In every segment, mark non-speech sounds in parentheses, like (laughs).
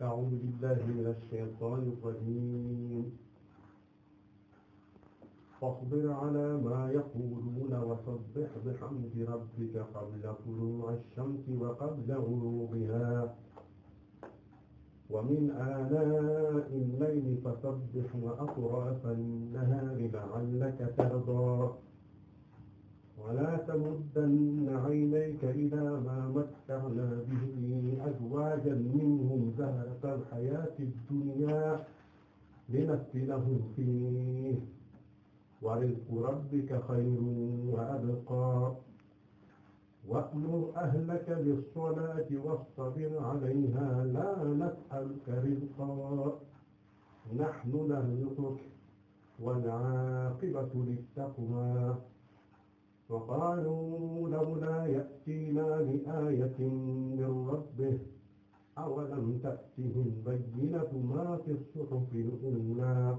أعوذ بالله من الشيطان الرجيم فاصبر على ما يقولون وسبح بحمد ربك قبل طلوع الشمس وقبل غروبها ومن آلاء الليل فسبح وأطراف النهار لعلك ترضى ولا تمدن عينيك إلى ما متعنا به أزواجا منهم زهرة الحياة الدنيا لنفتنهم فيه ورزق ربك خير وأبقى وأمر أهلك بالصلاة واصطبر عليها لا نسألك رزقا نحن نرزقك والعاقبة للتقوى وقالوا لولا يأتينا بآية من ربه أولم تأتهم بينة ما في الصحف الأولى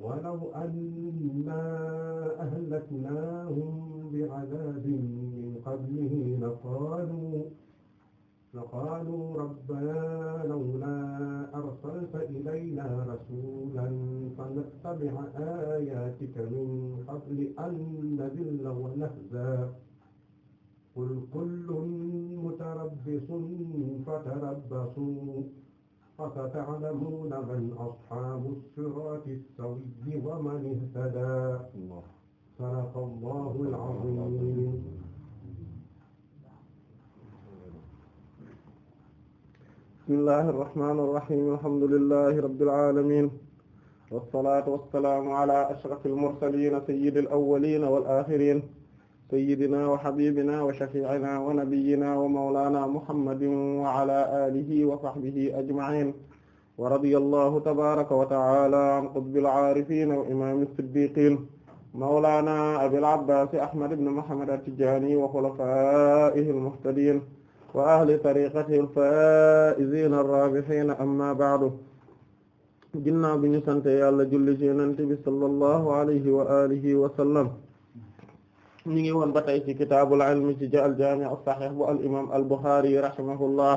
ولو أنا أهلكناهم بعذاب من قبله لقالوا فقالوا ربنا لولا أرسلت إلينا رسولا فنتبع آياتك من قبل أن نذل ونهزى قل كل متربص فتربصوا فستعلمون من أصحاب الصراط السوي ومن اهتدى صدق الله العظيم bismillahi irrahmani irrahim alhamdulillahi rabbil alamin wassalatu wassalaamu ala ashrafil mursalin sayyidil awwalin wal akhirin sayyidina wa habibina wa shafi'ina wa nabiyyina wa mawlana muhammadin wa ala alihi wa sahbihi ajma'in wa radiyallahu tabaraka wa ta'ala an qutbil aarifin wa imamis siddiqin mawlana abil abbas ahmad ibn muhammad at-tijani wa khulafa'ihil muhtadin wa ahli tariqatihi al-faa'iziina ar-raabihiina amma ba'du ginnaaw bi ñu sante yàlla julli ci yonent bi sallallahu alayhi wa alihi wa sallam ñu ngi woon ba tey ci kitaabul ilmi ci al-jaami' as-sahiih bu al-imaam al-Buxaari rahimahullah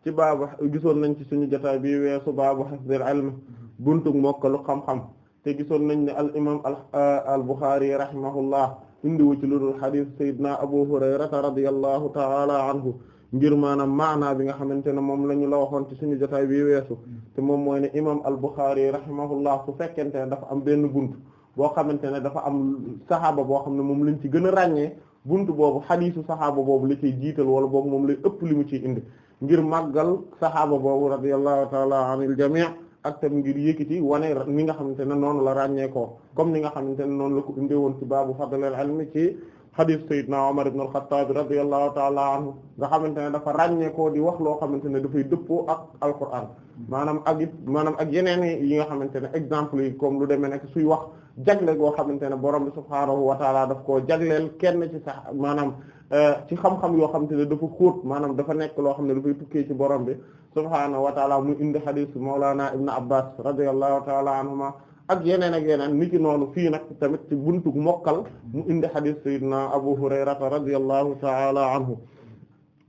ci baabu gisoon nañ ci suñu jotaay bi weesu baabu hifzil ilm buntu mokkalu xam-xam te gisoon nañ ne al-imaam uh, al-Buxaari rahimahullah indiwu ci lu dul hadiis sayyidina Abu Hurayrata radiyallahu ta'ala anhu ngir maanaam maanaa bi nga xamante ne moom la ñu la waxoon ci suñu jotaay bi weesu mm. te moom mooy ne imam al-Bukhari rahimahullah su fekkente ne dafa am benn bunt boo xamante ne dafa am saxaaba boo xam ne moom lañ ci gën a ràññee bunt boobu xadiisu saxaaba boobu la ciy jiital wala boobu moom lay ëpp li mu ciy indi ngir màggal saxaaba boobu radiyallahu taala anil jami' ak tam ngir yëkkati wane ni nga xamante ne noonu la ràññeekoo ko comme ni nga xamante ne noonu la ko indee woon ci baabu fadlil ilmi ci xadis Seydina Omar ibn al-Khattab radiyallahu ta'ala anhu nga xamante ne dafa ràññee di wax loo xamante ne dafay dëppoo ak alquran maanaam ak it maanaam ak yeneen yi nga xamante ne exemple yi comme lu demee nekk suy wax jagle goo xamante ne borom bi subhaanahu wa ta'ala daf koo jagleel kenn ci sax maanaam euh, ci xam-xam yoo xamante ne dafa xóot maanaam dafa nekk loo xam ne dafay tukkee ci borom bi subhaanahu wa ta'ala mu indi xadis Mawlana Ibn Abbas radiyallahu ta'ala anhuma ak yeneen ak yeneen niki noonu fii nag tamit ci buntu mokkal mu indi xadiis sayyidina Abu Hurayrata radiyallahu ta'ala anhu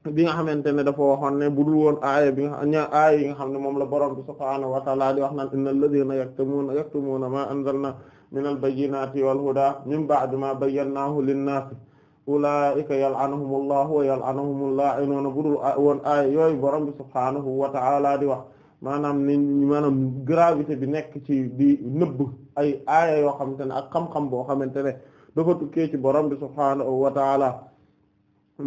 bi nga xamante ne dafa waxoon ne budul woon aaya bi nga aaya yi xam ne moom la borom bi subhaanahu wa ta'ala di wax naan innal ladhina yaktumuna yaktumuna ma anzalna minal bayyinati wal huda min ba'di ma bayyanahu lin-nas ulaa'ika yal'anuhumullahu wa yal'anuhumul laa'inuun budul woon aaya yooyu borom bi subhaanahu wa ta'ala di wax maanaam ni maanaam gravité bi nekk ci di nëbb ay aaya yoo xamante ne ak xam-xam boo xamante ne dafa tukkee ci borom bi subhaanahu wa taala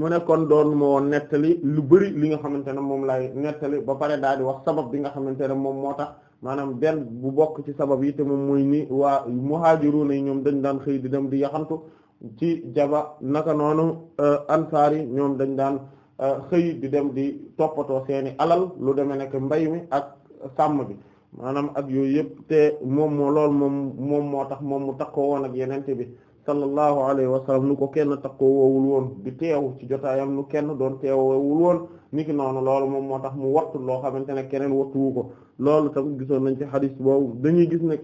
mu nekkoon kon doon moo nettali lu bari li nga xamante ne moom lay nettali ba pare daal di wax sabab bi nga xamante ne moom moo tax maanaam benn bu bokk ci sabab yi te moom mooy ni waa muhaajiruuna yi ñoom dañ daan xëy di dem di yaxantu ci jaba naka noonu eh, ansaar yi ñoom dañ daan Euh, xëy di dem di toppatoo seeni alal lu demee nekk mbay mi ak sàmm bi maanaam ak yooyu yëpp te moom moo lool moom moom moo tax moom mu takkoo woon ak yenente bi sallallahu alayhi wa nu ko kenn takkoo woowul woon di teew ci jotaayam nu kenn doon teewoowul woon ki noonu loolu moom moo tax mu wattu loo xamante ne keneen wattuwu ko loolu tam gisoon nañ ci hadith boobu dañuy gis ne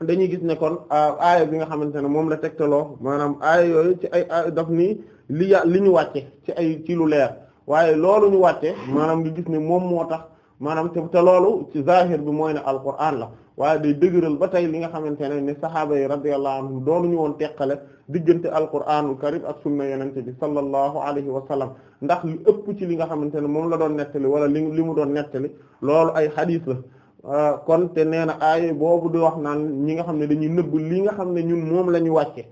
dañuy gis ne kon ah, aaya bi nga xamante ne moom la tegtaloo maanaam aaya yooyu ci ay daf ni li ya li ñu wàcce ci ay ci lu leer waaye loolu ñu wàcce maanaam nga gis ne moom moo tax maanaam te te loolu ci zahir bi mooy ne alquran la waaye day dëgëral ba tey li nga xamante ne ne sahaaba yi radiyallahu anhum doonu ñu woon teqale diggante alquranul karim ak sunna yenente bi sallallahu alayhi wa sallam ndax li ëpp ci li nga xamante ne moom la doon nettali wala li li mu doon nettali loolu ay xadiis Euh, kon te nee na aaya boobu di wax naan ñi nga xam ne dañuy nëbb li nga xam ne ñun moom la ñu wàcce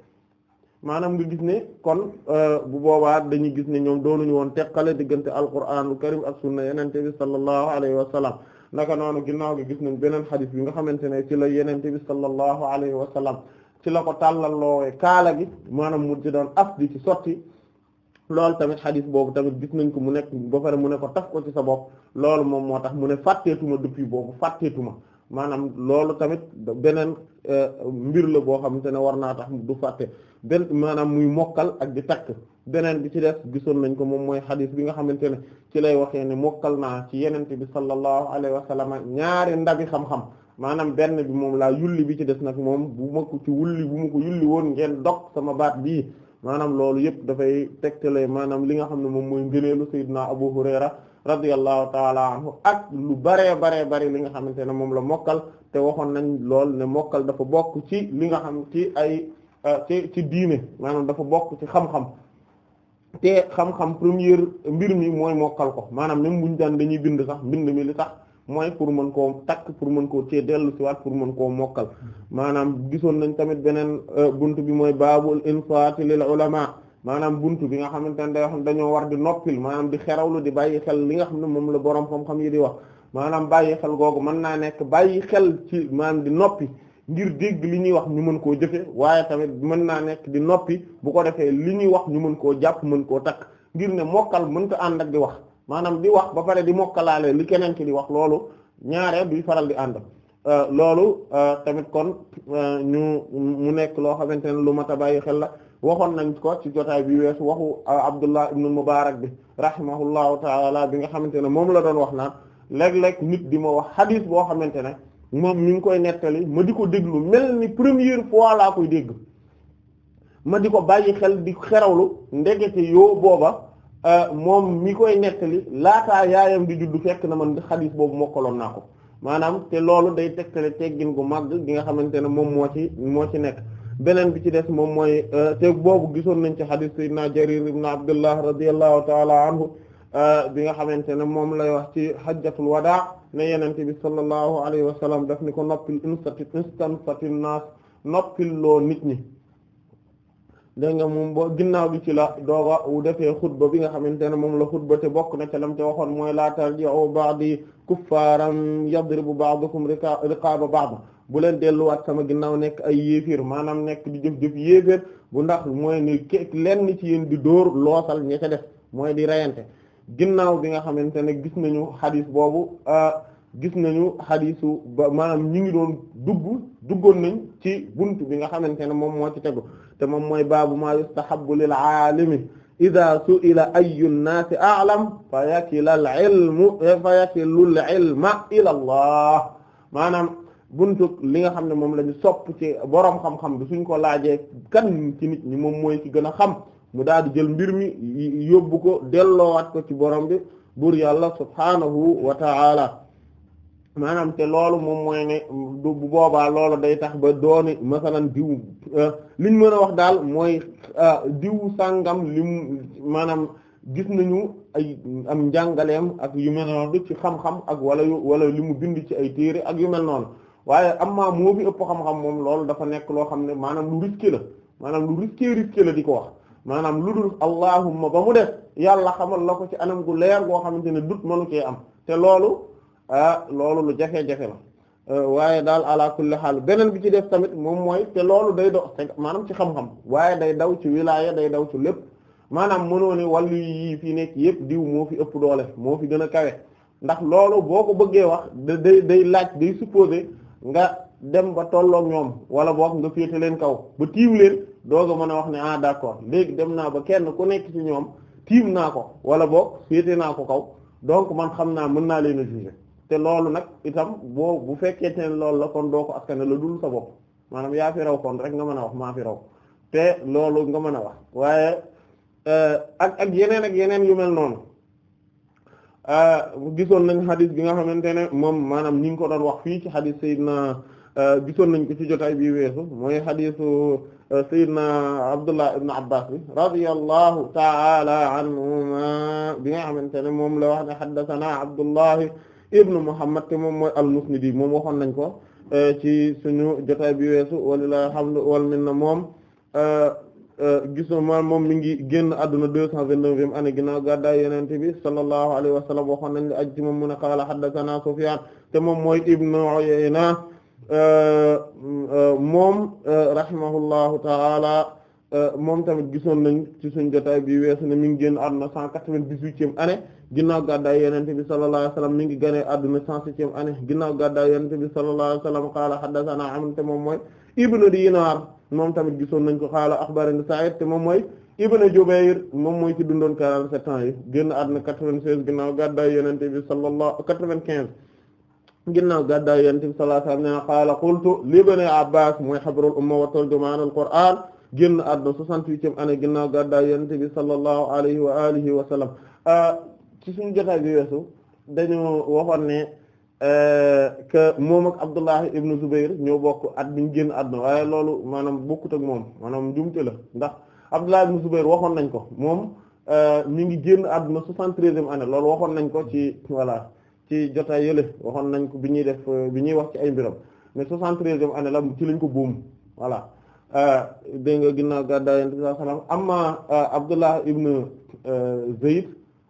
maanaam nga gis ne kon euh, bu boobaa dañu gis ne ñoom doonuñu woon teqale diggante alquraanul karim ak sunna yenente bi sallallahu alayhi wa sallam naka noonu ginnaaw gi gis nañ beneen xadis bi nga xamante ne ci la yeneen yenente bi sallallahu alayhi wa sallam ci la ko tàllal loowee kaala gi maanaam mu ci doon af di ci sotti loolu tamit xadis boobu tamit bis nañ ko mu nekk ba pare mu ne ko taf ko ci sa bopp loolu moom moo tax mu ne fàtteetuma depuis boobu fàtteetuma maanaam loolu tamit beneen euh, mbir la boo xamante ne war naa tax du fàtte benn maanaam muy mokkal ak di takk beneen bi ci des gisoon nañ ko moom mooy xadis bi nga xamante ne ci lay waxee ne mokkal naa ci yenente bi sallallahu alayhi wa sallam ñaari ndabi xam-xam maanaam benn bi moom laa yulli bi ci des nag moom bu ma ko ci wulli bu ma ko yulli woon ngeen dog sama baat bii maanaam loolu yëpp dafay tegtale maanaam li nga xam ne moom mooy ngëneelu Seydina Abu Hurayra radiyallahu taala anhu at lu baree baree bari li nga xamante ne moom la mokkal te waxoon nañ lool ne mokkal dafa bokk ci li nga xam ci ay euh, ci ci diine maanaam dafa bokk ci xam-xam te xam-xam première mbir mi mooy mokkal ko maanaam même buñu daan lañuy bind sax mbind mi li tax mooy pour mën koo takk pour mën koo cee dellu si waat pour mën koo mokkal maanaam gisoon nañ tamit beneen euh, bunt bi mooy baabul infaati lil ulama maanaam bunt bi nga xamante ne day dañoo war di noppil maanaam di xerawlu di bàyyi xel li nga xam ne moom la boroom xam-xam yi di wax maanaam bàyyi xel googu mën naa nekk bàyyi xel ci maanaam di noppi ngir dégg li ñuy wax ñu mën koo jëfe waaye tamit mën naa nekk di noppi bu ko defee li ñuy wax ñu mën koo jàpp mën koo takk ngir ne mokkal mën ko ànd ak di wax maanaam di wax ba pare di mokkalaale li keneen ki di wax loolu ñaare bi faral di ànd euh, loolu euh, tamit kon euh, ñu mu nekk loo xamante ne lu mat a bàyyi xel la waxoon nañ ko ci jotaay bi wees waxu Abdullah ibn Mubarak bi rahimahullahu taala bi nga xamante ne moom la doon wax naan léeg-léeg nit di ma wax xadiis boo xamante ne moom mi ngi koy nettali ma di ko déglu mel ni première fois laa koy dégg ma di ko bàyyi xel di xerawlu ndegete yoo booba Euh, moom mi koy nettali laataa yaayam di juddu fekk na ma xadiis boobu mokkaloon naa ko maanaam te loolu day tegtale teggin gu màgg gi nga xamante ne moom moo ci moo ci nekk beneen bi ci des moom mooy euh, te boobu gisoon nañ ci xadiis sayyidina Jarir ibn Abdullah radiyallahu taala anhu euh, bi nga xamante ne moom lay wax ci hajjatul wadaa ne yenente bi sallallahu alay wa sallam daf ni ko noppil instanti instanfatin naas noppil loo nit ñi dégg nga moom boo ginnaaw bi ci la dooga wu defee xutba bi nga xamante ne moom la xutba te bokk na ca lam te waxoon mooy laa tarji'u ba'di kuffaaran yadribu ba'dukum riqaaba ba'd bu leen delluwaat sama ginnaaw nekk ay yéeféer maanaam nekk di jëf-jëf yéeféer bu ndax mooy ni ke lenn ci di dóor loosal ña ca def mooy di reyante ginnaaw bi nga xamante ne gis nañu xadis boobu gis nañu xadisu ba maanaam ñu ngi doon dugg duggoon nañ ci bunt bi nga xamante ne moom moo ci tegu te moom mooy baabu maa yustahabbu lil aalimi ida su'ila ayu nnaasi a'lam fa yakila al ilmu fa yakilul ilma ila allah maanaam buntu li nga xam ne moom la ñu sopp ci boroom xam bi suñ ko laajee kan mooy ci gën a xam mu daal di jël mbir mi yóbbu ko delloowaat ko ci boroom bi buur yàlla subhaanahu wa ta'ala maanaam te loolu moom mooy ne bu boobaa loolu day tax ba dooni masalan diw euh, liñ mën a wax daal mooy euh, diw sàngam lim maanaam gis nañu ay am njàngaleem ak yu mel noonu ci xam-xam ak wala wala li mu bind ci ay téere ak yu mel noonu waaye amaa moo fi ëpp xam-xam moom loolu dafa nekk loo xam ne maanaam lu risqué la maanaam lu risqué risqué la di ko wax maanaam lu dul allahumma ba mu def yàlla xamal la ko ci anam gu leer goo xamante ne dut mënu cee am te loolu Ah, loolu lu jafe-jafe la euh, waaye daal ala kulli xaal beneen bi ci def tamit moom mooy te loolu day do maanaam ci xam-xam waaye day daw ci wilaya day daw ci lépp maanaam mënoon ne wàllu fii nekk yëpp diw moo fi ëpp doole moo fi gën a kawe ndax loolu boo ko bëggee wax da day day laaj day supposé nga dem ba tolloog ñoom wala boog nga féete leen kaw ba tiim leen doog a mën a wax ne ah d'accord léegi dem naa ba kenn ku nekk ci ñoom tiim naa ko wala boog féete naa ko kaw donc man xam naa mën naa leen a te loolu nag itam boo bu fekkee ne loolu la kon doo ko askane la dul sa bopp maanaam yaa fi kon rek nga mën a wax maa fi te loolu nga mën a wax waaye eh, ak ak yeneen ak yeneen yu mel noonu eh, gisoon nañ xadis bi nga xamante ne moom maanaam ñi ngi ko doon wax fii ci xadis Seydina eh, gisoon nañ ko ci jotaay bi weesu mooy xadisu Seydina Abdullah ibn Abbas bi radiyallahu ta'ala anhuma bi nga xamante ne moom la wax ne xaddathana Abdullahi ibnu Muhammad te moom mooy al-Musnidi moom waxoon nañ ko eh, ci suñu jotaay bi weesu walilahi alhamdu wal minna moom eh, eh, gis na moom mi ngi génn àdduna deux cent vingt-neuvième année ginnaaw gàddaay yonent bi sallallahu alayhi wa sallam waxoon nañ la aju ci moom mu ne qaala haddathana Sufyaan te moom mooy ibnu Uyayna moom rahimahullahu ta'ala moom tamit gisoon nañ ci suñu jotaay bi weesu ne mi ngi génn àdduna cent quatre-vingt-dix-huitième année ginnaaw gàddaay yonent bi sallallahu alayhi wasallam mi ngi gane adduna cent septième année ginnaaw gàddaay yonent sallallahu wasallam qaala haddathana Amr te moom mooy ibnu Dinar moom tamit gisoon nañ ko qaala akhbarani Sa'id te moom mooy ibnu Jubayr moom mooy ci dundoon quarante-sept ans yi génn adduna quatre-vingt-seize ginnaaw gàddaay yonent bi sallallahu quatre-vingt-quinze ginnaaw gàddaay yonent sallallahu qaala qultu li ibn Abbas mooy habrul umma wa turjumanul Qur'an génn adduna soixante-huitième ginnaaw gàddaay yonent bi sallallahu alayhi wa ci suñu jotaay bi weesu dañoo waxoon ne euh, que moom ak Abdullah ibn Zubayr ñoo bokk at bi ñu génn àdduna waaye loolu maanaam bokkut ak moom maanaam jumte la ndax Abdullah ibn Zubayr waxoon nañ ko moom ñu euh, ngi génn àdduna soixante-treizième année loolu waxoon nañ ko ci voilà ci jotaay yële waxoon nañ ko bi ñuy def euh, bi ñuy wax ci ay mbiram mais soixante-treizième année la ci lañ ko buum voilà dégg nga ginnaaw gàddaay Yonent bi sallallahu alayhi wasallam amma Abdullah ibn Zayd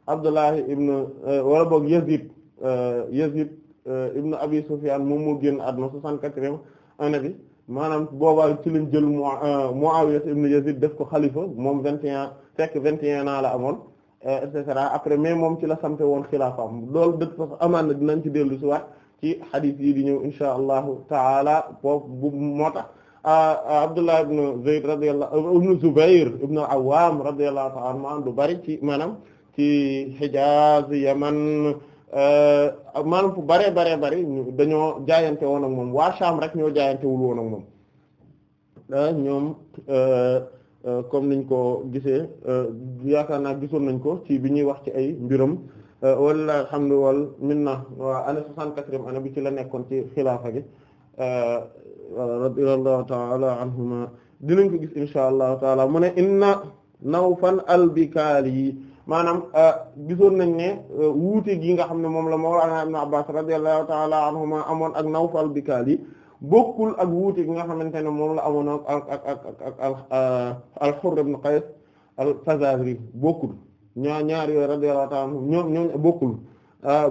Abdullahi ibn euh, wala boog Yazid euh, Yazid euh, ibn Abi Sufyan moom moo génn àdduna soixante-quatrième année bi maanaam boobaa ci lañ jël Muawiya ibn Yazid def ko xalifa moom vingt et un fekk vingt la amoon et cetera après mais moom ci la sampe woon xilaafaam loolu dëkk sax amaan na dinañ ci dellu si waat ci xadiis yi di ñëw insha allahu taala foofu bu moo tax Abdullah ibn Zayd radiyallahu ibn Zubayr ibn al-Awwam du bari ci maanaam ci Hijaz Yaman euh, maanaam fu bare bare bare dañoo jaayante woon ak moom waa Sham rek ñoo jaayantewul woon ak moom euh, ñoom euh, comme niñ ko gisee yaakaar naa gisoon nañ ko ci bi ñuy wax ci ay mbiram walla alhamdu wal minna waa année soixante-quatrième année bi ci la nekkoon ci xilaafa gi radiyallahu ta'ala anhuma dinañ ko gis insha allahu taala mu ne inna Nawfal al maanaam euh, gisoon nañ ne euh, wuute gi nga xam ne moom la moo mawlana ibn Abbas radiyallahu ta'ala anhuma amoon ak Nawfal Bikaali bokkul ak wuute gi nga xamante ne moom la amoon ak ak ak ak ak euh, al-Hurr ibn Qays al yooyu radiyallahu ta'ala anhum ñoom ñoom bokkul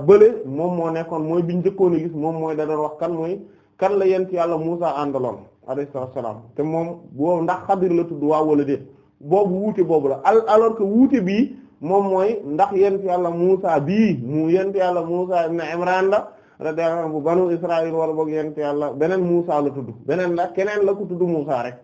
bële moom moo nekkoon mooy biñ njëkkoon a gis moom mooy da doon wax kan mooy kan la yent yàlla Muusa àndaloon alayhi salaam te moom boobu ndax Xadir la tudd waaw wala déet boobu wuute boobu la alors que wuute bii moom mooy ndax yent yàlla Muusa bii mu yent yàlla Muusa ibn Imran la radiyallahu anhu banu Israil wala boog yent yàlla beneen Muusa la tudd beneen la keneen la ko tudd Muusa rek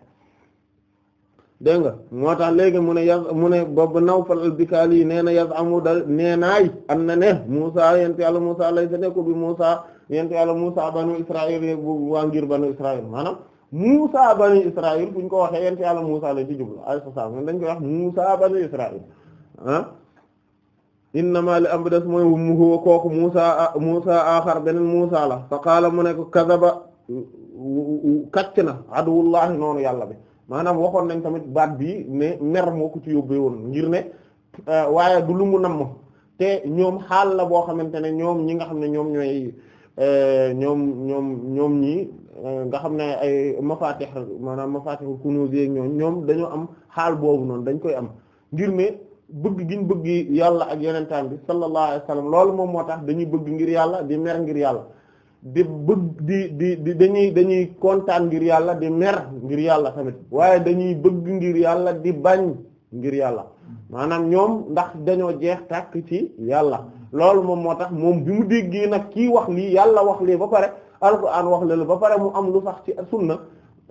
dégg nga moo tax léegi mu ne yaz mu ne boobu Nawfal al-Bikali yi nee na yaz amu dal nee naay am na ne Muusa yent yàlla Muusa lay sa nekku bi Muusa yent yàlla Muusa banu Israil bu waa ngir banu Israil maanaam Muusa banu Israil buñ ko waxee yent yàlla Muusa lay ci jublu alayhi salaam dañ koy wax Muusa banu Israil ah innama li am bi des mooy huwa kooku Musa Musa axar beneen Musa la fa qaala mu ne ko kadaba kàcc na aduwullahi noonu yàlla bi maanaam waxoon nañ tamit baat bi ne mer moo ko ci yóbbee woon ngir ne eh, waaye du lu mu namm te ñoom xaal la boo xamante ne ñoom ñi nga xam ne ñoom ñooy eh, ñoom ñoom ñoom ñii eh, nga xam ne ay mafatih maanaam mafatihul ñoom dañoo am xaal boobu noonu dañ koy am ngir ne bëgg giñ bëgg yàlla ak yonentam bi sallallahu alayhi wasallam loolu moom moo tax dañuy bëgg ngir yàlla di mer ngir yàlla di bëgg di di di dañuy dañuy kontaan ngir yàlla di mer ngir yàlla tamit waaye dañuy bëgg ngir yàlla di bañ ngir yàlla maanaam ñoom ndax dañoo jeex tàkk ci yàlla loolu moom moo tax moom bi mu déggee nag kii wax lii yàlla wax lii ba pare alxuraan wax la ba pare mu am lu sax ci sunna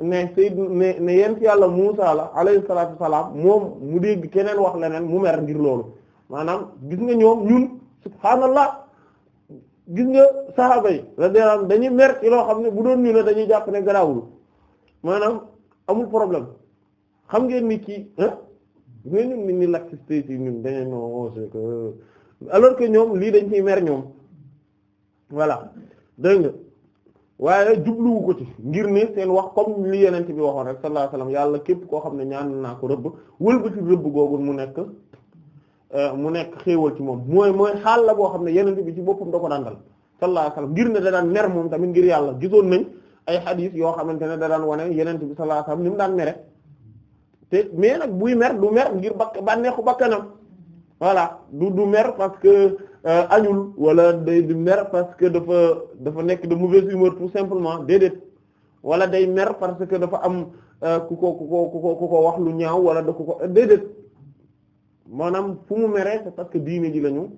ne sayd ne ne yent yàlla Muusaa la alayhi salaatu wasalaam moom mu dégg keneen wax leneen mu mer ngir loolu maanaam gis nga ñoom ñun subhaanallah gis nga sahaaba yi radiyallahu dañuy mer ci loo xam ne bu doon ñu ne dañuy jàpp ne garaawul maanaam amul problème xam ngeen ni kii ah mais ñun nit ñi laxiste ci ñun dañu non oh, c'est que alors que ñoom lii dañ ciy mer ñoom voilà dégg nga waaye jubluwu ko ci ngir ne seen wax comme li yenent bi waxoon rek sallallahu alayhi wasallam yàlla képp koo xam ne ñaan naa ko rëbb wëlbati rëbb googu mu nekk euh, mu nekk xéewal ci moom mooy mooy xaal la boo xam ne yenent bi ci boppam da ko daan dal sallallahu alayhi wasallam ngir ne da daan mer moom tamit ngir yàlla gisoon nañ ay xadiis yoo xamante ne da daan wane yenent bi sallallahu alayhi wasallam ni mu daan mere te mais nag buy mer du mer ngir bakk bànneexu bakkanam voilà du du mer Euh, añul wala day mer parce que dafa dafa nekk mu mauvaise humeur tout simplement déedéet wala day mer parce que dafa am euh, ku ko ku ko ku ko wax lu ñaaw wala da ku ko déedéet maanaam fu mu meree parce que diine ji lañu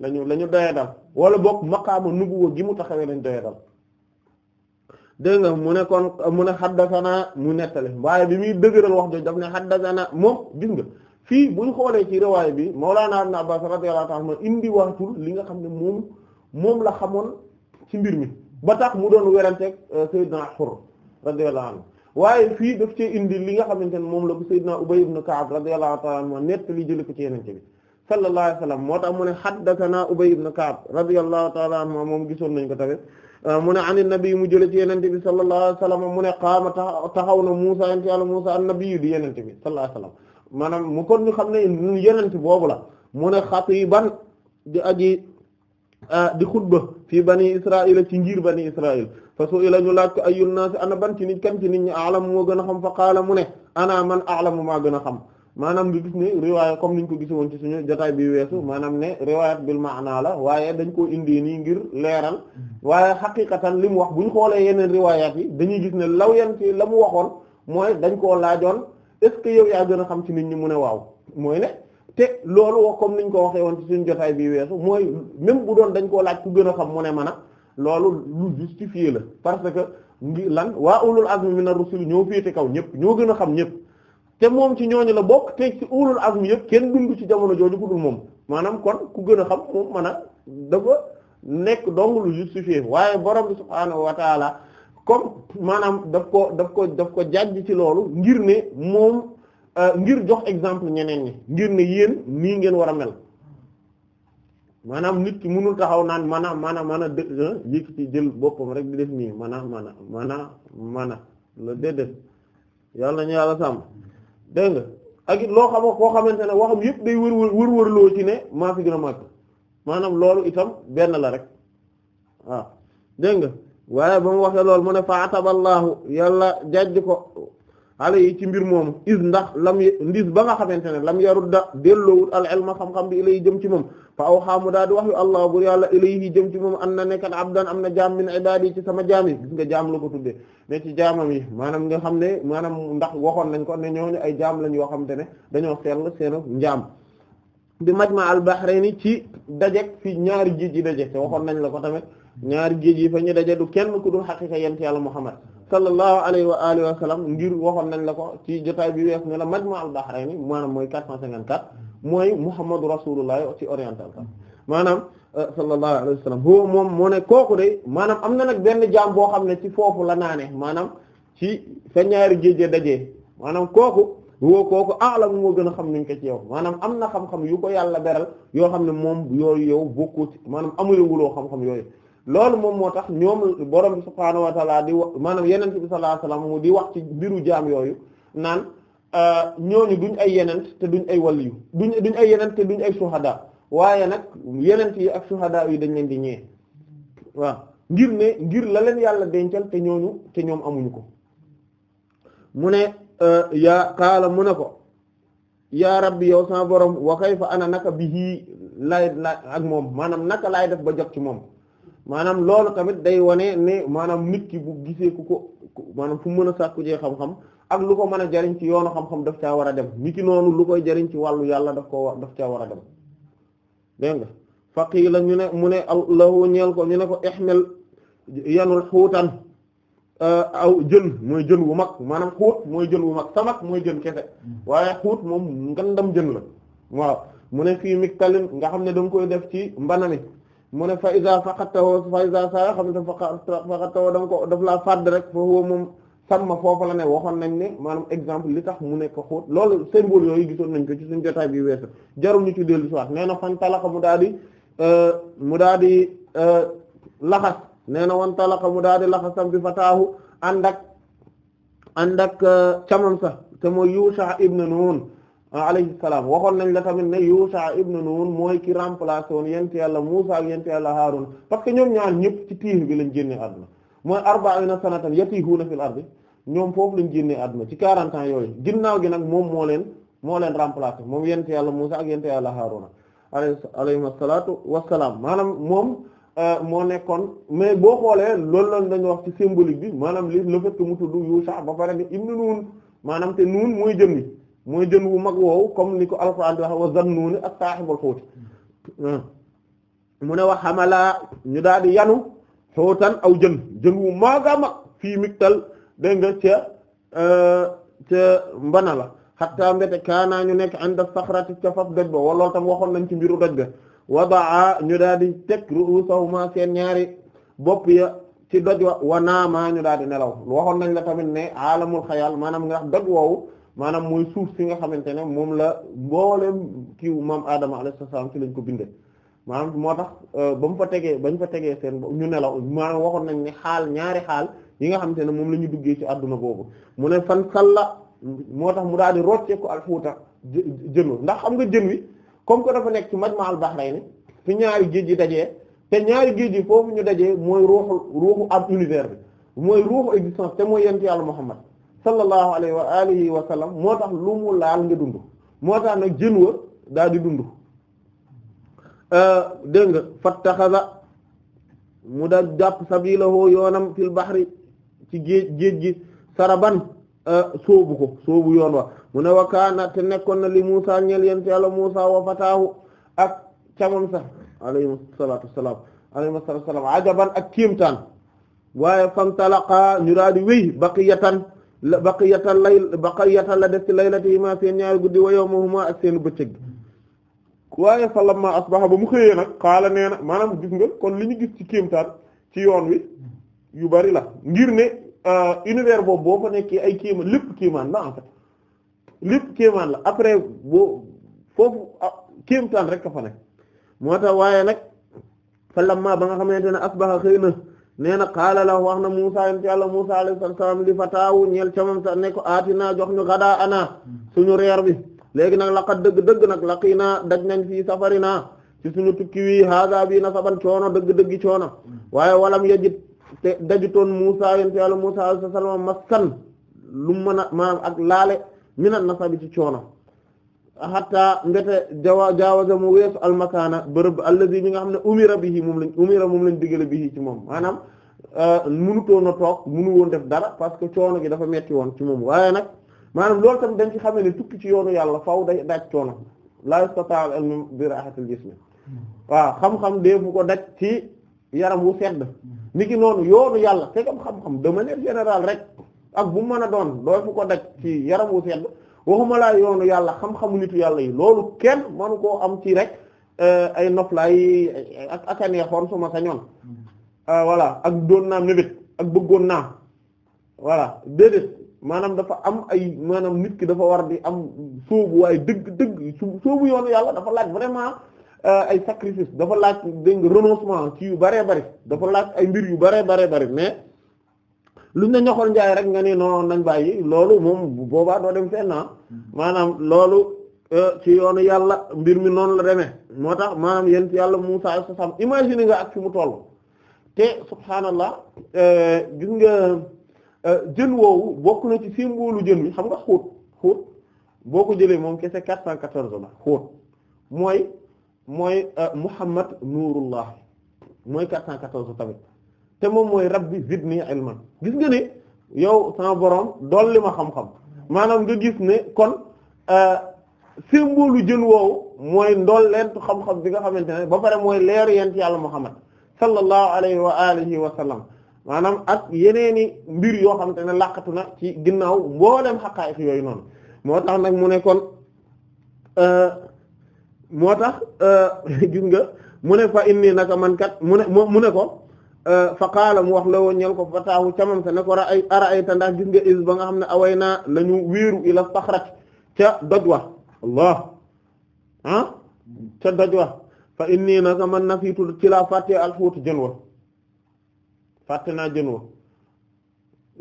lañu lañu doya dal wala boog maqaama nubuwa gi mu taxawee lañ doya dal dégg nga mu ne kon mu ne xaddasana mu nettale waaye bi muy dëgëral wax jooju daf ne xaddasana moom gis nga fii bu ñu xoolee ci riwaay bi moo laa Mawlana Ibn Abbas radiyallahu anhu indi waatul li nga xam ne moom moom la xamoon ci mbir mi ba tax mu doon weranteeg euh, Seydina Hurr radiyallahu anhu waaye fii def cee indi li nga xamante ne moom la ko Seydina Ubay ibn Ka'b radiyallahu ta'ala anhu nett li jële ko ci yenente bi sallallahu alayhi wa sallam moo tax mu ne haddathana Ubay ibn Ka'b radiyallahu a anhu moom gisoon nañ ko tamit euh, mu ne an nabi mu jële ci yenente bi sallallahu alayhi wa sallam mu ne qaama taxaw na Musa yente yàlla Musa an nabi di yenente bi sallallahu alayhi wa maanaam mu kon ñu xam ne yenent boobu la mu ne xatiban di aji di xutba fii bani israila ci ngir bani israil fa su ila ñu laaj ko ayyun naas ana ban ci nit kan ci nit ñi alam moo gën a xam fa qaala mu ne ana man alamu maa gën xam maanaam nga gis ne riwaaya comme ñu ko gis woon ci suñu jotaay bi weesu maanaam ne riwaayat bil maana la waaye dañ koo indi nii ngir leeral waaye xaqiqatan li mu wax bu ñu xoolee yeneen riwaayaat yi dañuy gis ne law yan ci la mu waxoon mooy dañ koo laajoon est-ce que yow yaa gën a xam ci nit ñi mu ne waaw mooy ne te loolu wax comme niñ ko waxee woon ci suñu jotaay bi weesu mooy même bu doon dañ koo laaj ku gën a xam mu ne man a loolu lu justifié la parce que ngi lan waa ulul azmi minar rusul ñoo féete kaw ñëpp ñoo gën a xam ñëpp te moom ci ñooñu la bokk te ci ulul azmi yëpp kenn dund ci jamono jooju ku dul moom maanaam kon ku gën a xam moom man a dafa nekk dong lu justifié waaye borom bi subhaanahu wa comme maanaam daf ko daf ko daf ko jàjj ci loolu ngir ne moom euh, ngir jox exemple ñeneen ñi ngir ne yéen nii ngeen war a mel maanaam nit ki mënul taxaw naan maanaam maanaam maanaam dë euh, yékkiti jël boppam rek di def nii maanaam maanaam maanaam maanaam la déedéet yàlla nañu yàlla sàmm dégg nga ak loo xam koo xamante ne waxam yëpp day wër wër wër loo ci ne maa fi maanaam loolu itam benn la rek waaw dégg waaye ba mu waxee loolu mu ne fa ataballahu yàlla jajj ko ala yi ci mbir moom is ndax lam ndis ba nga xamante ne lam yarudda delloowut al ilma xam-xam bi ilay jëm ci moom fa aw xaamu daa di wax yu allah bur yàlla ilayhi jëm ci moom an na nekkat abdan am na jaam min ibadi ci sama jaam yi gis nga jaam la ko tuddee ne ci jaamam yi maanaam nga xam ne maanaam ndax waxoon nañ ko ne ñooñu ay jaam lañ yoo xamante ne dañoo sell seenu di bi majma al bahrayni ci dajeg fi ñaari géej yi daje te waxoon nañ la ko tamit ñaari géej yi fa ñu daje du kenn ku dul xaqiqa yent yàlla Muhammad sallallahu alayhi wa alihi wa sallam ngir waxoon nañ la ko ci jotaay bi wees ne la majma al bahrayni maanaam mooy 454 mooy Muhammadu rasulullah ci oriental sax maanaam euh, sallallahu alayhi wa sallam huwa moom moo ne kooku de maanaam am na nag benn jaam boo xam ne ci foofu la naane maanaam ci sa ñaari géej dajee maanaam kooku woo kooku aalam moo gën a xam niñ ko ci yow maanaam am na xam-xam yu ko yàlla beral yoo xam ne moom yooyu yow bokku maanaam amulewuloo xam yooyu loolu moom moo tax ñoom borom subhaanahu wa taala di wax maanaam yenent bi sallallahu alayhi wasallam mu di wax ci mbiru jaam yooyu naan euh, ñooñu duñ ay yenent te duñ ay waliyu duñ duñ ay yenent te duñ ay suhada waaye nag yenent yi ak suhada yi dañ leen di ñee waaw ngir ne ngir la leen yàlla dencal te ñooñu te ñoom amuñu ko mu ne euh, yaa kaala mu ne ko yaa rabbi yow sama borom wa kayfa ana naka bihi lay la ak moom maanaam naka laay def ba jot ci moom maanaam loolu tamit day wane ne maanaam nit ki bu gisee ku ko maanaam fu mën a sàkku jee xam-xam ak lu ko mën a jariñ ci yoonu xam-xam daf caa war a dem nit noonu lu koy jariñ ci wàllu yàlla daf koo daf caa war a dem dégg nga faqiila ñu ne mu ne lahu ñeel ko ñu ne ko ihmil yanul xuutan euh, aw jën mooy wu mag maanaam xuut mooy jën wu mag samak mooy jën kese waaye xuut moom ngandam jën la waaw mu ne fii miktalin nga xam ne danga koy def ci mbanami mu ne fa isa faqattawoo fa isa saa xam ne faqattawoo da nga ko daf laa fàdd rek fa moom sàmma foofu la ne waxoon nañ ne maanaam exemple li tax mu nekk xóot loolu symbole yooyu gisoon nañ ko ci suñu jotaay bi weesu jarul ñu ci dellu waat nee na fan talaka mu daal mu daal di euh, euh, laxas nee na wan talaka mu daal di laxasam bi fa taahu ànd ak ànd ak euh, camam sa te mooy Yusha ibn Nun alayhi salaam waxoon nañ la tamit ne Yusha ibn Nun mooy ki remplacé woon yent yàlla Musa ak yent yàlla Haarun parce que ñoom ñaan ñëpp ci tiir bi lañ génne àdduna mooy arba'ina sanatan yatihuna fil ardi ñoom foofu lañ génne àdduna ci 40 ans yooyu ginnaaw gi nag moom moo leen moo leen remplacé moom yent yàlla Musa ak yent yàlla Haaruna alayhi alayhim asalaatu wassalaam maanaam moom euh, moo nekkoon mais boo xoolee loolu lañ dañu wax ci symbolique bi maanaam li le fait ba pare maanaam te Nun mooy jëmmi mooy jën wu mag woowu comme ni ko alxuraan di wax wa zannuuni ak saaxibul xuuti hmm. mu ne wax xamalaa ñu daal di yanu xootan aw jën jën wu maaga fi fii miktal dégg nga ca euh, ca mbana la xatta mbete kaanaa ñu nekk ànd saxrati ca faf doj ba walool tam waxoon nañ ci mbiru doj ba wadaa ñu daal di teg ruusahuma seen ñaari bopp ya ci doj wa wa naamaa ñu daal di nelaw waxoon nañ la tamit ne alamul xayal maanaam nga doj woowu maanaam mooy suuf si nga xamante ne moom la mboolem kiiw maam Adama alayhi salaam ci lañ ko bindee maanaam moo tax euh, ba mu fa tegee bañ fa tegee seen ñu nelaw maanaam waxoon nañ ne xaal ñaari xaal yi nga xamante ne moom la ñu duggee ci adduna boobu mu ne fan salla moo tax mu daal di rocceeku alxuuta jën ndax xam nga jën wi comme que dafa nekk ci majma al bahrayni fi ñaari géej yi dajee te ñaari géej yi foofu ñu dajee mooy ruuxu ruuxu ab univers bi mooy ruuxu existence te mooy yent yàlla Muhammad sallallahu alayhi wa alihi wa sallam moo tax lu laal nga dund moo tax nag jën wa daal di dund euh, dégg nga fattaxaza mu da jàpp sabilahu yoonam fil bahri ci géej géej gi saraban euh, soobu ko soobu yoon wa mu ne wa kaana te nekkoon na li Musa ñel yent yàlla Musa ak camam sax alayhi salatu wassalam alayhi salatu ajaban ak kéemtaan waaye fantalaqa ñu daal di baqiyatan la baqiyata lay baqiyata la def ci la laylatihima seen ñaari guddi wa yawmahuma ak seen bëccëg waaye fa lamma asbaha ba mu xëyee nag xaala nee na maanaam gis nga kon li ñu gis ci kéemtaan ci yoon wi yu bari la ngir ne euh, univers boobu boo fa nekkee ay kéemaan lépp kéemaan la en la après boo foofu ah, kéemtaan rek ka fa nekk moo tax waaye nag fa lamma ba nga xamante ne asbaha xëy na nee na qaala la wax na Musaa yonent Yàlla Musaa alayhi salaam li fataawu ñeel camam sa ne ko aatinaa jox ñu gadaa anaa ñu reer bi léegi nag laqad dëgg-dëgg nag laqiinaa daj nañ fii safarinaa ci suñu tukki wi haaza bi na saban coono dëgg-dëggi coono waaye walam yajit te dajutoon Musaa yonent Yàlla Musaa alayhi salaam massan lu mën a maanaam ak laale mina nasabi ci coono hatta mbete jawa jaawaza mu weesu almakaana bërëb allazi bi nga xam ne umira bihi moom lañ umira moom lañ digale bihi ci moom maanaam euh, mënutoon a toog mënu woon def dara parce que coono gi dafa metti woon ci moom waaye nag maanaam loolu tam dañ ci xamee ne tukki ci yoonu yàlla faaw day daj coono la istata al ilm bi rahatil jism waaw xam-xam dee bu ko daj ci yaram wu sedd niki noonu yoonu yàlla fekkam xam-xam de manière générale rek ak bu mën a doon doo fu ko daj ci yaram wu sedd waxuma laa yoonu yàlla xam-xamu nitu yàlla yi loolu kenn manu koo am ci rek euh, ay noflaay ak ak a neexoon su ma euh, voilà ak doon naa mébét ak bëggoon naa voilà déedéet maanaam dafa am ay maanaam nit ki dafa war di am sóobu waaye dëgg dëgg sóobu yoonu yàlla dafa laaj vraiment euh, ay sacrifice dafa laaj dégg renoncement ci yu baree bari dafa laaj ay mbir yu baree baree bari mais lu ñu ne ñoxor njaay rek nga ni noonu nañ bàyyi loolu moom boobaa doo dem fenn ah. mm-hmm. maanaam loolu euh, ci yoonu yàlla mbir mi noonu la deme moo tax maanaam yéen yàlla Musaa sa sam imagine nga ak fi mu toll te subhaanallah euh, gis nga euh, jën woowu bokk na ci symbole jën wi xam nga xóot xóot boo ko jëlee moom kese 414 la xóot mooy mooy Muhammad Nuurullah mooy 414 tamit. te moom mooy rabbi zidni ilman gis nga ne yow sama borom dolli ma xam-xam maanaam nga gis ne kon euh, symbole lu jën woowu mooy ndolleent xam-xam bi nga xamante ne ba pare mooy leeru yent yàlla Muhammad sallallahu alayhi wa alihi wa sallam maanaam ak yeneeni mbir yoo xam xamante ne làqatu na ci ginnaaw mboolem xaqaa'iq yooyu noonu moo tax nag mu ne kon euh, moo tax euh, (laughs) gis nga mu ne fa inni naka man kat mu ne mu ne ko Eh, fa qaala mu wax la wo ñel ko fataahu camam sa ne ko raay araayta ndax gis nga is ba nga xam ne away naa la ñu wéeru ila saxrat ca doj wa allah ah ca doj wa fa inni naka man nasiitu ci la fàtte alxuut jën wa fàtte naa jën wa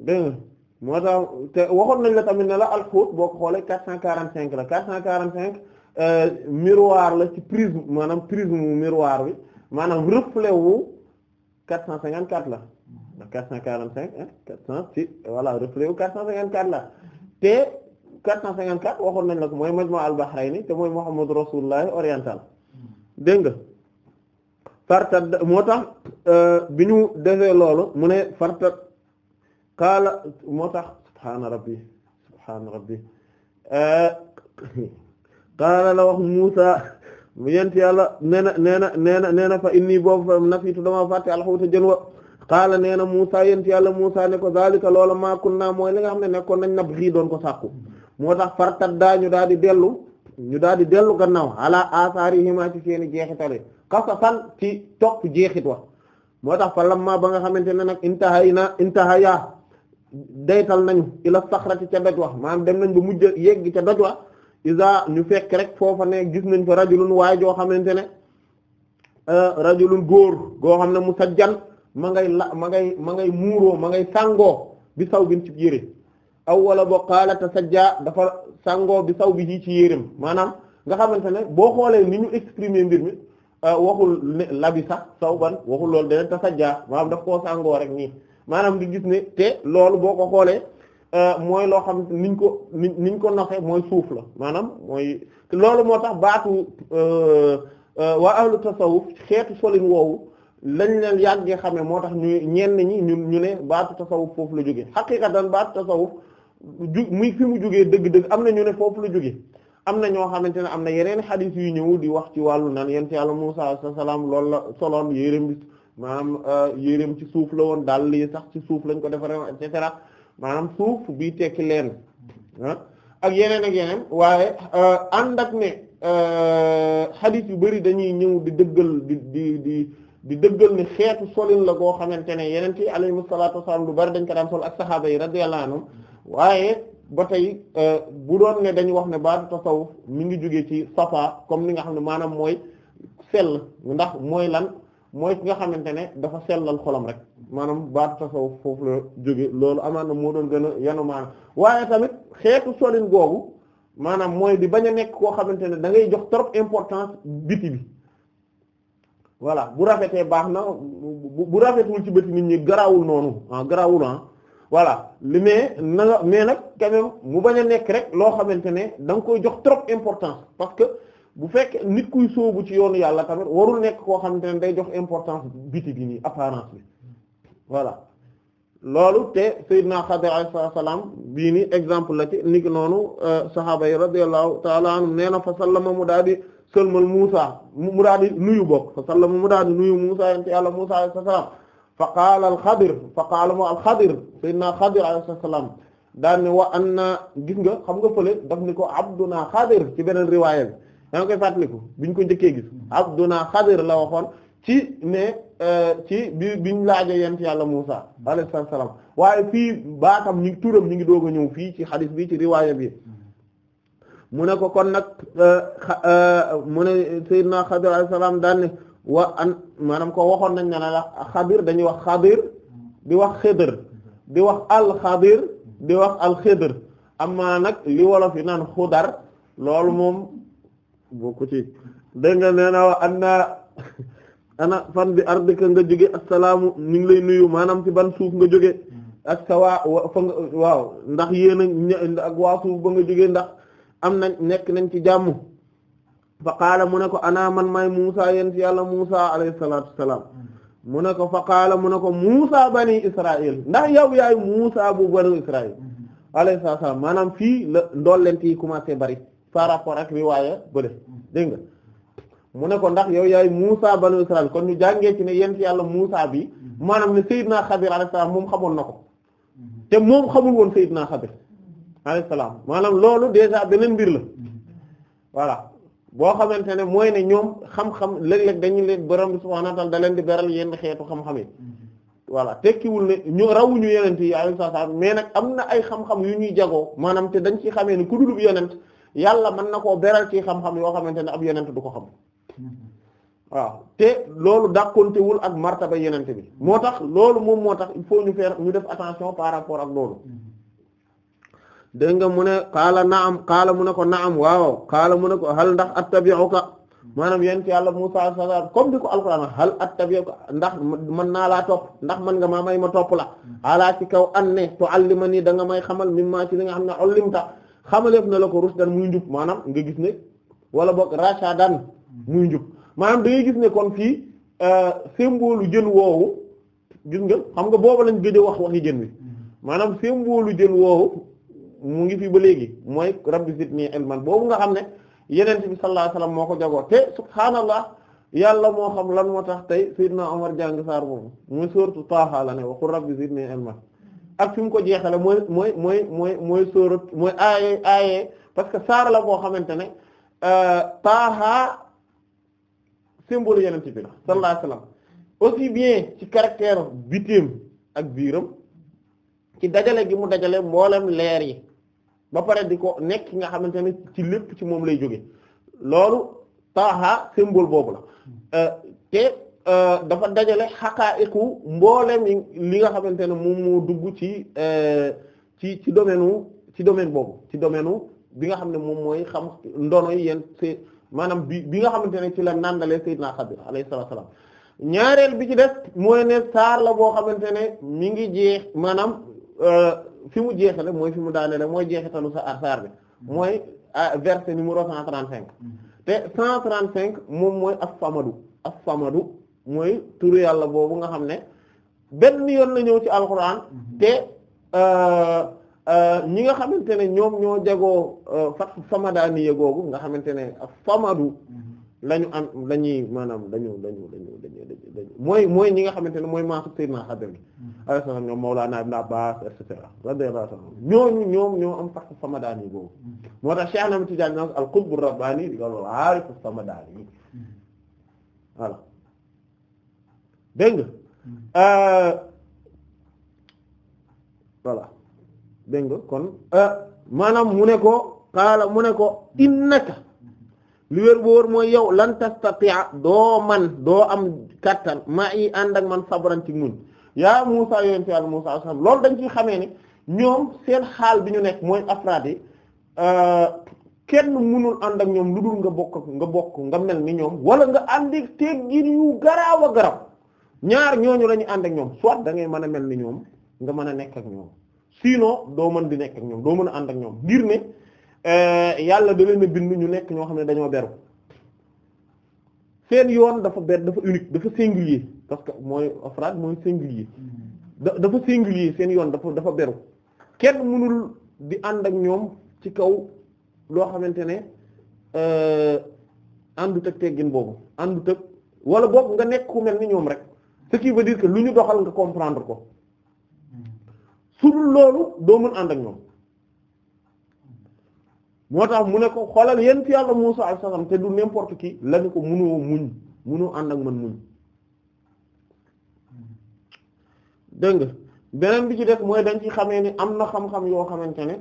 dégg moo tax te waxoon nañ la tamit ne la alxuut boo ko xoolee quatre cent quarante cinq la quatre cent quarante cinq eh, miroir la ci prisme maanaam prisme miroir bi maanaam reflet wu quatre cent cinquante quatre la ndax quatre cent quarante cinq quatre cent six voilà reflet wu quatre cent cinquante quatre la te quatre cent cinquante quatre waxoon nañ la ko mooy majma al Bahrayni te mooy Muhammad Rasulullah oriental dégg nga farta moo tax euh, bi ñu defee loolu mu ne farta kaala moo tax subhaana rabbi subhaana rabbi kaala euh, la wax Muusa yent yàlla nee na nee na nee na nee na fa inni boobu fa nafitu dama fàtte alxawta jën wa qaala nee na Muusa yent yàlla Muusa ne ko zalika loola maa kunna mooy li nga xam ne nekkoon nañ na nab rii doon ko sàkku moo tax fartat daa ñu daal di dellu ñu daal di dellu gannaaw ala asaarihima ci seeni jeexitale xasasan ci topp jeexit wa moo tax fa lamma ba nga xamante ne nag intahayna intahaya daytal nañu ila saxrati ca doj wa maanaam dem nañ ba mujj yegg ca doj wa isa ñu fekk rek foofa ne gis nañ fa rajulun waaye joo xamante ne euh, rajulun góor goo xam ne musajjan ma ngay la ma ngay ma ngay muuroo ma ngay sàngoo bi saw bin ci yére aw wala boo xaala te dafa sàngoo bi saw bi ci ci yéreem maanaam nga xamante ne boo xoolee ni ñu exprimer mbir mi euh, waxul ne labi sax saw ban waxul loolu dana te sajja maanaam daf koo sàngoo rek nii maanaam di gis ne te loolu boo ko xoolee Euh, mooy loo xam niñ ko niñ ko noxe mooy suuf la maanaam mooy loolu moo tax baatu euh, euh, waa ahlu tasawuf xeetu solin woowu lañ leen yàggee xamee moo tax ñu ñenn ñi ñun ñu ne baatu tasawuf foofu la jógee xaqiqatan baatu tasawuf ju muy fi mu jógee dëgg-dëgg am na ñu ne foofu la jógee am na ñoo xamante ne am na yeneen xadis yu ñëw di wax ci wàllu nan yéen ci yàlla Musaa salaam loolu la soloon yéreem bi maanaam yéreem ci suuf la woon daal yi sax ci suuf lañ ko defaree et maanaam suuf bii tekki leen ah, ak yeneen ak yeneen waaye euh, ànd ak ne euh, xadiis yu bari dañuy ñëw di dëggal di di di di dëggal ni xeetu solin la goo xamante ne yeneen ci alayhimu salaatu wassalaam lu bari dañ ko daan ak saxaaba yi radiyallahu anhum waaye ba tey euh, bu doon ne dañu wax ne baatu tasawuf mi ngi jóge ci safa comme li nga xam ne maanaam mooy sell ndax mooy lan mooy ki nga xamante ne dafa sellal xolam rek maanaam baatu tasawuf foofu la jóge loolu amaan na moo doon gën a yanu maanaam waaye tamit xeetu solin googu maanaam mooy di bañ a nekk koo xamante ne da ngay jox trop importance biti voilà bu rafetee baax na bu rafetul ci bëti nit ñi garaawul noonu ah garaawul ah voilà li na mais nag quand mu bañ a nekk rek loo xamante ne da nga koy jox trop importance parce que bu fekkee nit kuy sóobu ci yoonu yàlla tamit warul nekk koo xamante ne day jox importance biti bi nii apparence bi voilà loolu te Seydina Xadir alayhi salaam bii nii exemple la ci niki noonu euh, saxaaba yi radiyallahu ta'ala anhum nee na fa sallama mu daal di sëlmal Muusa mu daal di nuyu bokk fa sallama mu daal di nuyu Muusa yonent yàlla Muusa alayhi salaam fa qaala al fa qaala mu al-Xadir Seydina Xadir alayhi salaam daal ne wa anna gis nga xam nga fële daf ni ko abduna Xadir ci beneen riwaaya danga koy fàttaliku biñ ko njëkkee gis abduna xadir la waxoon ci ne euh, ci bi biñ laajo yent yàlla Muusa alayhi salaam waaye fii baatam ñu turam ñu ngi doog a ñëw fii ci xadis bi ci riwaaya bi mu ne ko kon nag euh, euh, mu ne Seydina Xadir alayhi salaam daan ne maanaam ko waxoon nañ ne la Xadir dañuy wax Xadir di wax Xidr di wax al Xadir di wax al Xidr amaa nag li wolof yi naan xudar loolu moom bokku ci dégg nga na wa ana fan bi ardika nga jóge assalaamu ñu ngi lay nuyu maanaam ci ban suuf nga jóge ak sa waa fa waaw ndax yéen a ak waa suuf ba nga jóge ndax am nañ nekk nañ ci jàmm fa qaala mu ne ko ana man maay Muusa yent yàlla Muusa alayhi salaatu wassalaam mu ne ko fa qaala mu ne ko Muusa bani Israil ndax yow yaay Muusa bu bani Israil mm-hmm. alayhi salaatu wassalaam maanaam fii la ndool lent yi commencé bari par rapport ak riwaaya bële dégg nga mu ne ko ndax yow yaay Muusa banu Israël kon ñu jàngee ci ne yent yàlla Muusa bi maanaam ne Seydina Xadir alayhi salaam moom xamoon na ko te moom xamul woon Seydina Xadir alayhi salaam maanaam loolu déjà beneen mbir la voilà boo xamante ne mooy ne ñoom xam-xam léeg-léeg dañu leen borom subhaanahu wa da leen di beral yenn xeetu xam-xam yi voilà tekkiwul ne ñu rawuñu yenent yi alayhi salaam mais nag am na ay xam-xam yu ñuy jagoo maanaam te dañ ci xamee ne ku dul yonent yàlla mën na koo beral ci xam-xam yoo xamante ne ab yenente du ko xam waaw te loolu da dàqontewul ak martaba yenente bi moo tax loolu moom moo tax il ñu faire ñu def attention par rapport ak loolu dégg nga mu ne xaala naam xaala mu ne ko naam waaw xaala mu ne ko hal ndax attabi'uka maanaam yent yàlla Musaa salam comme di ko alxuraan hal attabi'uka ndax mën naa laa topp ndax mën nga maa may ma topp la hmm. ala ci kaw an ne tu'allimani da nga may xamal ma ci li nga xam ne ullimta xamaleef na la ko rushdan muy njub maanaam nga gis ne wala boog rashadan muy njub maanaam da gis ne kon fii euh, mboolu jën woowu gis nga xam nga boobu lañ gëj wax waxi jën wi mm-hmm. maanaam mboolu jën woowu mu ngi fii ba léegi mooy rabbi zidni ilman boobu nga xam ne yeneen bi sallallahu alayhi moo ko jagoo te subhaanallah yàlla moo xam lan moo tax tey sayyidna Umar jàng saar boobu muy sourate Taaha la ne wa qul rabbi ak fi mu ko jeexale mooy mooy mooy mooy mooy mooy aaye aaye parce que saar la boo xamante ne euh, taaha symbole yeneen bi la sallallahu aussi bien ci caractère bitim ak biiram ci dajale gi mu dajale mboolem leer yi ba pare di ko nekk nga xamante ne ci lépp ci moom lay jóge loolu taaha symbole boobu la euh, te Euh, dafa dajale xaqaa'iqu mboolem li nga xamante ne moom moo dugg ci euh, ci ci domaine wu ci domaine boobu ci domaine wu bi nga xam ne moom mooy xam ndono yi yéen c'est maanaam bi bi nga xamante ne ci la nandalee Seydina Xadir alayhi salaatu wa salaam ñaareel bi ci def mooy ne saar la boo xamante ne mi ngi jeex maanaam euh, fi mu jeexale mooy fi mu daanele mooy jeexitalu sa saar bi mooy verset numéro cent trente cinq mm-hmm. te cent trente cinq moom mooy af famadou af famadou mooy turu yàlla boobu nga xam ne benn yoon la ñëw ci alquran mhm. te euh, euh, ñi nga xamante ne ñoom ñoo jagoo euh, fat samadaani yegoogu nga xamante ne famadu mhm. lañu am lañuy maanaam dañu lañu dañu dañu dañu mooy mooy ñi nga xamante ne mooy maasu Seydina Xadir mhm. alayhi salaam ñoom Mawlana Ibn Abbas et cetera radiyallahu anhum ñooñu ñoom ñoo am fat samadaani boobu moo tax Cheikh Ahmad Tidiane al qutb rabbani di ko al dégg nga hmm. euh, voilà dégg nga kon euh, maanaam mu ne ko xaala mu ne ko innaka li wér bu wër mooy yow lan tastatia doo man doo am kattan ma i ànd ak man sabran ci muñ yaa Muusaa yoon ci al Muusaa sam loolu dañ ciy xamee ni ñoom seen xaal bi ñu nekk mooy afraad yi euh, kenn mënul ànd ak ñoom lu dul nga bokk nga bokk nga mel ni ñoom wala nga àndi teggin yu garaaw a garab ñaar ñooñu la ñu ànd ak ñoom soit da mën a mel ni ñoom nga mën a nekk ak ñoom sinon doo mën di nekk ak ñoom doo mën a ànd ak ñoom ngir ne euh, yàlla da leen a bind ñu nekk ñoo xam ne dañoo beru seen yoon dafa ber dafa unique dafa singulier parce que mooy afraad mooy singulier da dafa singulier seen yoon dafa dafa beru kenn mënul di ànd ak ñoom ci kaw loo xamante ne euh, àndut ak teggin boobu àndut ak wala boog nga nekk ku mel ni ñoom rek ce qui veut dire que lu ñu doxal nga comprendre ko su dul loolu doo mën ànd ak ñoom moo tax mu ne ko xoolal yéen fi yàlla Muusaa alayhi salaam te du n'importe qui la ñu ko mënoo muñ mënoo ànd ak man muñ dégg nga beneen bi ci def mooy dañ ci xamee ni am na xam-xam yoo xamante ne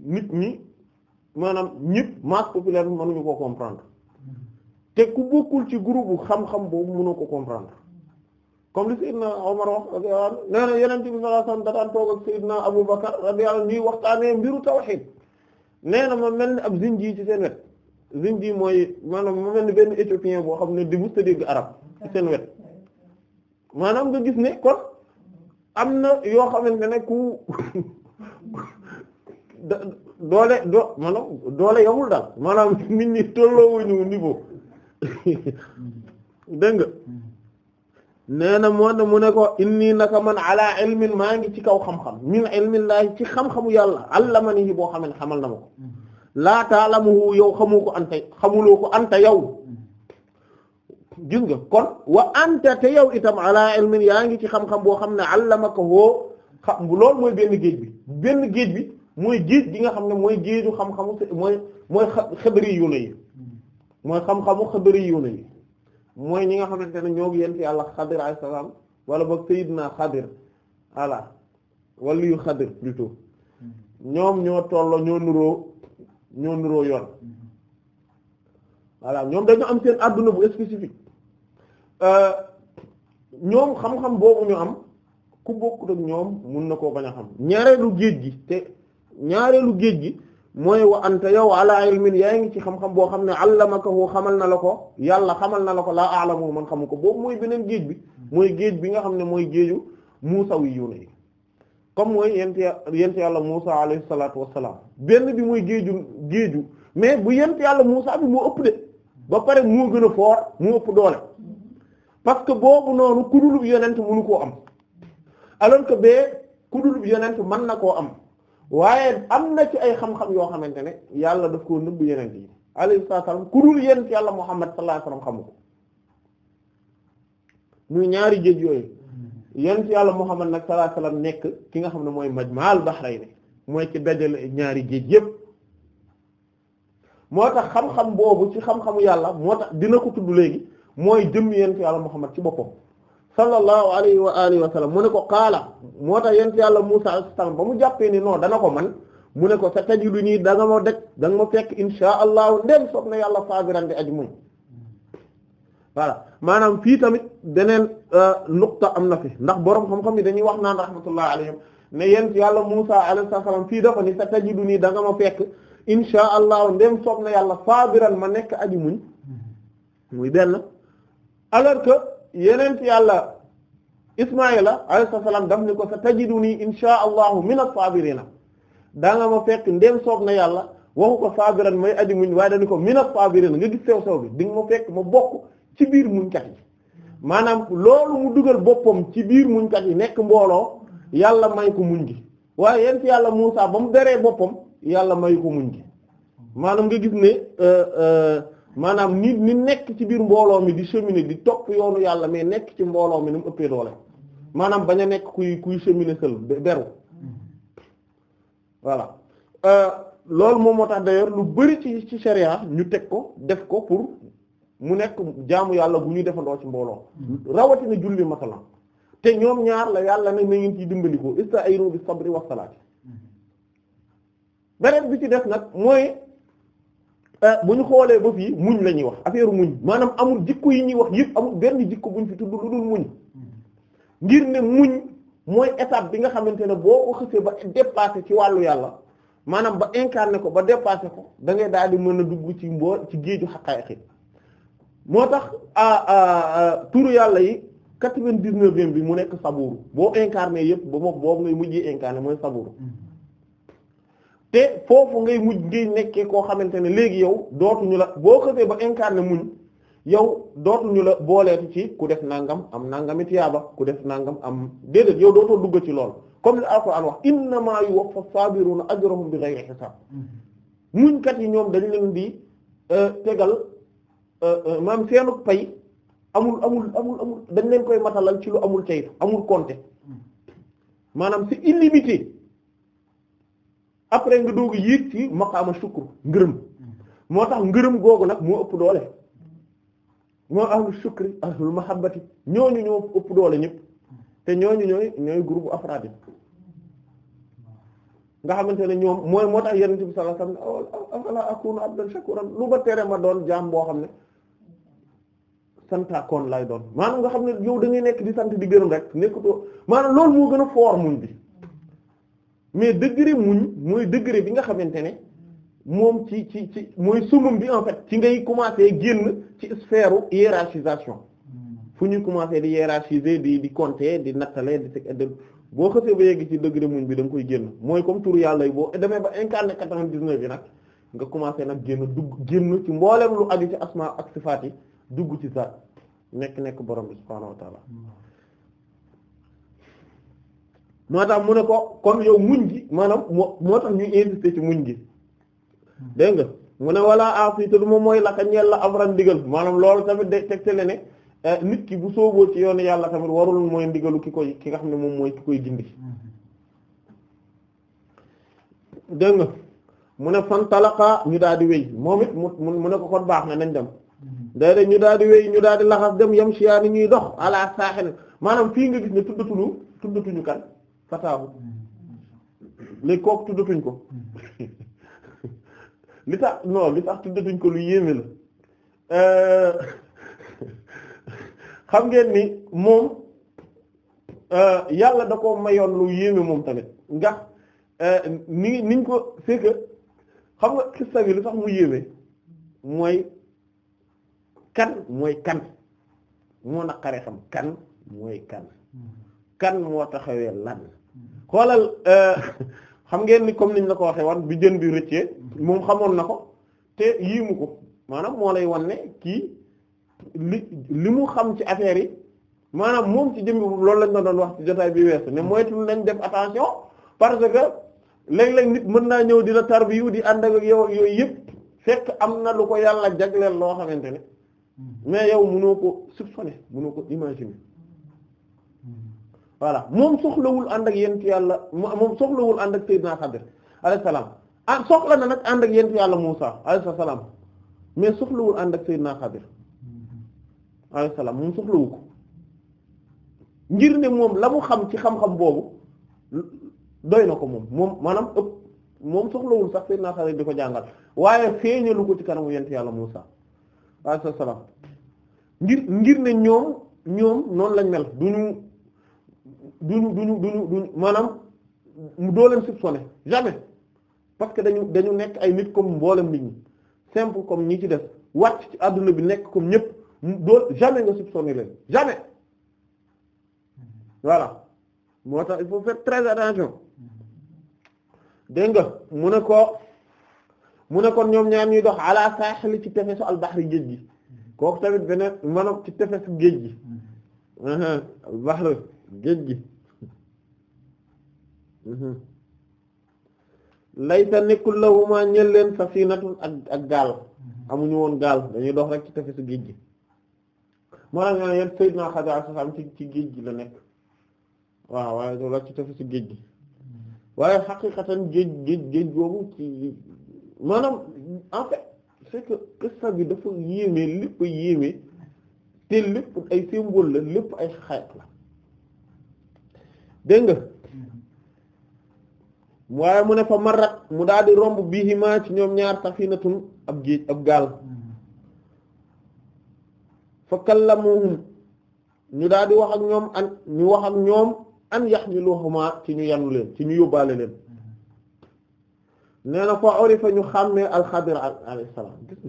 nit ñi maanaam ñëpp masse populaire mënuñu ko comprendre te ku bokkul ci groupe xam-xam boobu mënoo ko comprendre comme li Seydina Omar wax radiyallahu anhu nee na ak Seydina Abu Bakar radiyallahu anhu mbiru tawhid nee ma mel ni ab zinji ci seen wet zinji mooy maanaam ma mel ni benn éthiopien bo xam ne di mës a dégg arab ci seen wet maanaam nga gis ne kon am na yoo xamante ne ku (laughs) doole doole yamul daal maanaam nit ñi tolloowuñu niveau (laughs) dégg nga mm-hmm. nee na moo ne mu ne ko inni naka man ala ilmin maa ngi ci kaw xam-xam min ilmillaahi ci xam-xamu yàlla allamanihi boo xam ne xamal na ma ko mm-hmm. laa taalamuhu yow xamu ko anta xamuloo ko anta yow mm-hmm. gis ga kon wa anta te yow itam ala ilmin yaa ngi ci xam-xam boo xam ne allamaka woo xam loolu mooy benn géej bi benn géej bi mooy géej gi nga xam ne mooy géeju xam-xamu mooy mooy xabari yu na yi mm-hmm. mooy xam-xamu xabari yu na yi mooy ñi nga xamante ne ñoo yent yàlla xadir alayhi salaam wala boog sayyidina xadir voilà wala yu xadir plutôt mm-hmm. ñoom ñoo tolloo ñoo nuroo ñoo nuroo yoon mm-hmm. voilà ñoom dañu am seen àdduna bu spécifique euh, ñoom xam-xam boobu ñu am ku bokkut ak ñoom mun na koo bañ a xam ñaareelu géej gi te ñaareelu géej gi mooy wa anta yow ala ilmin yaa ngi ci xam-xam boo xam ne allamakahu xamal na la ko yàlla xamal na la ko laa a'lamu man xamu ko boobu mooy beneen géej bi mooy géej bi nga xam ne mooy géeju Muusa wi yuna yi comme mooy yent yent yàlla Muusa alayhi salaatu wassalaam benn bi mooy géeju géeju mais bu yent yàlla Muusa bi moo ëpp de ba pare moo gën a fort moo ëpp doole parce que boobu noonu kudulub yonent mënu koo am alors que bee kudulub yonent mën na koo am waaye am na ci ay xam-xam yoo xamante ne yàlla daf koo nëbb yeneen yi alayhi salaam ku dul yent yàlla Muhammad sallallahu alayhi wasallam xamu ñaari géej yooyu yent yàlla Muhammad nag sallallahu nekk ki nga xam ne mooy majmaal bahrayni mooy ci dajale ñaari géej yépp moo tax xam-xam boobu ci xam-xamu yàlla moo tax dina ko tudd léegi mooy jëm yent yàlla Muhammad ci boppam sallallahu alayhi wa alihi wa sallam mu ne ko xaala moo tax yent yàlla Musa alayhi salaam ba mu jàppee ni noon dana ko man mu ne ko sa tajidu nii da danga ma deg da nga ma fekk insha allahu ndeen soob na yàlla sabiran di aji muñ voilà maanaam fii tamit beneen euh, nuqta am na fi ndax borom xam-xam yi dañuy wax naan rahmatullah alayhim ne yent yàlla Musa alayhi salaam fii dafa ni sa tajidu nii da nga ma fekk insha allahu ndeen soob na yàlla sabiran ma nekk aji muñ muy benn yeneen yàlla Ismaayila alayhi salaam daf ni ko sa tajiduni insha allahu min as-sabirina daa nga ma fekk ndéem soob na yàlla waxu ko sabiran may aji muñ waaye dañu ko min as nga gis sew sew bi di nga ma fekk ma bokk ci biir muñkat yi maanaam loolu mu dugal boppam ci biir muñkat yi nekk mbooloo yàlla may ko muñ gi waaye yent yàlla Muusaa ba mu deree boppam yàlla may ko muñ gi maanaam nga gis ne euh, euh, maanaam nit ni nekk ci biir mbooloo mi di cheminer di topp yoonu yàlla mais nekk ci mbooloo mi ni mu ëppee doole maanaam bañ a nekk kuy kuy cheminer seul beru voilà euh, loolu moom moo tax d'ailleurs lu bari ci ci sharia ñu teg ko def ko pour mu nekk jaamu yàlla bu ñuy defandoo ci mbooloo rawatina julli masalan te ñoom ñaar la yàlla ne na ngeen ciy dimbalikoo ista'iinu bis sabri was salaati beneen bi ci def nag mooy Euh, bu ñu xoolee ba fii muñ la ñuy wax affaire muñ maanaam amul jikko yi ñuy wax yëpp amul benn jikko buñ fi tudd lu dul muñ ngir ne muñ mooy étape bi nga xamante ne boo ko xësee ba dépassé ci wàllu yàlla maanaam ba incarné ko ba dépassé ko da ngay daal di mën a dugg ci mboo ci géeju xaqaayiq moo tax ah, ah, ah, turu yàlla yi quatre-vingt-dix-neuvième bi mu nekk saburu boo incarné yëpp ba moom boobu ngay mujjee incarné mooy saburu hmm. te foofu ngay mujj ngay nekkee koo xamante ne léegi yow dootuñu la boo xësee ba incarné muñ yow dootuñu la booleeti ci ku def nangam am nangami tiyaaba ku def nangam am déedéet yow dootoo dugg ci lool comme li Alxuraan wax innamaa yuwaffa saabiruna ajrahum bi ghayri hisaab muñkat yi ñoom dañ leen di euh, tegal euh, euh, pay amul amul amul amul dañ leen koy matalal ci lu amul caytu amul compter hmm. maanaam c'est illimité après nga doog yéeg ci maqaama shukr ngërëm moo tax ngërëm googu nag moo ëpp doole moo ahlu shukri ahlul mahabbati ñooñu ñoo ëpp doole ñëpp te ñooñu ñooy ñooy groupe afraad nga xamante ne ñoom mooy moo tax yonent bi sallallahu alayhi wasallam afala akunu abdan shakuran lu ba tere ma doon jaam boo xam ne santaakoon lay doon maanaam nga xam ne yow da ngay nekk di sant di gërëm rek nekkutoo maanaam loolu moo gën a fort muñ bi mais degré muñ mooy degré bi nga xamante ne moom ci ci ci mooy summum bi en fait ci ngay commencer génn ci sphère hiérarchisation hmm. fu ñuy commencer di hiérarchiser di di compter di nattalee di teg addal boo xësee ba yegg ci degré muñ bi da koy génn mooy comme turu yàlla yi boo demee ba incarné quatre-vingt-dix-neuf yi nag nga commencé nag génn dugg génn ci mboolem lu aju ci asma ak faat yi dugg ci saat nekk nekk borom bi subhaanahu wa moo tax mu ne ko kon yow muñ gi maanaam moo moo tax ñu insisté ci muñ gi dégg nga mu ne walla afi te du moom mooy laka ñeel la am ran ndigal maanaam loolu tamit day tegtale ne eh, nit ki bu sooboo ci yoonu yàlla tamit warul mooy ndigalu ki koy ki nga xam ne moom mooy ki koy gindi dégg nga mu ne fan talaka ñu daal di wéy moom it mu mu ne ko kon baax na nañ dem day de ñu daal di wéy ñu daal di laxas dem yam siyaa ni ñuy dox ala saaxil maanaam fii nga gis ne tuddatulu tuddatuñu kan fataahu hmm. léegi kooku tuddatuñ ko hmm. li tax non li tax tuddatuñ ko lu yéeme la euh, xam ngeen ni moom euh, yàlla da ko mayoon lu yéeme moom tamit ndax euh, ni niñ ko c'est xam nga xista bi lu tax mu yéeme mooy kan mooy kan moo naqaree xam kan mooy kan hmm. kan moo taxawee lan xoolal euh, xam ngeen ni comme niñ la ko waxee wan bi jën bi rëccee moom xamoon na ko te yiimu ko maanaam moo lay wan kii li li mu xam ci affaire yi maanaam moom ci jëm bi loolu lañ doon wax ci jotaay bi weesu ne mooy moytu nañ def attention parce que léeg-léeg nit mën naa ñëw di la tarbiyu di ànd ak yow ak yëpp fekk am na lu ko yàlla jagleel loo xamante ne hmm. mais yow mënoo ko soupçonner mënoo ko imaginer hmm. voilà moom soxlawul ànd ak yentu yàlla moom soxlawul ànd ak Seydina Xadir alayhi salaam ah soxla na nag ànd ak yentu yàlla Muusa alayhi salaam mais soxlawul ànd ak Seydina Xadir alayhi ko ngir ne moom la xam ci xam boobu doy na ko moom moom maanaam ëpp moom sax Seydina Xadir di ko jàngal waaye feeñalu ko ci kanamu yentu yàlla Muusa alayhi salaam ngir ngir ne ñoom ñoom noonu lañ mel duñu duñu duñu ñu duñu maanaam doo leen soupçonner jamais parce que dañu dañu nekk ay nit kom mboolem nit ñi simple kom ñi ci def wàcc ci àdduna bi nekk comme ñëpp doo jamais nga soupçonner leen jamais voilà moo tax il faut faire très attention dégg nga mu ne ko mu ne ñoom ñaan ñuy dox ala saaxili ci tefesu albahri géej gi kook tamit beneen maanaam ci tefesu géej gi mm-hmm. uh-huh. albahri géej gi Mhm. laysa nekkul lahumaa ñel leen safinatun ak ak gaal mhm. amuñu woon gaal dañuy dox rek ci tefesu géej gi moo tax ñu ne yéen Seydina Xadir sallam ci géej gi la nekk waaw waaye loolu ci tefesu géej gi mhm. waaye xaqiqatan géej géej géej boobu ci maanaam en fait c'est que bi dafa yéeme lépp yéeme te lépp ay symbole la lépp ay xayat la dégg nga waaye mu ne fa marrat mu daal di romb bihimaa ci ñoom ñaar safinatun ab géej ab gaal fa kallamuhum ñu daal di wax ak ñoom an ñu wax ak ñoom an yahmiluhuma ci ñu yanu leen ci ñu yóbbaale leen nee na fa orifa ñu xàmmee alxadir alayhi salaam gis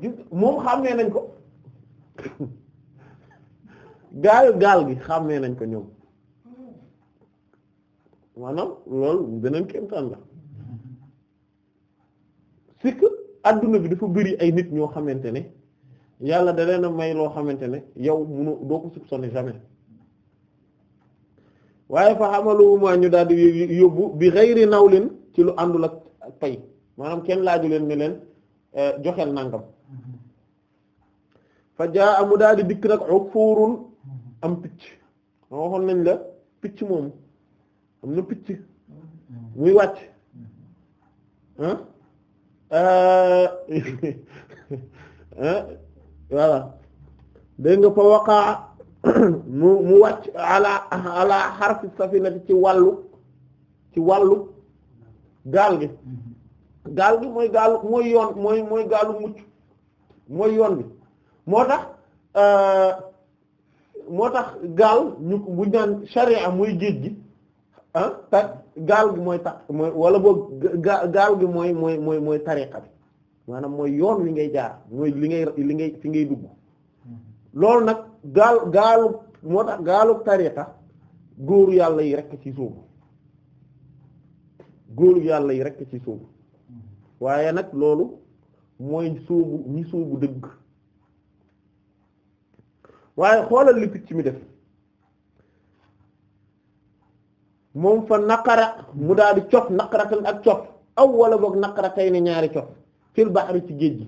gis moom xàmmee nañ ko (laughs) gaayu gaal gi xàmmee nañ ko ñoom maanaam lool beneen kéemtaan la c'est adduna bi dafa bëri ay nit ñoo xamante ne yàlla da leen a may loo xamante ne yow munu doo ko soupçonner jamais waaye fa xamaluma ñu daal di yóbbu bi xëyri nawlin ci lu àndul ak pay maanaam kenn laaju leen ne leen eh, joxel nangam fa jaa amu daal di dikk nag ak fuurun am picc waxoon nañ la picc moom am na picc muy wàcc euh, (laughs) voilà dégg nga fa waqaa (coughs) mu mu wàcc ala ala xarfi safinati ci wàllu ci wàllu gaal gi gaal gi mooy gaalu mucc mooy yoon bi moo tax euh, moo tax gaal ñu bu ñaan sharia mooy géej gi ah gaal gi mooy ta mooy wala boog gaal gi mooy mooy mooy mooy tariqa bi maanaam mooy yoon wi ngay jaar mooy li ngay li ngay fi ngay dugg mm-hmm. loolu nag gaal gaalu moo tax gaalu tariqa góoru yàlla yi rekk ci sóobu góoru yàlla yi rekk ci sóobu mm-hmm. waaye nag loolu mooy sóobu ñi sóobu dëgg waaye xoolal li picc mi def moom fa naqara mu daal di cof naqaratan ak cof aw wala boog naqara tay ne ñaari cof fil bahri ci géej gi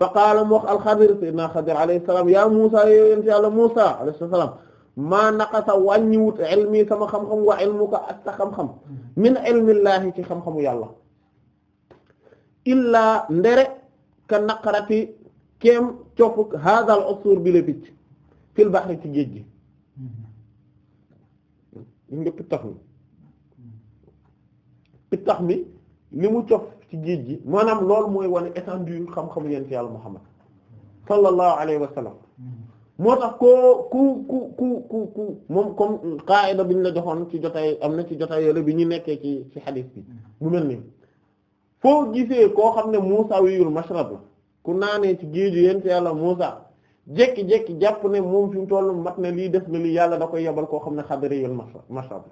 fa qaala mu wax alxadir sayyidina xadir alayhi salaam yaa Muusa yow yent yàlla Muusa alayhi salaam maa naqasa wàññiwut ilmi sama xam-xam wa ilmuka ak sa xam-xam min ilmillaahi ci xam-xamu yàlla illaa ndere ka naqarati keem cof haadal usur bi la picc fil bahri ci géej gi gis nga pittax mi pittax mi li mu cof ci géej gi maanaam loolu mooy wane étendue xam-xamu yent yàlla Muhammad sallallahu alayhi wa moo tax koo ku ku ku ku ku moom comme qaida bi ñu la joxoon ci jotaay am na ci jotaay yoola bi ñu nekkee ci ci hadith bi mu mel ni foo gisee koo xam ne Musa wiyul mashrab la ku naanee ci géeju yent yàlla Musa jekki-jekki jàpp ne moom fi mu tollu mat na lii def na lii yàlla da koy yebal koo xam ne xadari yol masa masab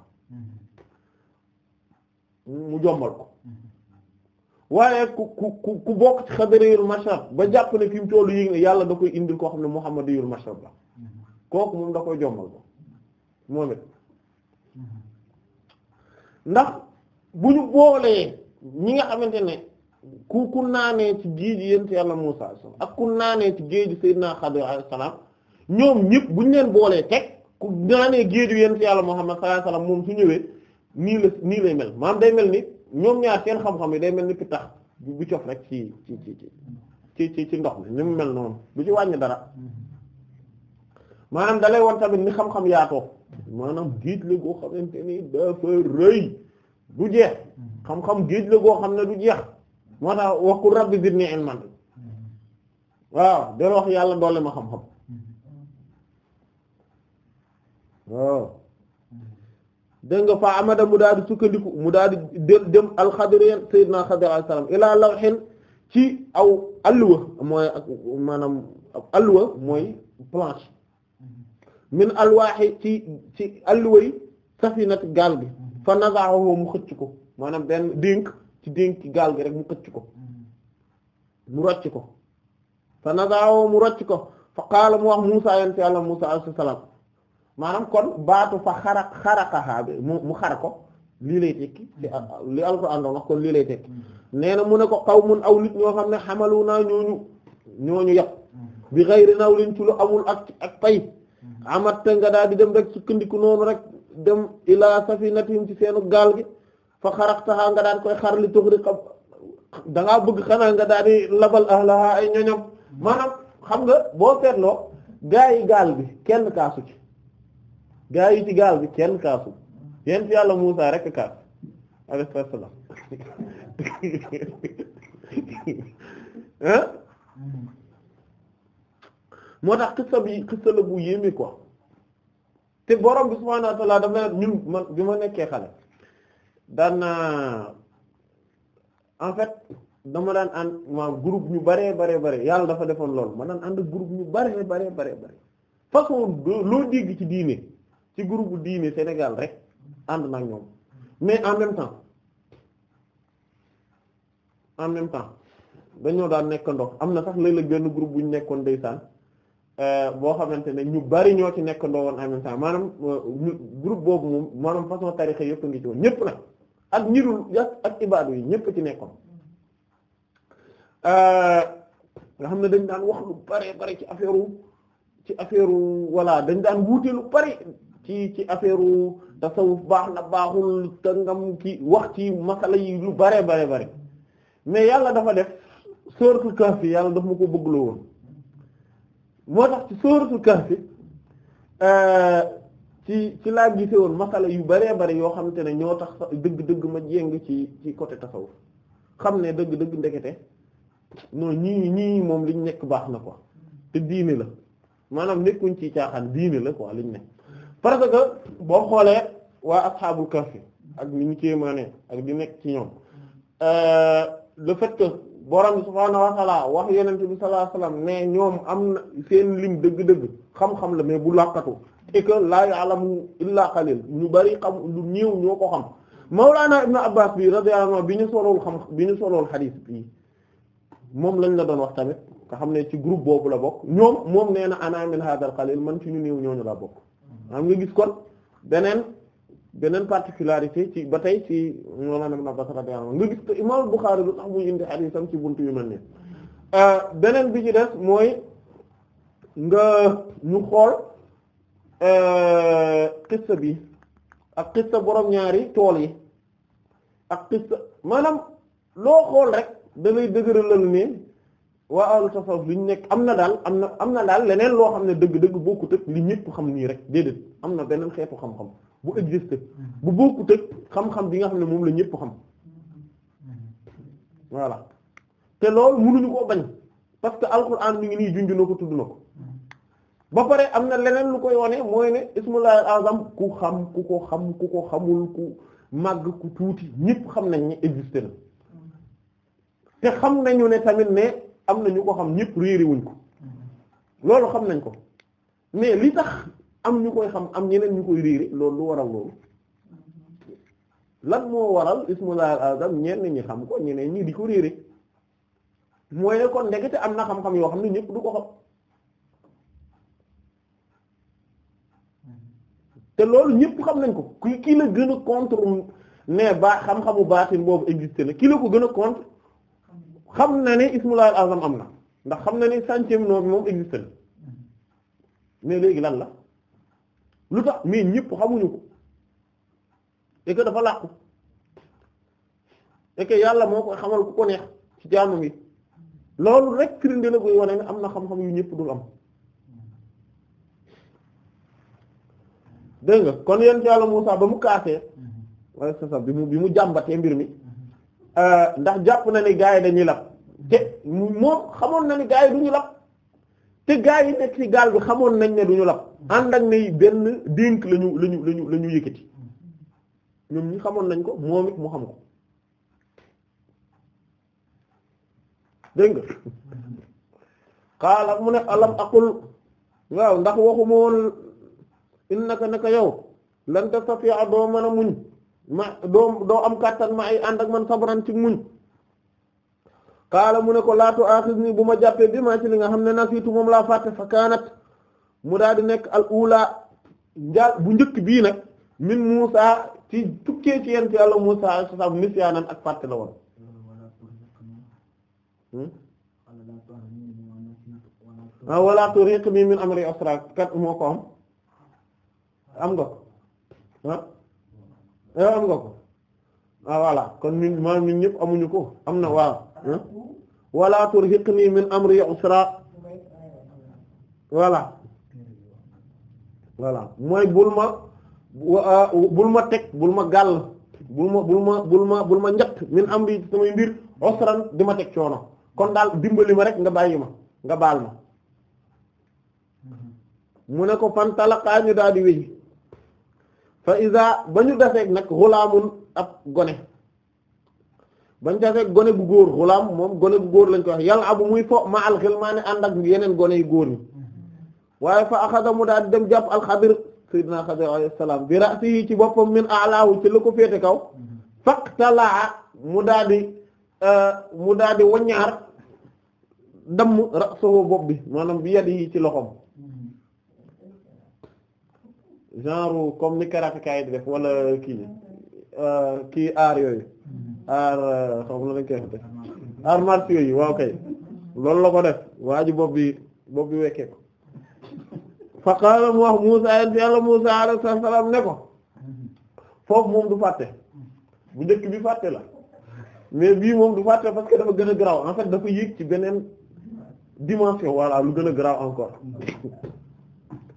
mu jombal ko waaye ku ku ku bokk ci xadari ba jàpp ne fi mu tollu yéeg ne yàlla da koy indil koo xam ne muhammad yul masab la kooku moom da koy jombal ko moom it ndax bu ñu boolee ñi nga xamante ne ku ku naanee ci géeji yent yàlla Musaa ak ku naanee ci géeji Seydina Xadir alayhi salaam ñoom ñëpp buñu leen boolee teg ku naanee géeju yent yàlla Muhammad sallallahu alayhi wasallam moom su ñëwee nii la nii lay mel maanaam day mel ni ñoom ñaar seen xam-xam yi day mel ni pitax bu cof rek ci ci ci ci ci ci ndox mi ni mu mel noonu bu ci wàññi dara maanaam dalay won tamit ni xam-xam yaatoo maanaam géej la goo xamante ni dafa rëy du jeex xam-xam géej la goo xam ne du jeex moo tax wax ku rabbi zidni ilman waaw del wax yàlla doole ma xam-xam waaw dégg nga fa mu daal sukkandiku mu daal di dem dem alxadir yeen sayyidina xadir alayhi ci aw alluwa mooy ak maanaam alluwa mooy planche min alwaaxi ci ci alluwa yi gaal gi fa nazaahu mu xëcc ko maanaam benn dénk ci dénk gaal gi rek mu xëcc ko mu rocc ko fa nazaawo mu rocc ko fa qaala mu wax Musa yonent Yàlla Musa alayhi salaam maanaam kon baatu fa xara xaraqahaa bi mu mu xar ko lii lay tekki li Alxuraan doon wax kon lii lay tekki nee mu ne ko qawmun aw nit ñoo xam ne xamalu naa ñooñu ñooñu yàpp bi ghayri nawlin ci amul ak ak pay amat te nga daal di dem rek sukkandiku noonu rek dem ilaa safinatihim ci seenu gaal gi fa xaraxtaha nga daan koy xar li tuxriqa da ngaa bëgg xanaa nga daal di labal ahlaha ay ñoñom maanaam xam nga boo seetloo gaa yi gaal bi kenn kaasu ci gaa yi ci gaal bi kenn kaasu tax xissa bi xissa la bu yéeme quoi te borom bi subhaanahu wa ñun bi ma nekkee xale daan naa en fait dama daan ànd ma groupe ñu baree baree bare yàlla dafa defoon lool ma daan ànd group ñu baree baree baree bare façon loo dégg ci diine ci groupe diine Sénégal rek ànd nag ñoom mais en même temps en même temps dañoo daan nekk am na sax léeg-léeg benn groupe bu ñu nekkoon day ndeysaan euh, boo xamante ne ñu bari ñoo ci nekkandoo woon en même temps maanaam euh, group boobu moom maanaam façon tarixa yëpp ngi ci woon ñépp nag ak ñi dul ak ibaadu yi ñëpp ci nekkoon euh, nga xam ne dañ daan wax lu bare bare ci affaire ci affaire walla dañ daan wuute lu bare ci ci affaire tasawuf baax na baaxul tëngam ki wax ci masala yi lu bare bare bare mais yàlla dafa def suratul kahfi yàlla daf ma ko bëgg la moo tax ci suratul kahfi euh, ci ci laa gise woon masala yu baree bari yoo xamante ne ñoo tax dëgg-dëgg ma jéng ci ci côté tasawuf xam ne dëgg-dëgg ndekete non ñii ñii moom liñ nekk baax na quoi te diine la maanaam nekkuñ ci caaxaan diine la quoi liñ ne parce que boo xoolee waa ak asxaabul kahfi ak li ñu kéemaane ak di nekk ci ñoom euh, le fait que borom bi subhaanahu wa ta'ala wax yenente bi sallallahu alayhi ne ñoom am na seen lim dëgg-dëgg xam-xam la mais bu làkkatu et laa ya'lamu illaa qalil ñu bari xam lu néew ñoo ko xam Mawlana Ibn Abbas bi radiyallahu anhu bi ñu solool xam bi ñu solool xadiis bi moom lañ la doon wax tamit nga xam ne ci groupe boobu la bokk ñoom moom nee na ana min hadal qalil man ci ñu néew ñooñu la bokk xam nga gis kon beneen beneen particularité ci ba tey ci Mawlana Ibn Abbas radiyallahu anhu nga gis ko Imam Bukhari ci buntu yu mel nii euh, beneen bi ci des mooy nga ñu xool Euh, qissa bi ak qissa boroom ñaari tool yi ak qissa maanaam loo xool rek da lay dëgëralal ne waa ahlu tasawuf li ñu nekk am na daal am na am na daal leneen loo xam ne dëgg-dëgg bokkut ak li ñëpp xam nii rek déedéet am na beneen xeetu xam-xam bu existe bu bokkut xam-xam bi nga xam ne moom la ñëpp xam voilà te loolu mënuñu koo bañ parce que alxuraan mi ngi nii junj na ko tudd na ko. ba pare am na leneen lu koy wane mooy ne ismul azam ku xam ku ko xam ku ko xamul ku màgg ku tuuti ñëpp xam nañ ne existé na te xam nañu ne tamit ne am na ñu ko xam ñëpp réeri wuñ ko loolu xam nañ ko mais li tax am ñu koy xam am ñeneen ñu koy réeri loolu lu waral loolu lan moo waral ismul azam ñenn ñi xam ko ñeneen ñi di ko réeri mooy ne kon ndekete am na xam-xam yoo xam ne ñëpp du ko xam. te loolu ñëpp xam nañ ko ki kii la gën a contre ne ba xam-xamu baatin boobu existé na ki la ko gën a contre xam na ne ismulaal azam am na ndax xam na ne centième nom moom existé na mais léegi lan la lu tax mais ñëpp xamuñu ko et dafa làqu et que yàlla moo ko xamal ku ko neex ci jaamam yi loolu rek firnde la koy wane ne am na xam-xam yu ñëpp dul am dégg nga kon yéen ci yàlla ba mu kaasee mm-hmm. wala sa bi mu bi mu jàmbatee mbir mi mm-hmm. euh, ndax jàpp na ni gaa yi dañuy lab te moom xamoon na ni gaa yi du ñu lab te gaa yi nekk ci gaal bi xamoon nañ ne du ñu lab mm-hmm. ànd ak ne benn dénk lañu lañu lañu la ñu yëkkati ñoom ñi xamoon nañ ko moom it mu xam ko dégg nga mu ne alam aqul waaw ndax waxuma innaka naka yow lan tastati'a doo mën a muñ ma doo doo am kàttan ma ay ànd ak man sabran ci muñ kaala mu ne ko laatu axisni bu ma jàppee bi maa ci li nga xam ne nasiitu moom laa fàtte fa kaanat mu daal di nekk al ula njaal bu njëkk bii nag min Muusa ci tukkee ci yent yàlla Muusa alayhi salaam nisyaanan ak fàtte la woon hmm? ah wala turiqni min amri asra kat moo ko am am nga ko ah eh, am nga ko ah, voilà kon ñun maanaam ñun ñëpp amuñu ko am na waaw ah? wala turhiqni min amri usra voilà voilà mooy bul ma ah, bul ma teg bul ma gàll bul ma bul ma bul ma bul ma njëkk min samay mbir usran di ma teg coono kon daal dimbali ma rek nga bàyyi ma nga baal ma mm-hmm. mu ne ko fan talaqaa daal di wéy fa isa ba ñu daseeg nag xulaamun ab gone bañ daseeg gone bu góor xulaam moom gone bu góor lañ ko wax yàlla abu muy fo ma alxilmaane ànd ak yeneen gone yu góor ñi waaye fa axada mu daal dem jàpp alxadir sayyidina xadir alayhi salaam bi ra'sihi ci boppam min alaahu ci la ko féete kaw faqtalaa mu daal di euh, mu daal di waññaar damm ra'suhu bopp bi maanaam bi yadihi ci loxoom genre comme ni karateka yi di def wala kii euh, kii aar yooyu aar mm-hmm. euh, xaw ma lañ koy aar mars yooyu waaw kay loolu la ko def waa ji bopp bi bopp bi wekkee ko fa qaala mu wax Musaa yent yàlla Musaa ne ko foofu moom du fàtte bu njëkk bi fàtte la mais bii moom du fàtte parce que dafa gën a garaaw en fait yéeg ci beneen dimension voilà lu gën garaaw encore mm-hmm.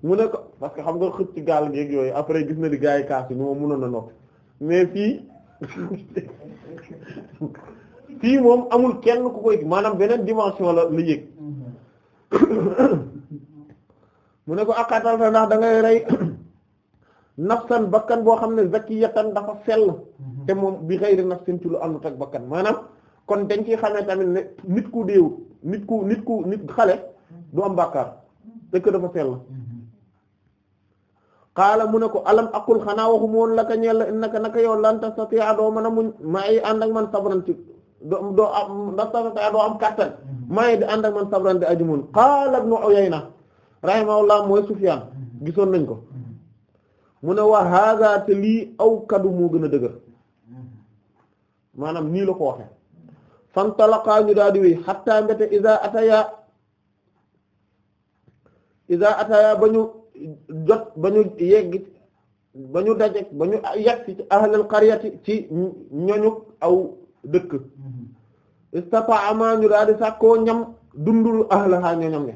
mu ne ko parce que xam nga xëcc ci gaal ngeeg yooyu après gis na di gars yi kaas yi moom mënoon na noppi mais fii (laughs) fii moom amul kenn ku koy maanaam beneen dimension la la yëg (coughs) mu ne ko akatalta ndax da ngay rey (coughs) nafsan bakkan boo xam ne zakiyatan dafa sell mm-hmm. te moom bi xëyri nafsin ci lu àndut ak bakkan maanaam kon dañ ciy xamee tamit ne nit ku déewut nit ku nit ku nit xale du am bàkkaar mm-hmm. dëkk dafa sell mm-hmm. qaala mu ne ko alam aqul xanaa waxu moon la ka naka naka yow lan tastati'a doo mën a muñ maa yi ànd ak man sabran doo am lan tastati'a doo am kattan maa yi ànd ak man sabran di aji muñ qaala ibnu Uyayna rahimahullah mooy Sufyaan gisoon nañ ko mu ne waa haaza te lii aw kadu moo gën a dëgër maanaam nii la ko waxe fantalaqaa ñu daal di xatta mbete iza ataya iza ataya ba jot ba ñu yegg ba ñu daje ba ñu yegg ci ahlal qaryati ci ñoñu aw dëkk mm-hmm. istata ama ñu daal di sàkkoo ñam dundul ahlaha ñoñam ne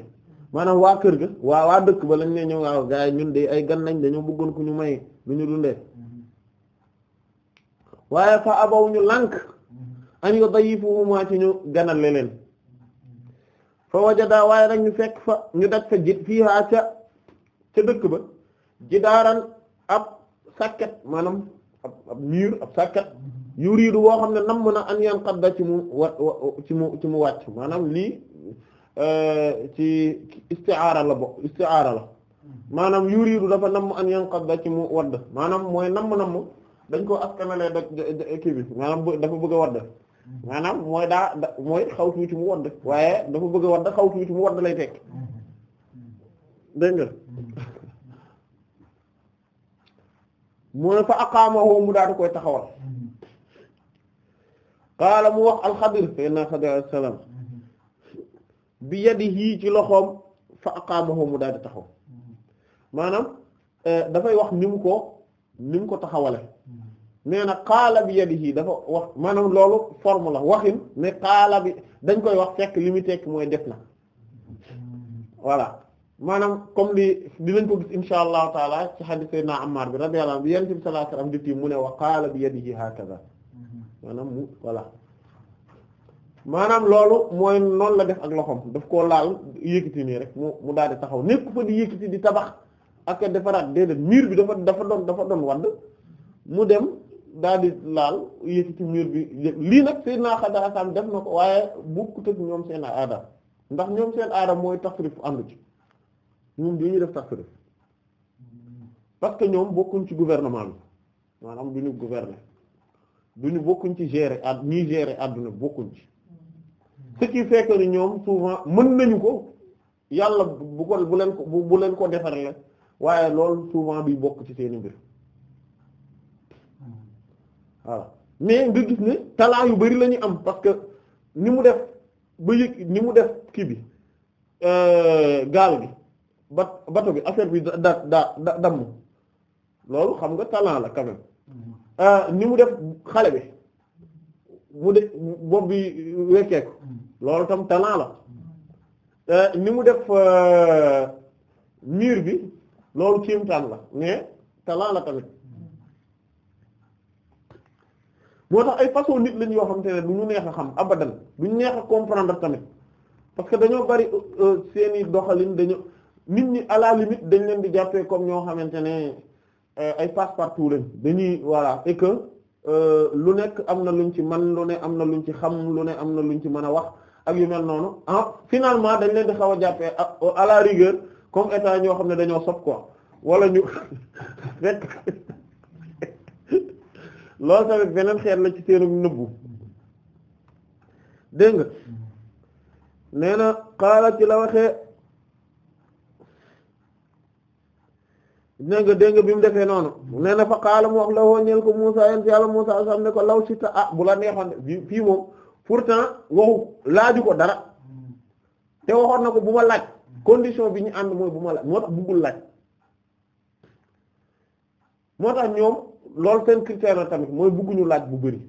maanaam waa kër ga waa waa dëkk ba lañ ne ñëw waaw gaa yi ay gan lañ dañoo bëggoon ku ñu may lu ñu dundee mm-hmm. waaye fa abaw ñu lànk mm-hmm. an yudayifuhuma ci ñu ganal leen fa wajada waaye nag ñu fekk fa ñu daj fa jit fiiha ca ca dëkk ba jidaaran ab sàkket maanaam ab ab ab sàkket yuriidu woo xam ne nam na an yan xadda ci mu wa ci mu ci mu wàcc maanaam lii euh, ci istiaara la bo istiaara la maanaam yuriidu dafa nam an yan xadda ci mu wadd maanaam mooy namm-namm dañ koo askanale da kii bi maanaam dafa bëgg a wadd maanaam mooy daa da mooy xaw ci mu wadd waaye dafa bëgg a wadd xaw tuuti mu wadd lay tekk dégg nga mu ne fa aqaamahu mu daal di koy taxawal qaala mu wax alxadir sayyidina Xadir alayhi salaam bi yadihi ci loxoom fa aqaamahu mu daal di taxaw maanaam eh, dafay wax ni mu ko ni ko taxawale nee na qaala bi yadihi dafa wax maanaam loolu forme la waxin mais qaala bi dañ koy wax fekk li mu tekk mooy def na voilà maanaam comme di dinañ ko gis insha allahu taala ci hadith sayyidina Ammar bi radiyallahu anhu bi yonent bi sallallahu alayhi wasallam di tiim mu ne wa qaala bi yadihi hakaza maanaam mu voilà maanaam loolu mooy noonu la def ak loxoom daf koo laal yëkkati nii rek mu mu daal di taxaw nekk fa di yëkkati di tabax ak defaraat déedéet miir bi dafa dafa doon dafa doon wadd mu dem daal di laal yëkkati miir bi lii nag sayyidina Xadir def na ko waaye bu bokkut ak ñoom seen aada ndax ño seen aada mooy tasrif àndu ci. ñoom dañuy def tax def parce que ñoom bokkuñ ci gouvernement bi maanaam du ñu gouverner du ñu bokkuñ ci gérer ad ñuy gérer àdduna bokkuñ ci ce fekk fait ñoom souvent mën nañu ko yàlla bu ko bu leen ko bu leen ko defaree waaye loolu souvent bi bokk ci seen mbir voilà mais nga gis ne talent yu bari lañuy am parce que ni mu def ba yëg ni mu def kii bi euh, gaal gi. bat bato bi affaire bi da da damm loolu xam nga talent la quand mm-hmm. euh, ni mu def xale bi mu de bopp bi wekkeeku mm-hmm. loolu tam talent la mm-hmm. euh, ni mu def euh, miir loolu kéemtaan la mais talent la tamit moo tax ay façon nit lañ yoo xamante ne du ñu neex a xam abadan du ñu neex a comprendre tamit parce dañoo bari seeni doxalin dañoo. nit ñi à la limite dañ leen di jàppee comme ñoo xamante ne euh, ay passe-partout lañ dañuy voilà et que euh, lu nekk am na luñ ci man lu ne am na luñ ci xam lu ne am na luñ ci mën a wax ak yu mel noonu ah finalement dañ leen di xaw a jàppee a la rigueur comme état ñoo xam ne dañoo sob quoi wala ñu rek (laughs) (laughs) loolu tamit beneen xeet la ci seenum nëbbu dégg nga mm-hmm. nee ci la waxee dégg nga dégg nga bi mu defee noonu nee na fa qaala wax la woo ñeel ko Musaa yéen si yàlla Musaa sax ko law si ta ah bu la neexoon de fii moom pourtant waxu laaju ko dara te waxoon na ko bu ma laaj condition bi ñu ànd mooy bu ma laaj moo tax buggul laaj moo tax ñoom loolu seen critère tamit mooy bugguñu laaj bu bari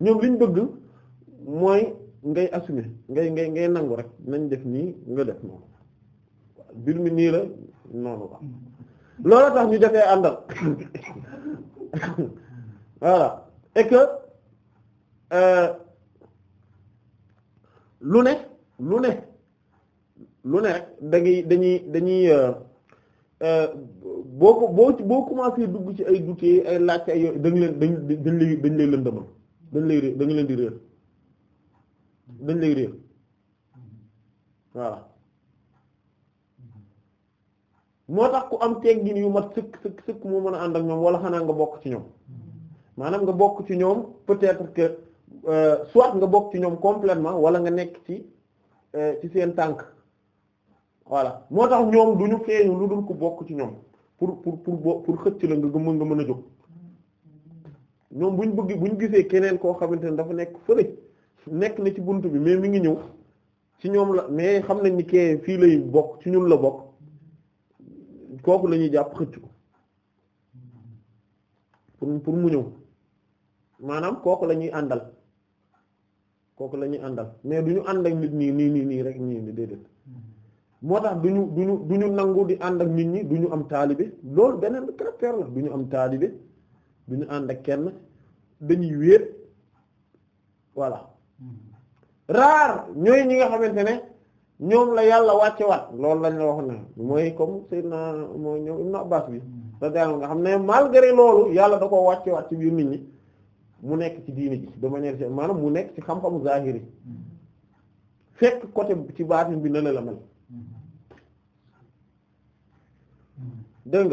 ñoom liñ bëgg mooy ngay assumer ngay ngay ngay nangu rek nañ def nii nga def noonu mbir mi nii la noonu la. loolu tax ñu jafe àndal voilà et euh, lu ne lu ne lu ne rek dañuy dañuy dañuy euh, euh, boo ko boo boo dugg ci ay dutee ay laajte ay yooyu dañ leen dañ dañ lay dañ lay lëndëmal dañ lay dañ leen di réer dañ lay réer voilà moo tax ku am teggin yu mat sëkk sëkk sëkk moo mën a ànd ak ñoom wala xanaa nga bokk ci ñoom maanaam nga bokk ci ñoom peut-être que euh, soit nga bokk ci ñoom completement wala nga nekk ci euh, ci seen tànk voilà moo tax ñoom du ñu feeñu lu dul ku bokk ci ñoom pour pour pour pour xëcc la nga mën nga mën a jóg ñoom buñ bu ñu gisee keneen koo xamante ne dafa nekk fële nekk na ci bunt bi mais mi ngi ñëw ci ñoom la mais xam nañ ni kee fii lay bokk ci ñun la bokk kooku lañuy ñuy jàpp xëcc ko pour pour mu ñëw maanaam kooku la ñuy àndal kooku la ñuy àndal mais du ñu ànd nit nii nii nii nii rek nii déedéet moo tax du ñu du ñu du ñu nangu di ànd ak nit ñi du ñu am taalibe loolu beneen caractère la du ñu am taalibe du ñu ànd ak kenn dañuy wéet voilà hmm. raar ñooy ñi nga xamante ne. ñoom la yàlla wàcce wat loolu lañ la wax ne mooy comme naa mooy ñoom Ibn Abbas bi sa nga xam ne malgré loolu yàlla da ko wàcce wat ci biir nit ñi mu nekk ci diini ji de manière générale maanaam mu nekk ci xam-xamu zahiri fekk côté ci baatin bi na la la mel dégg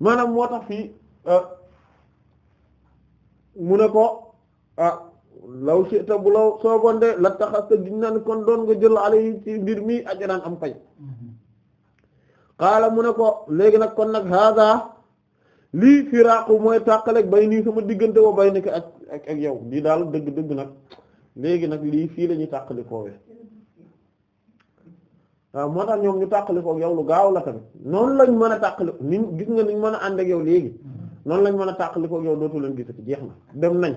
maanaam moo tax fii euh, mu ne ko ah, law shita bu law soogoon de la taxasta giñ naan kon doon nga jël alayhi ci mbir mi ajran am pay xaala mm-hmm. mu ne ko léegi nag kon nag hada lii firaqu mooy tàqaleg bay nii sama diggante wa bay nekk ak ak ak yow lii daal dëgg dëgg nag léegi nag lii fii la ñuy tàqali koowe waaw ah, moo tax ñoom ñu tàqali koog yow lu gaaw la tamit noonu lañ mën a tàqali ni gis nga niñ mën a ànd yow léegi mm-hmm. noonu lañ mën a tàqali yow dootu leen gisati jeex na dem nañ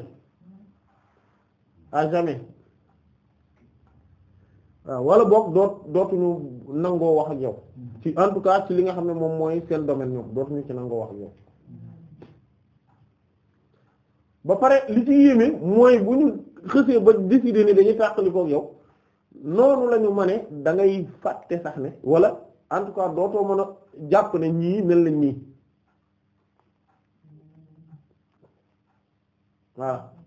à jamais waaw wala boog doot dootuñu nangoo wax ak yow mm-hmm. ci en tout cas ci li nga xam ne moom mooy seen domaine ñoom dootuñu ci nangoo wax ak yow mm-hmm. ba pare li ci yéeme mooy bu ñu xësee ba décider ni dañuy tàqalikoo ak yow noonu lañu ñu ma ne da fàtte sax ne wala en tout cas dootoo mën a jàpp ne ñii mel lañ nii voilà mm-hmm.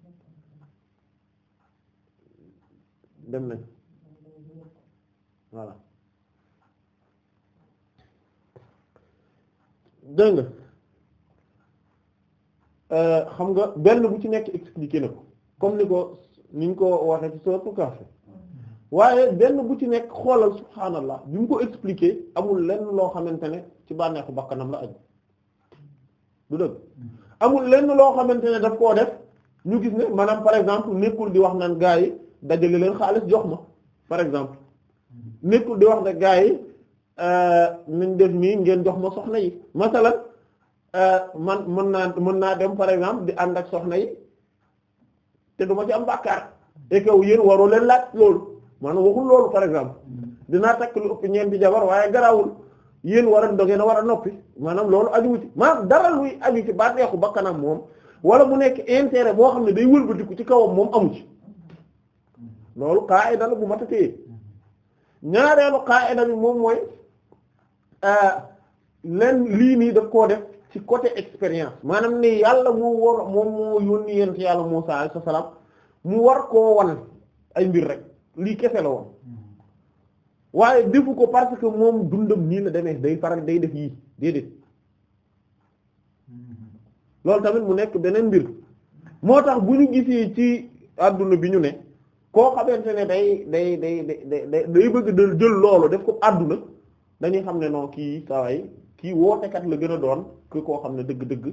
dem nañ voilà dégg nga euh, xam nga benn bu ci nekk expliqué na ko comme ni ko ni ñu ko waxee ci sourate Kahf waaye benn bu ci nekk xoolal subhaanallah bi mu ko expliqué amul lenn loo xamante ne ci bànneexu bakkanam la aju du dëgg amul lenn loo xamante ne daf koo def ñu gis ne maanaam par exemple nekkul di wax naan gaa yi dajale leen xaalis jox ma par exemple nekkul di wax ne gaa yi euh, nañ def nii ngeen jox ma soxna yi masalan euh, man mën naa mën naa dem par exemple di ànd ak soxna yi te du ma ci am bàkkaar et que yéen waroo leen laaj loolu maanaam waxul loolu par exemple dinaa takk lu ëpp ñeenti jabar waaye garaawul yéen war a doge na war a noppi maanaam loolu aju ci maanaam dara luy aju ci bànneexu bakkanam moom wala mu nekk intérêt boo xam ne day wëlbatiku ci kawam moom amu ci loolu qaida la bu mat a téye ñaareelu qaida bi moom mooy euh, len lii nii daf koo def ci côté expérience maanaam ni yàlla moo war moom moo yónni yent yàlla Muusaa alayhi salaam mu war koo wan ay mbir rek lii kese la woon waaye defu ko parce moom dundam nii la demee day faral day def yii déedéet loolu tamit mu nekk beneen mbir moo tax bu ñu gisee ci àdduna bi ñu ne koo xamante ne day day day day day bëgg dal jël loolu def ko àdduna dañuy xam ne non kii saway kii wootekat la gën a doon que koo xam ne dëgg-dëgg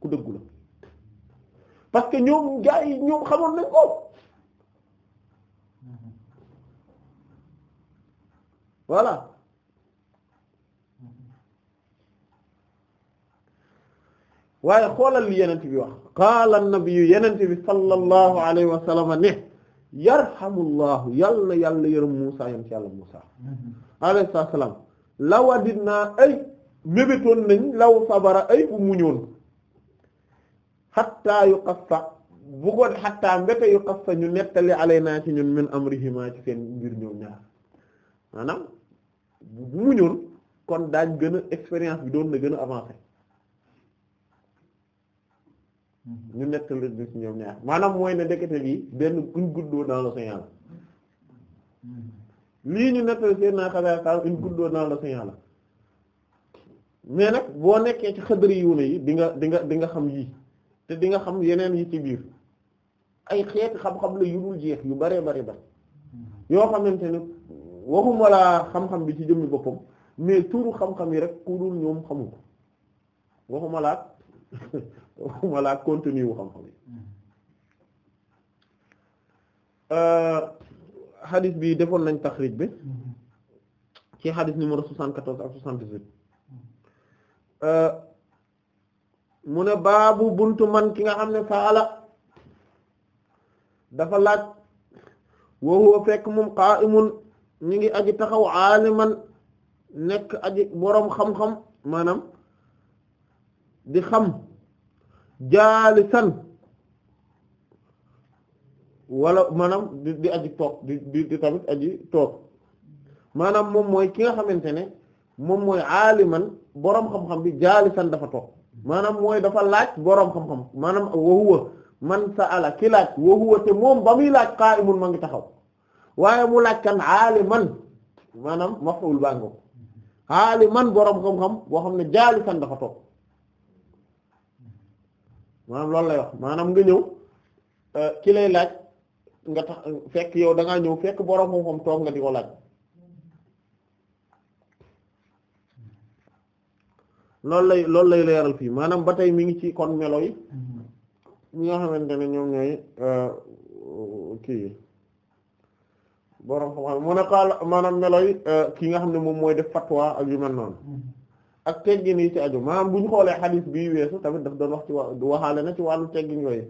ku dëggu la parce que ñoom gaa yi ñoom xamoon nañ ko waaye xoolal li yenent bi wax qaala an-nabiyyu yenent bi sallallahu alayhi wa ne yarhamullahu yàlla na yàlla yërëm Muusaa yam ci yàlla Muusaa mm-hmm. alayhi salaam lawadinaa ay mébétoon nañ law sabara ay bu muñoon xattaa yu xassa bu ko xattaa mbéte yu xassa ñu nettali alaynaa ci ñun min amrihimaa ci seen mbir ñoom ñaar maanaam bu muñoon kon daañ gën a expérience bi doon na gën a avancé Mm-hmm. ñu nettali bi ci ñoom ñaar maanaam mooy ne ndekete bi benn guñ guddoo d'eau dans la mm-hmm. lii ñu nettali naa xabaar une goutte d'eau dans l'océan la mais nag boo nekkee ci xadari yu ne yi di nga dinga di nga xam yii te di nga xam yeneen yi ci biir ay xeet xam-xam la yu dul jeex yu bare bare bare mm-hmm. yoo xamante ne waxuma laa xam-xam bi ci jëmmi boppam mais tuuru xam-xam yi rek ku dul ñoom xamu ko waxuma laa (laughs) walla contenu wu xam-xam yi xadis bi defoon nañ taxrij bi mm-hmm. ci xadis numéro 74 ak 78 mm-hmm. euh, mu ne baabu buntu man ki nga xam ne faala dafa laaj wa huwa fekk moom qa'imun ñu ngi aji taxaw aaliman nekk aji boroom xam-xam maanaam di xam jaalisan wala maanaam di di aji toog di di tamit aji toog maanaam moom mooy ki nga xamante ne moom mooy aaliman boroom xam-xam bi jaalisan dafa toog maanaam mooy dafa laaj boroom xam-xam maanaam wa huwa man sa'ala ki laaj wa te moom ba muy laaj qa'imun ma ngi taxaw waaye mu laaj kan aaliman maanaam maf'ul baa ngo boroom xam-xam boo xam ne jaalisan dafa toog maanaam loolu lay wax maanaam nga ñëw euh, ki lay laaj nga tax fekk yow dangaa ngaa ñëw fekk borom xam-xam toog nga di ko laaj loolu lay loolu lay leeral fii maanaam ba tey mi ngi ci kon melo yi ñi nga xamante ne ñoom ñooy euh, kii borom xam-xam mu ne qaala maanaam melo yi euh, ki nga xam ne moom mooy def fatwa ak yu noonu. ak teggin yi ci aju maanaam bu ñu xoolee xadis bii weesu tamit daf doon wax ci waxaale na ci wàllu teggin yooyu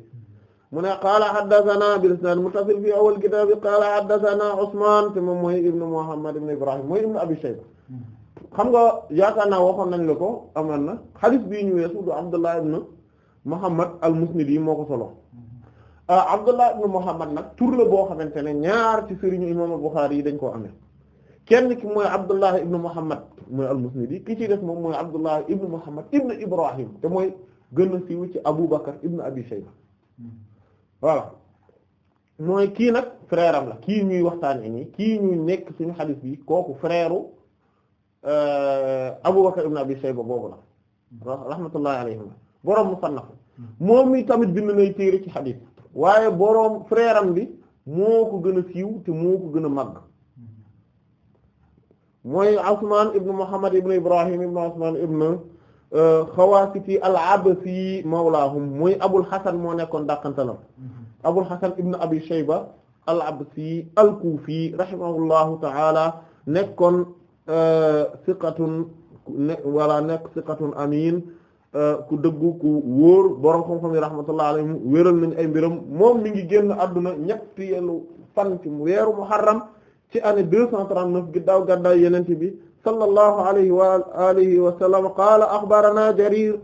mu ne qaala haddathana bil isnad muttasil fi awwal kitab qaala haddathana Usman te moom mooy ibnu Muhammad ibnu Ibrahim mooy ibnu Abi Shayba xam nga yaakaar naa waxoon nañ la ko amaan na xadis bii ñu weesu du Abdullah ibnu Muhammad al-Musnidi moo ko solo ah, Abdullah ibnu Muhammad nag tur la boo xamante ne ñaar ci sëriñu imam Bukhari yi dañ koo amee kenn ki mooy Abdullah ibnu Muhammad mooy al-Musnadi ki ci def moom mooy Abdullah ibn Muhammad ibn Ibrahim te mooy gën a siiw ci Abu Bakr ibn Abi Shayba voilà mooy kii nag frère la kii ñuy waxtaan waxtaanee ni kii ñuy nekk suñu xadis bi kooku frère euh, Abu Bakr ibn Abi Shayba boobu la rahmatullahi alayhim boroom musannaf moom mi tamit bind nay téere ci xadis waaye boroom frère am bi moo ko gën a siiw te moo ko gën a màgg. mooy Usmaan ibn Muhammad ibn Ibrahim ibn Usmaan ibn euh, Xawaasiti al-Abasi mawlaahum mooy Abul Hasan moo nekkoon dàqantalam mm-hmm. Abul Hasan ibn Abi Shayba al-Abasi al-Kufi rahimahullahu ta'ala nekkoon euh, siqatun wala nekk siqatun amiin euh, ku dëggu ku wóor borom xam-xam yi rahmatullah alayhim wéral nañ ay mbiram moom mi ngi génn àdduna ñetteelu fan ci weeru Muharram ci année deux cent trente-neuf ginnaaw gàddaay Yonent bi sallallahu alayhi wa alihi wa sallam qaala axbarana Jarir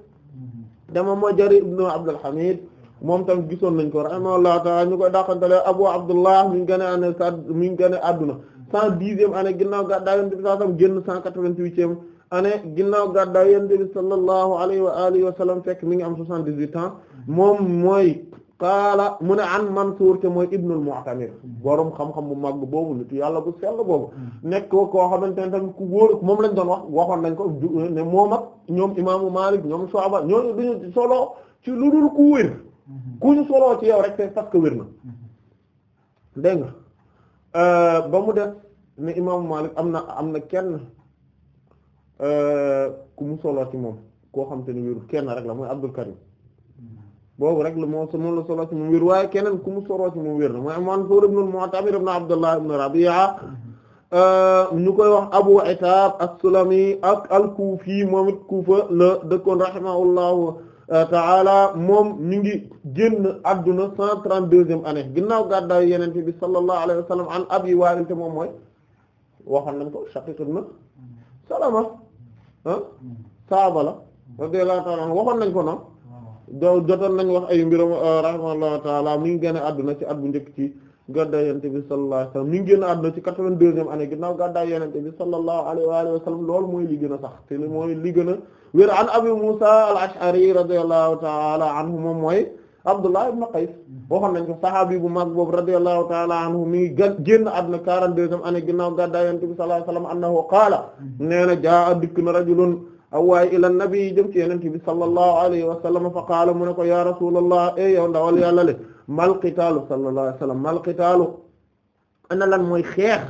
dama moo Jarir ibnu Abdul Hamid moom tam gisoon nañ ko rahimahullahu ta'ala ñu ko dàqantale Abu Abdullah mi ngi gën a année mi ngi gën a adduna cent dixième année ginnaaw gàddaay Yonent bi sallallahu alayhi wa sallam génn cent quatre-vingt-huitième année ginnaaw gàddaay Yonent bi sallallahu alayhi wa alihi wa sallam mi ngi am soixante-dix-huit ans moom mooy qaala mu ne an Mansuur te mooy ibnul Mu'tamir borom xam-xam bu mag boobu nitu yàlla bu sell boobu hmm. nekk koo xamante ne tamit ku wóor moom lañ doon wax waxoon nañ ko ne moom ak ñoom imaamu Maalik ñoom Shu'ba ñooñu duñu solo ci lu dul ku wér hmm. ku ñu solo ci yow rek c'est parce que na hmm. dégg euh, ba mu def ne imaamu Maalik am na am na kenn euh, ku mu solo ci moom koo xamante ne wérul kenn rek la mooy Abdul Karim boobu rek lu moo su moom la solo ci mu wér waaye keneen ku mu soroo ci mu wér na mooy Mansuur ibn al-Mu'tamir ibn Abdullah ibn Rabi'a mhm. ñu koy wax Abu Itab as-Sulami al-Kufi moom it Kufa la dëkkoon rahimahullahu euh, ta'ala moom ñu ngi génn adduna cent trente-deuxième année ginnaaw yenen Yonent bi sallallahu alayhi wa sallam an Abi Wa'il te moom mooy waxoon nañ ko Shaqiq ibn Salama ah mhm. saaba la radiyallahu ta'ala waxoon nañ ko noonu do jotoon nañ wax ay mbiram euh, rahimahullahu taala mi ngi génn àdduna ci at bu njëkk ci gàddaay yonent bi sallallahu alayhi wa sallam mi ngi génn àdduna ci quatre-vingt-deuxième année ginnaaw gàddaay yonent bi sallallahu alayhi wa alihi mooy li a sax te mooy li gën a wér an Abi Musa al-Ash'ari radiyallahu taala anhu moom mooy Abdullah ibn Qays waxoon nañ ko saxaabi bu mag boobu radiyallahu taala anhu mi ngi ga génn àdduna quarante-deuxième année a gàddaay yonent bi sallallahu alayhi wa na jaa a dikk na rajulun aw waaye ila nabi jëm ci yenente bi sallallahu alayhi wa sallam fa qaala mu ne ko ya rasulallah e eh yow ndawal yàlla le mal qitaalu sallallahu alayhi wa sallam mal qitaalu ana lan mooy xeex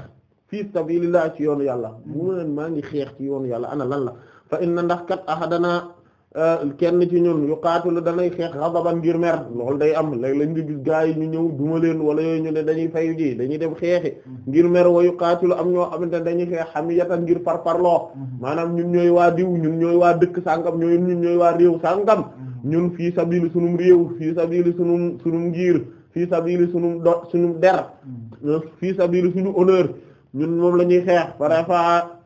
fi sabilillah ci yoonu yàlla mu leen maa ngi xeex ci yoon yàlla ana lan la fa inna ndax kat ahadana Euh, kenn ci ñun yu qaatilu danay xeex xadaban ngir mer loolu day am léeg lañ nga gis gaa yi ñu ñëw duma leen wala yooyu ñu ne dañuy fayu ji dañuy dem xeexi mm-hmm. ngir mer wa yu qaatilu am ñoo xamante ne dañuy xeex hamiyatan ngir par parloo mm-hmm. maanaam ñun ñooy waa diw ñun ñooy waa dëkk sàngam ñooy ñun ñooy waa réew sàngam mm-hmm. ñun fii sabili suñu réew fii sabili suñu sunum ngir fii sabili sunum do sunum der fii sabili suñu honneur ñun moom la ñuy xeex par rapport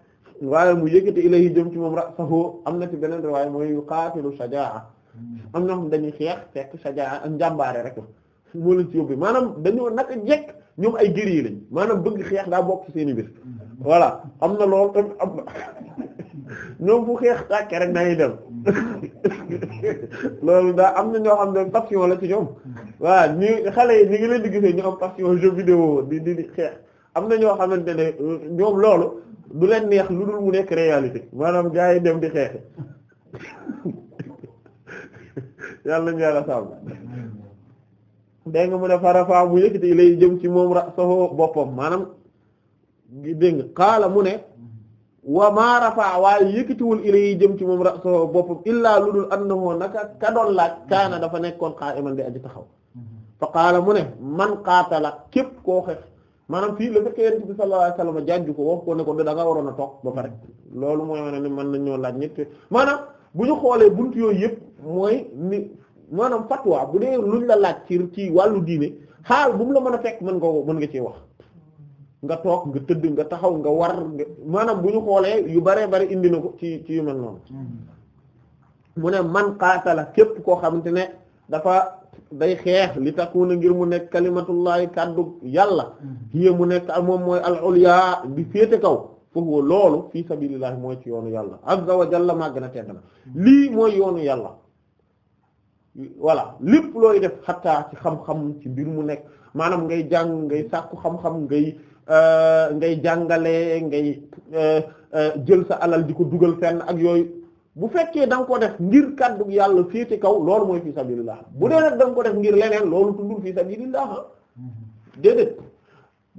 waaye mu yëkkati ilayhi jëm ci moom rasahu am na ci beneen riwaaya mooy yuqaatilu shajaa hmm. am na dañuy xeex fekk shajaa ak njàmbaare rek la moo leen ci yóbbee maanaam dañoo naka jekk ñoom ay guerrier lañ maanaam bëgg xeex daa bokk ci seen i mbir hmm. am na lool tamit am na xeex tàkkee rek nañuy dem hmm. loolu daa am na ñoo xam ne passion la ci ñoom waa ñu xale yi ñu ngi leen di gisee am passion jeu vidéo di di di am na ñoo xamante ne euh, ñoom loolu du leen neex lu dul mu nekk réalité maanaam gaa yi dem di xeexe yàlla ñu yàlla sàmm dégg nga mu ne farafa mu yëkkati lay jëm ci moom ra soo boppam maanaam dégg nga xaala mu ne wa maa rafaa waaye yëkkatiwul ilay jëm ci moom raso boppam illaa lu dul annahu naka ka laaj kaana dafa nekkoon qaa'iman di aji taxaw fa qaala mu ne man qaatala képp koo xeex maanaam fii la fait que yonent bi sallallahu alayhi wasallam jàjju ko wax ko ne ko da nga waroon a toog ba pare loolu mooy wane ne man na ñoo laaj ñett maanaam bu ñu xoolee buntu yooyu yëpp mooy ni maanaam waa bu dee luñ la laaj ci ci wàllu diine xaal bu mu la mën a fekk mën nga mën nga ci wax nga toog nga tëdd nga taxaw nga war nga maanaam bu ñu xoolee yu bare bari indi na ko ci ci yu mel noonu mm-hmm. mu ne man xaatala képp koo xamante ne dafa day xeex li takuna ngir mu nekk kalimatullahi kaddu yàlla mm-hmm. hiya mu nekk moom mooy al ulya di féete kaw foofu loolu fi sabilillahi mooy ci yoonu yàlla azza wa jalla maa gën a mm-hmm. lii mooy yoonu yàlla voilà lépp looy def xataa ci xam-xam ci mbir mu nekk maanaam ngay jàng ngay sàkku xam-xam ngay euh, ngay jàngale ngay euh, euh, jël sa alal di ko dugal fenn ak yooyu bu fekkee danga nga ko def ngir kaddu yàlla féete kaw loolu mooy fi sabilillah bu dee nag da ko def ngir leneen loolu tuddul fi sabilillah déedéet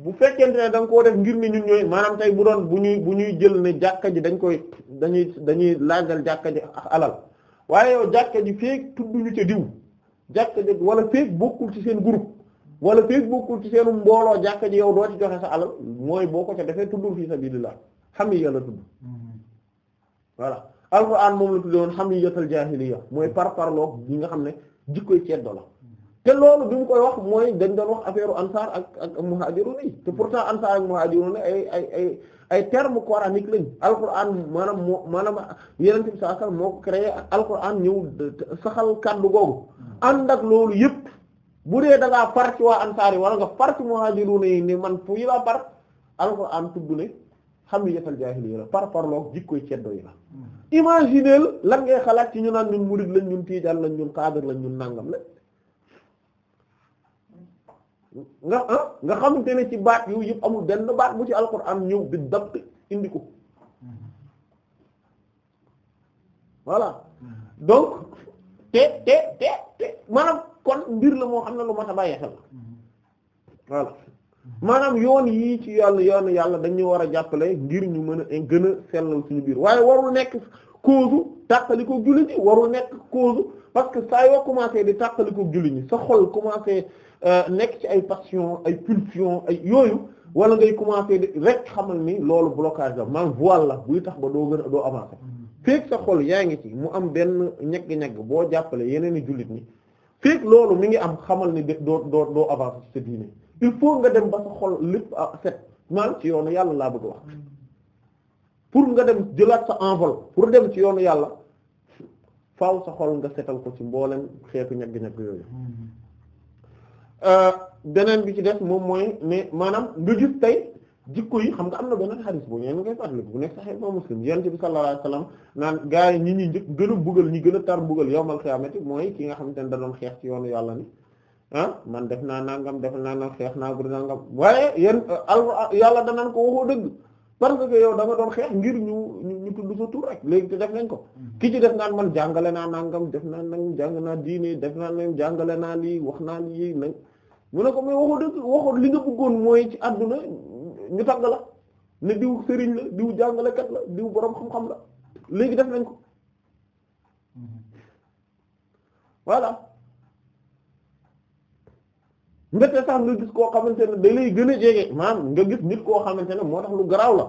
bu fekkente ne da nga koo def ngir ne ñun ñooy maanaam tey bu doon bu ñuy bu ñuy jël ne jàkka ji dañ koy dañuy dañuy laagal jàkka ji ak alal waaye yow jàkka ji feek tudduñu ca diw jàkka ji wala feek bokkul ci seen groupe wala feek bokkul ci seen mbooloo jàkka ji yow doo ci joxe sa alal mooy boo ko ca defee tuddul fi sabilillah xam yi yàlla tudd mm-hmm. alxuraan moom la tuddee woon hamiyatul jaahiliya mooy par parloog yi nga xam ne jikkoy ceddo la te loolu bi mu koy wax mooy dañ doon wax affaire ansaar ak ak muhajirun yi te pourtant ansaar ak muhajirun ay ay ay ay terme coranique lañ alxuraan maanaam moo maanaam yeneen bi saa sallam moo ko créé ak ñëw saxal kàddu googu ànd ak loolu yëpp bu dee da ngaa far ci waa ansaar yi wala nga far ci muhajirun yi ni man fu yi la far alxuraan tudd ne hamiyatul jaahiliya la par parloog imagineel lan ngay xalaat ci ñu naan ñun murid lañ ñun tiijaan lañ ñun xaadir lañ ñun nàngam la nga ah nga xamante ne ci baat yu yëpp amul benn baat bu ci alquran ñëw di dabt indi ko voilà donc te te te te maanaam kon mbir la moo xam na lu mat a bàyyi xel maanaam yoon yii ci yàlla yoon yàlla dañu war a jàppale ngir ñu mën a gën a sellal suñu biir waaye warul nekk cause tàqali ko jullit yi warul nekk cause parce que saa yoo commencé di tàqali ko jullit ñi sa xol commencé euh, nekk ci ay passion ay pulsion ay yooyu wala ngay commencé rek xamal ni loolu blocage la man voile la buy tax ba doo gën a doo avancer feek sa xol yaa ngi ci mu am benn ñegg-ñegg boo jàppale yeneen i jullit ñi feek loolu mu ngi am xamal ni doo doo doo avancer ci sa il faut nga dem ba sa xol lépp a set maanaam ci yoonu yàlla laa bëgg wax mm. pour nga dem jëlaat sa envol pour dem ci yoonu yàlla faaw sa xol nga setal ko ci mboolem xeetu ñagg-ñagg yooyu mm. euh, beneen bi ci des moom mooy ne maanaam nga gis tey jikko yi xam nga am na beneen xadis bu ñeen ngay fàttali bu nekk Sahih Muslim yonent bi sallallahu alayhi wasallam naan gaa yi ñi ñuy njëkk gën a bugal ñi gën a tar bugal yawmal xiyaamati mooy ki nga xamante ne da doon xeex ci yoonu yàlla ni ah man def naa nangam def naa nag xeex naa bur nangam waaye yéen euh, yàlla danaan ko waxoo dëgg parce que yow da doon xeex ngir ñu ñu tudd sa tur rek léegi te def nañ ko hmm. ki ci def naan man jàngale naa nangam def naa nangam jàng naa diine def naa nangam jàngale naa lii wax naa lii nag mu ne ko mais waxoo dëgg waxoo li nga bëggoon mooy ci àdduna ñu tagg la ne diw sëriñ la diw kat la diw borom xam-xam la léegi def nañ ko hmm. voilà mbete sax nga gis koo xamante ne da lay gën a jege maanaam nga gis nit koo xamante ne moo tax lu garaaw la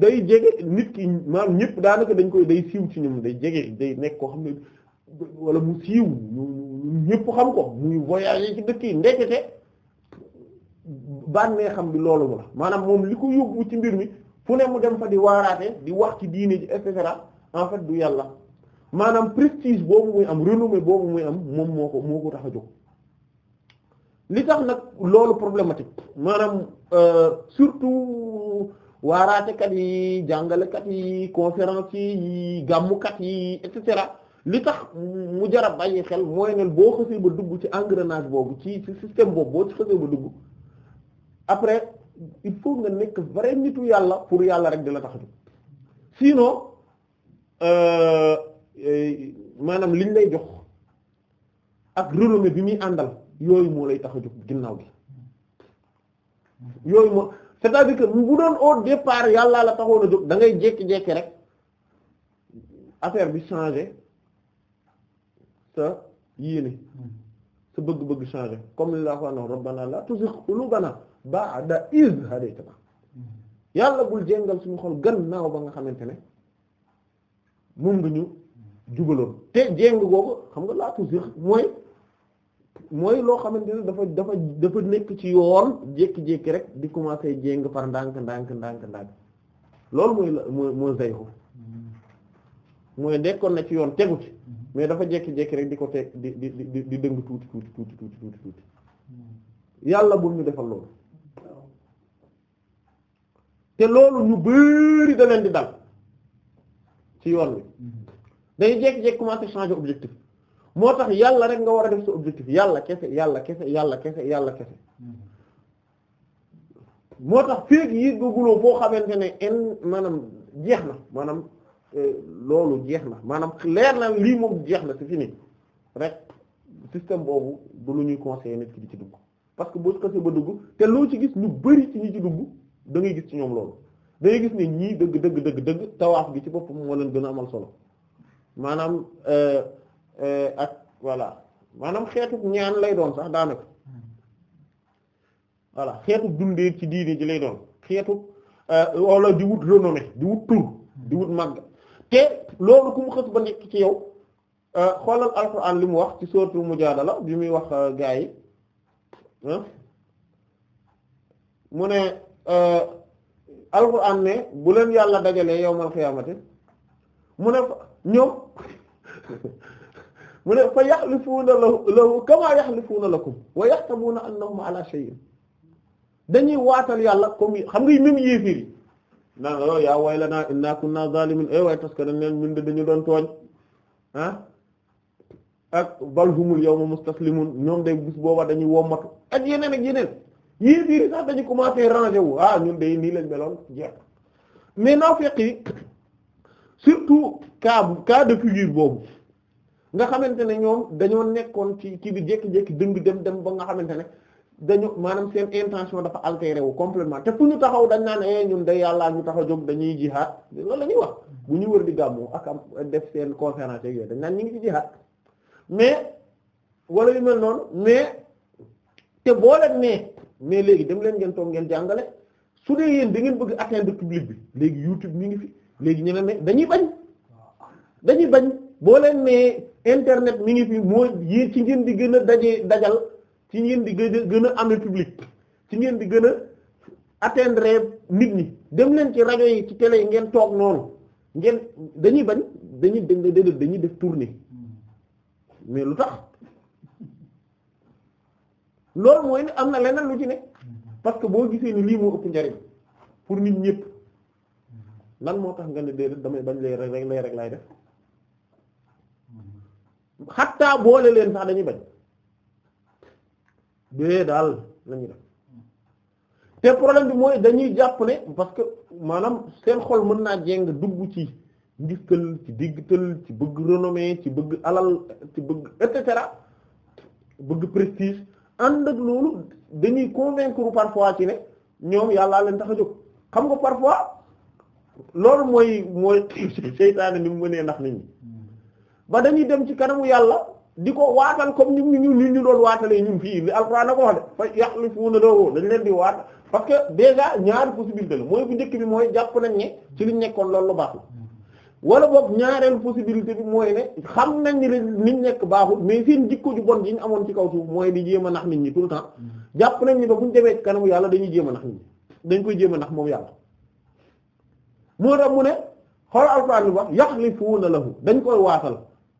day jege nit ki maanaam ñëpp daanaka dañ koy day siiw ci ñoom day jege day nekk koo xam ne wala mu siiw ñëpp xam ko muy voyager ci dëkk yi ndekete bànnee xam bi loolu mu la maanaam moom li ko yóbbu ci mbir mi fu ne mu dem fa di waaraate di wax ci diine ji et cetera en fait du yàlla maanaam prestige boobu muy am renommée boobu muy am moom moo ko mo ko tax a jóg li tax nag loolu problématique maanaam euh, surtout waaraatekat yi jàngalekat yi conférence yi gàmmukat yi et cetera li tax mu jar a bàyyi xel mooy ne boo xasee ba dugg ci engrenage boobu ci ci système boobu boo ci xasee ba dugg après il faut nga nekk vrai nitu yàlla pour yàlla rek di la tax a dugg euh, euh, maanaam liñ lay jox ak renommée bi muy àndal. yooyu moo lay tax a jóg ginnaaw gi yooyu moo c'est-à-dire que bu doon au départ yàllaa la taxoon a jóg dangay ngay jékki-jékki rek affaire bi changer sa yéene sa bëgg-bëgg changer comme li la waxoon noonu rabbana la tuzigh qulubana ba'da idh hadaytana yàlla bul jéngal suñu xol gannaaw ba nga xamante ne moom nga ñu jubaloon te jéng googu xam nga la tuzigh mooy. mooy loo xamante ne dafa dafa dafa nekk ci yoon jékki-jékki rek di commencer jéng par ndànk ndànk ndànk ndànk loolu mooy la mooy mooy zayhu mm-hmm. mooy nekkoon na ci yoon tegu mm-hmm. mais dafa jekki jékki rek di ko teg di di di di dëng tuuti tuuti tuuti tuuti tuuti tuuti mm-hmm. yàlla bu ñu defal loolu te loolu ñu bari da di dal ci yoon bi day jékki-jékki commencer changer objectif. moo tax yàlla rek nga war a def sa objectif yàlla kese yàlla kese yàlla kese yàlla kese moo tax féeg yi gaguloo foo xamante ne en maanaam jeex na maanaam euh, loolu jeex na maanaam leer na lii moom jeex na c'est fini rek système boobu bu lu ñuy conseiller nit ki di ci dugg parce que boo ci xasee ba dugg te loo ci gis ñu bari ci ñi ci dugg da gis ci ñoom loolu da ngay gis ne ñii dëgg dëgg dëgg dëgg tawaaf gi ci boppam moo leen gën a amal solo maanaam euh, Eh, ak voilà maanaam xeetu ñaan lay doon sax daanaka voilà xeetu dundee ci diine ji lay doon xeetu eh, wala di wut renommée di wut tur di wut màgg te loolu ku mu xës ba nekk ci yow eh, xoolal alxuraan li mu wax ci mu Mujaadala bi muy wax gaa yi mu ne alxuraan ne bu leen yàlla dajalee yawmal xiyaamati mu ne ñoom (laughs) mu ne fa yaxlifuuna lahu kamaa yaxlifuuna lakum wa yaxsabuuna annahum ala shay'in dañuy waatal yàlla comme xam nga même yéefir yi naan o oh, yaa waylanaa innaa kunnaa zaalimiin e eh, waay parce que dañ leen minde dañu doon tooñ ah ak balhumul yawma mustaslimun ñoom day bis booba dañuy wommatu ak yeneen ak yeneen yéefir yi sax dañu commencé ranger wu ah ñun day nii lañ meloon jeex mais naafiq yi surtout cas cas de figure boobu nga xamante ne ñoom dañoo nekkoon ci kii bi jékki-jékki dëng dem dem ba nga xamante ne dañu maanaam seen intention dafa altéré wu complètement te fu ñu taxaw dañ naan eh ñun day yàllaa ñu tax a jóg dañuy jihaad loolu la ñuy wax ñu wër di gàmmu ak am def seen conférence ak yooyu ñu ngi ci jihaad mais wala yu mel noonu mais te boo leen nee mais léegi dem leen ngeen toog ngeen jàngale su dee yéen da ngeen bëgg atteindre public bi léegi YouTube mi ngi fi léegi ñeneen ne dañuy bañ dañuy bañ boo leen nee. internet mu ngi fi mooy yéen ci ngeen di gën a dajee dajal ci ngeen di gën a gën a amee public ci ngeen di gën a atteindre nit ñi dem leen ci rajo yi ci télé yi ngeen toog noonu ngeen dañuy bañ dañuy dégg dañuy def tournée mais lu tax loolu mooy ne am na leneen lu ci ne parce que boo gisee ni lii moo ëpp njariñ pour nit ñépp lan moo tax nga ne déedéet damay bañ lay rek lay rek laay def. xattaa boole leen sax dañuy bañ bee daal lañuy def te problème bi mooy dañuy jàpp ne parce que maanaam seen xol mën naa jeng dugg ci ngistal ci diggtal ci bëgg renommée ci bëgg alal ci bëgg et cetera bëgg prestige ànd ak loolu dañuy convaincre parfois ci ne ñoom yàllaa leen tax a jóg xam nga parfois loolu mooy mooy (coughs) seytaane ni mu mënee ndax nit ñi ba dañuy dem ci kanamu yàlla di ko waatal comme ni ñu ñu ñu doon waatalee ñun fii li alxuraan ko wax de fa yaxlifuuna lahu di waat parce que déjà ñaari possibilité la mooy njëkk bi mooy jàpp nañ ne ci liñ nekkoon loolu lu baax la wala boog ñaareelu possibilité bi mooy ne xam nañ ni liñ nekk baaxul mais seen jikko ju bon ji ñu amoon ci kaw suuf mooy di jéem a nax nit ñi tout jàpp nañ ni ba buñ demee ci kanamu dañuy jéem a dañ koy jéem a nax moom yàlla moo tax mu ne xool alxuraan bi wax yaxlifuuna lahu dañ koy waatal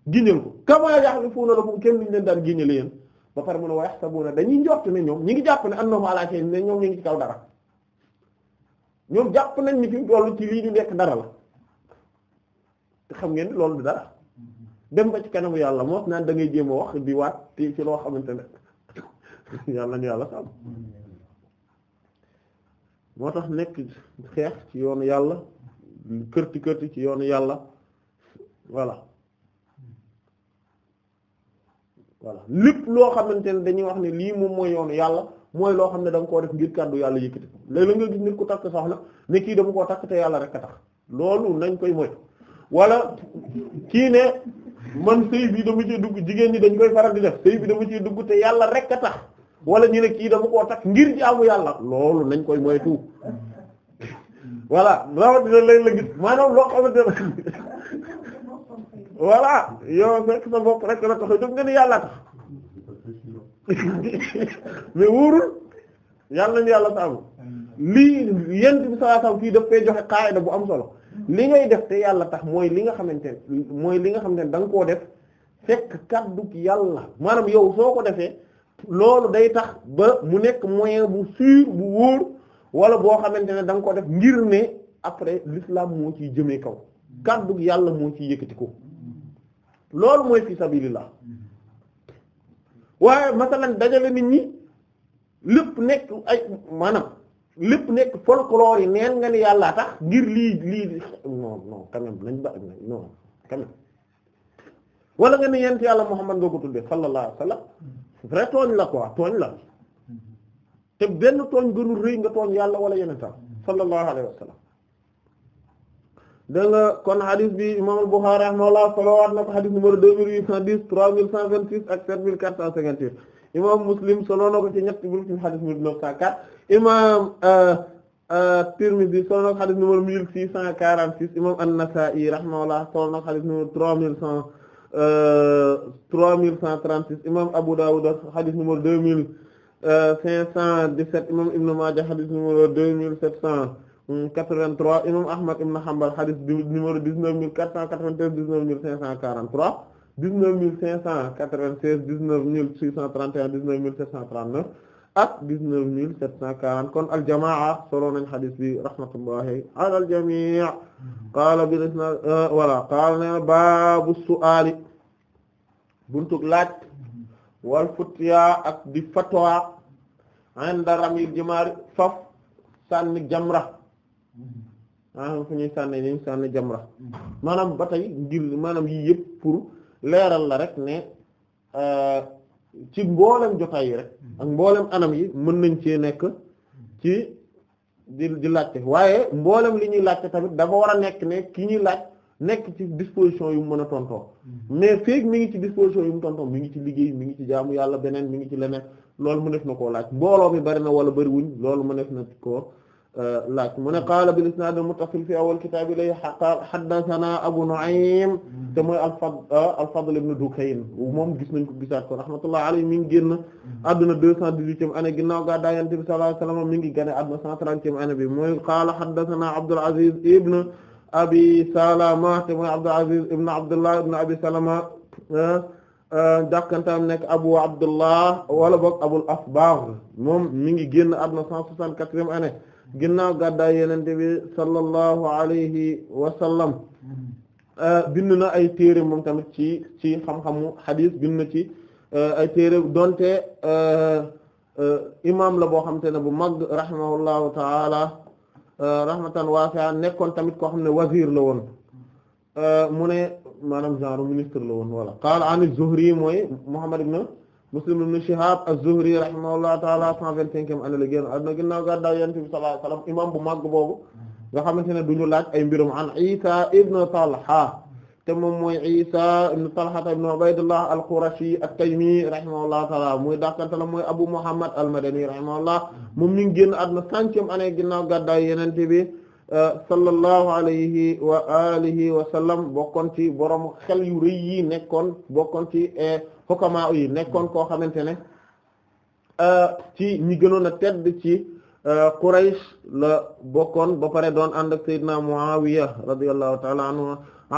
giñal ko kamaa yaxlifuuna lakum kenn liñ leen daan giñale yéen ba pare mun a wa yaxsabuuna dañuy jot ne ñoom ñu ngi jàpp ne annahum alaa shay'in ne ñoom ñu ngi ci kaw dara ñoom jàpp nañ ni fi mu tollu ci lii ñu nekk dara la te xam ngeen loolu du dara dem ba ci kanamu yàlla moos naan da ngay jéem a wax di waat ci loo xamante ne (laughs) yàlla ñu yàlla sàmm moo tax nekk xeex ci yoon yàlla kërti kërti ci yoon yàlla voilà voilà lépp loo xamante ne dañu wax ne lii moom mooy yoonu yàlla mooy loo xam ne da koo def ngir kàddu yàlla yëkkati ko léeg-léeg nga ko nit ku takk soxna ne kii dama koo takk te yàlla rek a tax loolu nañ koy moy wala kii ne man sëy bi dama dugg jigéen ñi dañ koy faral di def sëy bi dama ciy dugg te yàlla rek tax wala ñu ne kii dama koo takk ngir jaamu yàlla loolu nañ koy moytu (laughs) voilà rawatina léeg la gis maanaam loo xamante ne (laughs) voilà yow fekk sa bopp rek la tax a nga yàlla tax mais wóorul yàlla ni yàlla saabu lii yent bi sallallahu alayhi wasallam fii daf koy joxe qaida bu am solo li ngay def te yàlla tax mooy li nga xamante ne mooy li nga xamante da nga koo def fekk kaddu yàlla maanaam yow soo ko defee loolu day tax ba mu nekk moyen bu sûr bu wóor wala boo xamante ne da nga ko def ngir ne après l'islam moo ci jëmee kaw kaddu yàlla moo ciy yëkkati ko. loolu mooy fi sabilillah waaye masalan dajale nit ñi lépp nekk ay maanaam lépp nekk folklore yi neen nga ni yàllaa tax ngir lii lii non non quand nañ ba non quand même wala nga ni yent yàlla Muhammad nga ko tuddee sallallahu alayhi wa sallam vrai tooñ la quoi tooñ la te benn tooñ gënul rëy nga tooñ yàlla wala yeneen tam sallallahu alayhi wa sallam dégg nga kon hadith bi imam al-Bukhari rahimahullah solowaat na ko hadith numéro deux mille huit cent dix trois mille cent vingt six ak sept mille quatre cent cinquante huit imam Muslim solo na ko ci ñetti bul ci hadith numéro neuf cent quatre imam euh, euh, Tirmidhi solo na ko hadith numéro mille six cent quarante six imam an-Nasa'i rahimahullah solo na ko hadith numéro trois mille cent euh, mille cent trente six imam Abu Dawud hadith numéro deux mille cinq cent dix sept imam Ibn Majah hadith numéro deux 83 imam Ahmad ibn Hanbal hadith numéro 19493 19543 19596 19631 19739 ak 19740 kon aljamaa solo nañ hadith bi rahmatullahi ala aljamii qaala bil isnad wala euh, qaala na baabu laaj wal futya ak di fatwa inda ramil jimaari maanaam ah, fu ñuy sànni ñu sànni jamra mm. maanaam ba tey ngir maanaam yii yëpp pour leeral la rek ne euh, ci mboolem jotaay yi rek mm. ak mboolem anam yi mën nañ cee nekk ci di di laajte waaye mboolem li laajte tamit dafa nekk ne ki laaj nekk ci disposition yu mu mën a tontoo mm. mais feek mi ngi ci disposition yu mu tontoo mi ngi ci liggéey mi ngi ci jaamu yàlla beneen mi ngi ci leneen loolu mëneef na koo laaj mbooloo mi bari na wala bariwuñ loolu mëneef na koo laaj mu ne qaala bil isnaad al muttasil fi awwal kitaab ilay haddasanaa Abu Nu'aym te mooy al-Fadl ibn Dukayn moom gis nañ ko gisaat ko rahmatullahi alayhi mi ngi génn adduna mm. deux cent dix-huitième année ginnaaw gàddaa Yonent bi sallallahu alayhi wa sallam mi ngi génn adduna cent trentième année bi mooy qaala haddasanaa Abdul Aziz ibn Abi Salama te mooy Abdul Aziz ibn Abdullah ibn Abi Salama dàkantaam ah, ah, nekk Abu Abdullah wala boog Abul Asbagh moom mi ngi génn adduna cent soixante-quatrième année ginnaaw gàddaay yenente bi sallallahu alayhi wa sallam euh, bind na ay téere moom tamit ci ci xam-xamu xadiis bind na ci euh, ay téere donte euh, imaam la boo xamante ne bu mag rahimahullahu taala rahmatan waasi'a nekkoon tamit koo xam ne wazir la woon mu ne maanaam genre ministre la woon voilà qaala an az mooy Muhammad ibn Muslim ibn Shihab az-Zuhri rahimahullahu ta'ala cent vingt-cinquième année la génn adduna ginnaaw gàddaay Yonent bi sallallahu alayhi wasallam imam bu màgg boobu nga xamante ne duñu laaj ay mbirum an Isa ibn Talha te moom mooy Isa ibn Talha ibn Ubaydullah al-Qurashi at-Taymi rahimahullahu ta'ala muy dàqante la mooy Abu Muhammad al-Madani rahimahullah moom ñu ngi génn adduna centième année ginnaaw gàddaay Yonent bi euh, sallallahu alayhi wa alihi wa sallam bokkoon ci borom xel yu rëy yi nekkoon bokkoon ci eh, xukamaa yi nekkoon koo xamante ne euh, ci ñi gënoon a tedd ci euh, Quraysh la bokkoon ba pare doon ànd ak Seydina Muawiya radiyallahu ta'ala anhu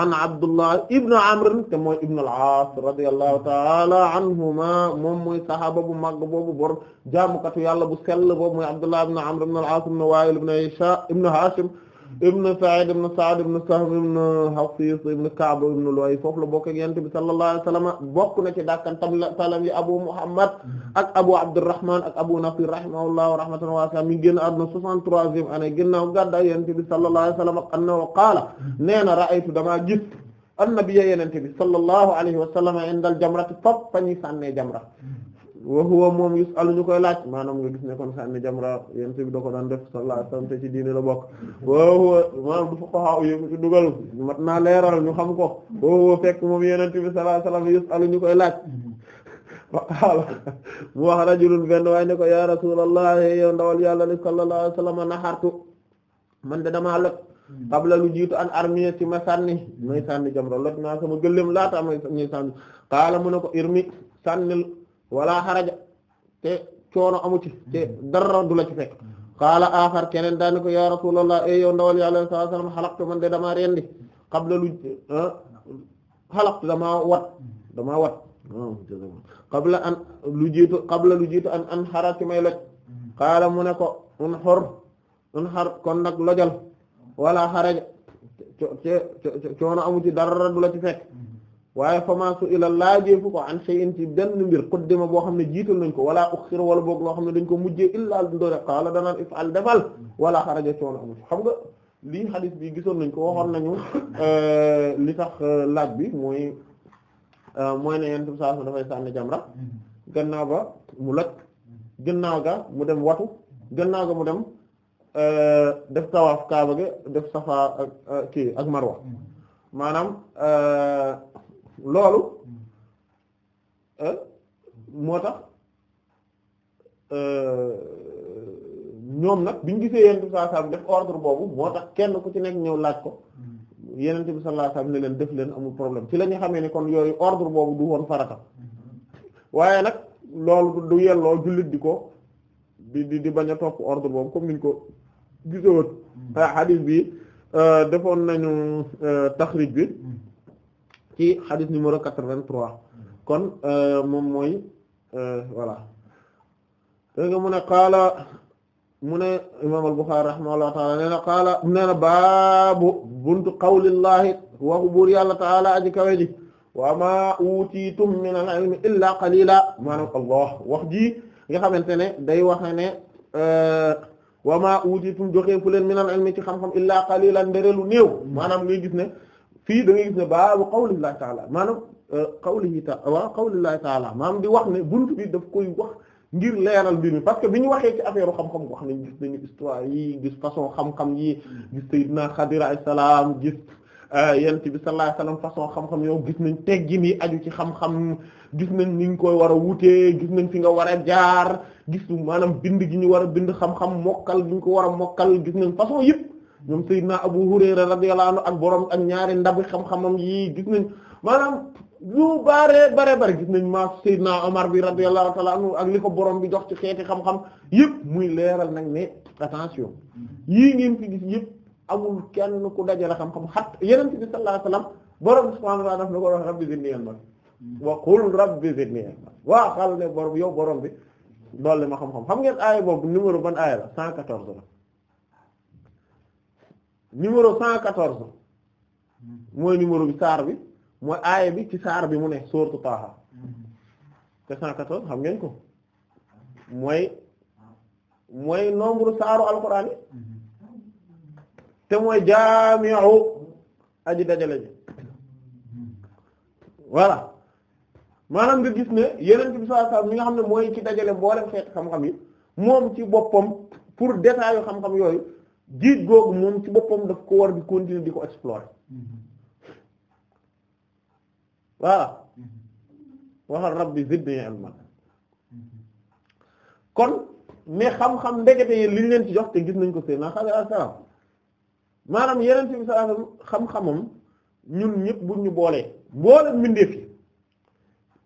an Abdullah ibn Amr te mooy ibn al-Aas radiyallahu ta'ala anhuma moom mooy saxaaba bu màgg boobu bor jaamukatu yàlla bu sell boobu mooy Abdullah ibn Amr ibn al-Aas ibn Wa'il ibn Hishaam ibn Haashim ibn Sa'id ibn Sa'd ibn Sahm ibn Hafiz ibn Ka'b ibn Lu'ay foofu la bokk ak Yonent bi sallallahu alayhi wa sallam bokk na ci dàkkan tam la talam yi Abu Muhammad ak Abu Abdurrahman ak Abu Nasir rahimahullahu rahmatan wasi'a mi génn àdduna 63e année ginnaaw gàddaay Yonent bi sallallahu alayhi wa sallam annahu qaala nee na ra'aytu damaa gis annabiyya Yonent bi sallallahu alayhi wa sallam indal jamrati foofu fa ñuy sànnee jamra wa huwa moom yusalu ñu koy laaj maanaam nga gis ne kon sànni jamra yéen bi da ko daan def sallallahu alayhi wasallam te ci diine la bokk wa huwa maanaam du fuqaha yi ci dugal mat naa ko wa huwa fekk moom yonent bi sallallahu alayhi wasallam mu wax rajulun ne ko ya rasulallah yow ndawal yàlla li sallallahu a wasallam naxartu man de damaa lot qabla lu jiitu an armiya ci ma sànni may sànni jamra lot naa sama gëléem laata may sànni wala xaraja te coono amu ci te dara du la ci fekk xaala axar keneen daani ko ya rasulallah e yow ndawal yàlla sallallahu alayhi wasallam xalaqtu de damaa rendi qabla lu ah, xalaqtu damaa wat damaa wat oh, qabla an lu jiitu qabla an xara ci may loj mu ne ko un xor un xar kon nag lojal wala xaraja coono amu dara du la ci fekk waaye fama su ila laajeefu ko an shay'in ci benn mbir qaddima boo xam ne jiital nañ ko wala uxir wala boog loo xam ne dañ ko mujjee illa ndore qaala danaan if'al defal wala xaraja coono amul xam nga lii xadis bi gisoon nañ ko waxoon nañu euh, li tax euh, laaj bi mooy euh, mooy ne yentu saa su dafay sànni jamra gannaaw ga mu loj gannaaw mu dem watu gannaaw ga mu dem def tawaaf kaaba ga def safa ak kii ak marwa maanaam loolu euh, moo tax euh, ñoom nag biñ gisee yenent bi sallallahu alayhi wasallam def ordre boobu moo tax kenn ku ci nekk ñëw laaj ko mm-hmm. yenent bi sallallahu alayhi wasallam ne leen def leen amul problème ci la ñu xamee ne kon yooyu ordre boobu du woon farata mm-hmm. waaye nag loolu du yelloo jullit di ko di di di bañ a topp ordre boobu comme niñ ko gisowoon hadith mm-hmm. bi euh, defoon nañu taxrij bi ci xadis numéro quatre-vingt-trois kon euh, moom mooy euh, voilà dégg nga mu ne qaala mu ne imaam al-Bukhari rahimahullahu taala nee na qaala nee na buntu qawlillahi waxu buur yàlla taala aji kawe ji wa maa utiitum min al-ilmi illaa qaliila allah wax ji nga xamante ne day wax ne euh, wa maa utiitum joxeefu leen min al-ilmi ci xam-xam illaa qaliila ndere néew maanaam ngay fii da gis ne baabu qawlillahi taala maanaam euh, qawlihi ta waaw qawlillahi taala maanaam di wax ne buntu bi daf koy wax ngir leeral mbir mi parce que bi ñu waxee ci affaire xam-xam wax nañ gis nañu histoire yi gis façon xam-xam yi gis Seydina Xadir alayhi salaam gis euh, yent bi sallallahu alayhi wasallam façon xam-xam yow gis nañ teggin yi aju ci xam-xam gis nañ ni ñu koy war a wutee gis nañ fi nga wara jaar gis maanaam bind gi ñu war a bind xam-xam mokkal gi ñu ko war a mokkal gis nañ façon yëpp ñoom Seydina Abu Hurayra radiyallahu anhu ak borom ak ñaari ndabi xam-xamam yii gis nañ maanaam lu bare bare bare gis nañ ma Seydina Omar bi radiyallahu ta'ala anhu ak li ko bi jox ci xeeti xam-xam yëpp muy leeral nag ne attention yii ngeen fi gis yëpp amul kenn ku dajale xam-xam xat yeneen bi sallallahu alayhi wasallam borom subhanahu wa ta'ala daf na ko wax rabbi zidni ilma wa qul rabbi zidni waa xal ne borom yow borom bi doole ma xam-xam xam ngeen aaya boobu numéro ban aaya la 114 la numéro 114 mm-hmm. mooy numéro bi saar bi mooy aaya bi ci saar bi mu ne sourate Taha mm-hmm. te 114 xam ngeen ko mooy mooy nombre saaru alquran yi mm-hmm. te mooy jaami'u aji dajale ji voilà maanaam nga gis ne yeneen bi sallallahu alayhi wasallam mi nga xam ne mooy ci dajale mboolem xeet xam-xam yi moom ci boppam pour détail yu xam-xam yooyu géej googu moom ci boppam daf ko war di continuer di ko explorer voilà waxal rabbi zidni ilma kon mais xam-xam ndekete yi liñ leen ci jox te gis nañ ko seen naa xale asalaam maanaam yeneen ci sa xam-xamam ñun ñëpp bu ñu boolee boole mbindeef yi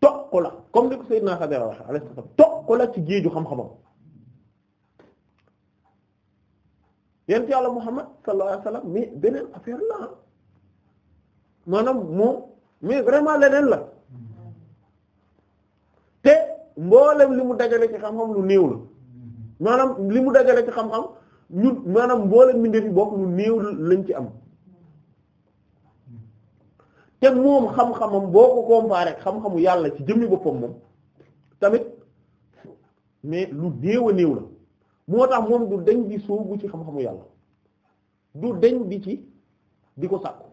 toq la comme ni ko Seydina Xadir wax alayhi salaam toq la ci géeju xam-xamam yent yàlla Muhammad sallallahu alayhi wa sallam mais beneen affaire la maanaam moom mais vraiment leneen la te mboolem li mu dajale ci xam-xam lu néew la maanaam li mu dajale ci xam-xam maanaam mboolem mbindeef yi bokk lu néew lañ ci am te moom xam-xamam boo ko comparé xam-xamu yàlla ci jëmmi boppam moom tamit mais lu néew a néew la moo tax moom du dañ di soogu ci xam-xamu yàlla du dañ di ci di ko sàkku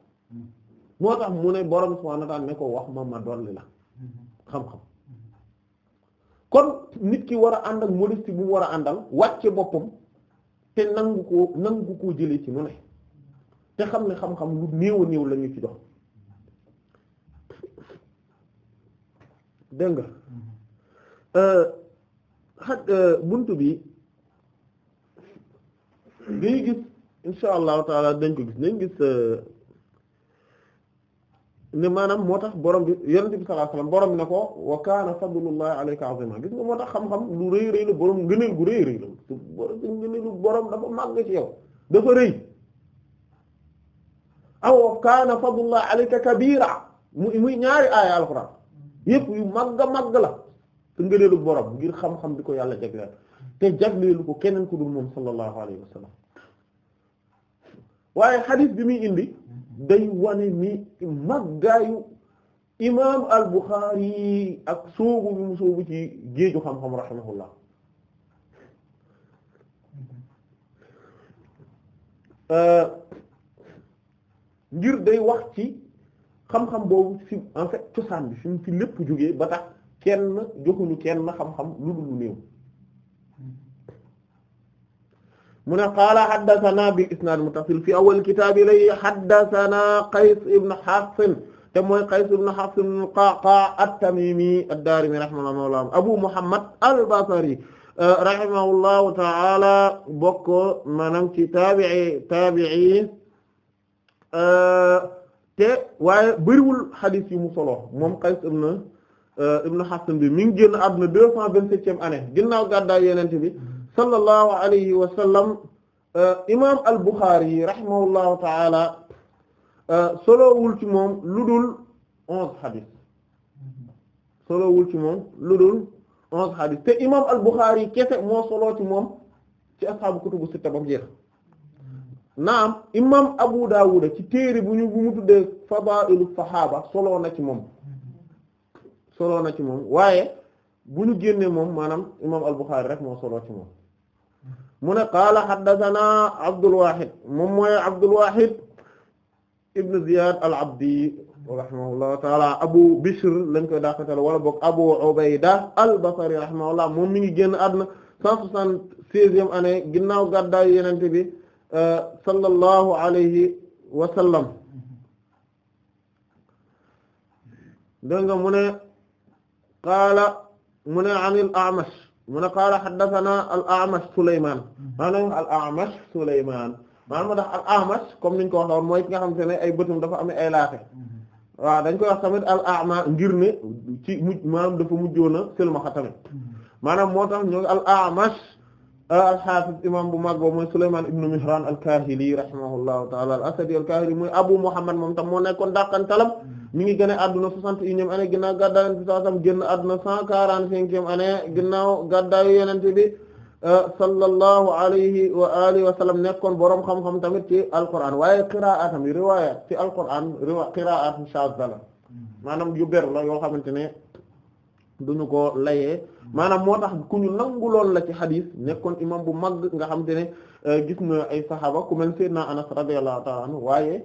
moo tax mu ne borom subhanahu wa ta'ala ne ko wax ma ma dolli la xam-xam kon nit ki war a ànd ak modestie bu mu war a àndal wàcce boppam te nangu koo nangu koo jëlee ci nu ne te xam ne xam-xam lu néew néew la ñu ci jox dégg euh, euh, bunt bi dañuy gis insha allahu taala dañ ko gis dañ gis euh, ne maanaam moo tax borom bi yonent bi sallallahu alayhi borom na ko wa kaana fadlullahi alayka azima gis nga moo tax xam-xam lu rëy rëy la borom ngëneel gu rëy rëy borom ngëneelu borom dafa màgg ci yow dafa rëy aw wa kaana fadlullahi alayka kabira mu muy ñaari aaya alxuraan yépp yu màgg màgg la te borom ngir xam-xam bi ko yàlla jagleel te jagleelu ko keneen ku dul moom sallallahu alayhi wa waaye xadis bi muy indi day wane ni màggaayu imaam al-Bukhari ak soobu bi mu soobu ci géeju xam-xam rahimahullah euh, ngir day wax ci xam-xam boobu ci en fait cosaan bi fi mu fi lépp jógee ba tax kenn joxuñu kenn xam-xam lu dul néew. mu ne qaala haddathana bil isnaad muttasil fi awwal kitaab ilay haddathana Qays ibn Hafs te mooy Qays ibn Hafs ibn Qa'qa' at-Tamimi ad-Darimi rahimahullah Abu Muhammad al-Basri eh, rahimahullahu ta'ala bokk maanaam ci taabi'i taabi'i eh, te waaye bëriwul xadiis yu mu solo moom Qays ibn eh, ibn Hafs bi mi ngi génn àdduna deux cent vingt-septième année ginnaaw gàddaay Yonent bi sallallahu alayhi wa sallam imaam al Bukhari solowul ci moom lu dul onze xadis solowul moom lu dul onze xadis te imaam al Bukhari kese moo soloo ci moom ci ashaabu kutubu sitta bam jeex naam imaam Abu Dawud ci téere bu ñu bu mu tuddee fadaa'ilu sahaaba soloo na ci moom soloo na ci moom waaye bu ñu génnee moom maanaam imaam al Bukhari rek moo soloo ci moom mu ne qaala haddathana Abdul Wahid moom mooy Abdul Wahid ibn Ziyad al-Abdi rahimahullahu taala Abu Bishr lañ koy dàqatal wala boog Abu Ubayda al-Basri rahimahullah moom mi ngi génn àdduna cent soixante-seizième année ginnaaw gàddaay Yonent bi euh, sallallahu alayhi wa sallam dégg nga mu ne qaala mu ne anil A'mash mu ne qaala haddathana al A'mash Souleymane maanaam al A'mash Souleymane maanaam ndax al A'mash comme niñ ko waxee mooy ki nga xamante ne ay bëtum dafa amee ay laate waaw dañ koy wax tamit al A'ma ngir ne ci mujj maanaam dafa mujjoon a silmaxa tamit maanaam moo tax ñu al A'mash euh, al hafiz imam bu mag boobu mooy Souleymane ibn Mihran al Kahili rahimahullahu ta'ala al Asadi al Kahili mooy Abu Muhammad moom tam moo nekkoon dàqantalam. mi ngi gën àdduna adduna soixante-et-unième année ginnaaw gàddaay yonent bi sallallahu alayhi wasallam génn adduna cent ginnaaw gàddaayu yonent bi euh, sallallahu alayhi wa alihi wa sallam nekkoon boroom xam-xam tamit ci alquran waaye qiraatam yi riwaayat ci alquran riwa qiraat shadda maanaam yu ber la yoo xamante ne duñu ko layee maanaam moo tax ku ñu nanguloon la ci xadis nekkoon imam bu mag nga xamante ne euh, gis na ay saxaaba ku mel Seydina Anas radiyallahu ta'ala anhu waaye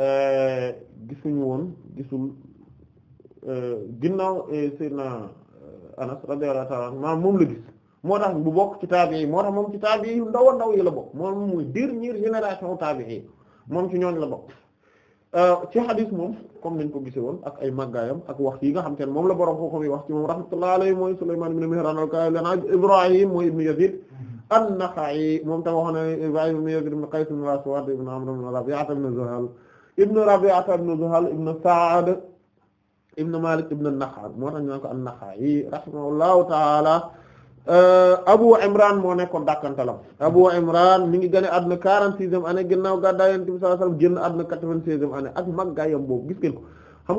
Euh, gisuñu woon gisul euh, ginnaaw eh, na euh, Anas radiyallahu ta'ala maanaam moom la gis moo tax bu bokk ci yi moo tax moom ci taabi'i yu ndaw a yi la bokk moom mooy dernière génération taabi'i moom ci ñooñ la bokk ci xadis moom comme nañ ko gise woon ak ay màggaayam ak wax yi nga xam te ne moom la borom kooku mi wax ci moom rahmatullahi alayhi mooy Sulaymaan ibn yi al-Kahili Ibrahim mooy ibn Yazid an-Nakha'i moom tam wax na Ibrahim ibn Yazid ibn Qays ibn al-Aswad ibn Amr ibn Rabi'a ibn Zuhal ibn Rabi'ata ibn Zuhal ibn Sa'd ibn Malik ibn an moo tax ñu naan ko an-Nakha'i rahimahullahu ta'ala euh, Abu Imran moo nekkoon dàkkantalam Abu Imran mi ngi gane àdduna quarante-sixième année ginnaaw gàddaay Yonent bi sallallahu alayhi wasallam génn xam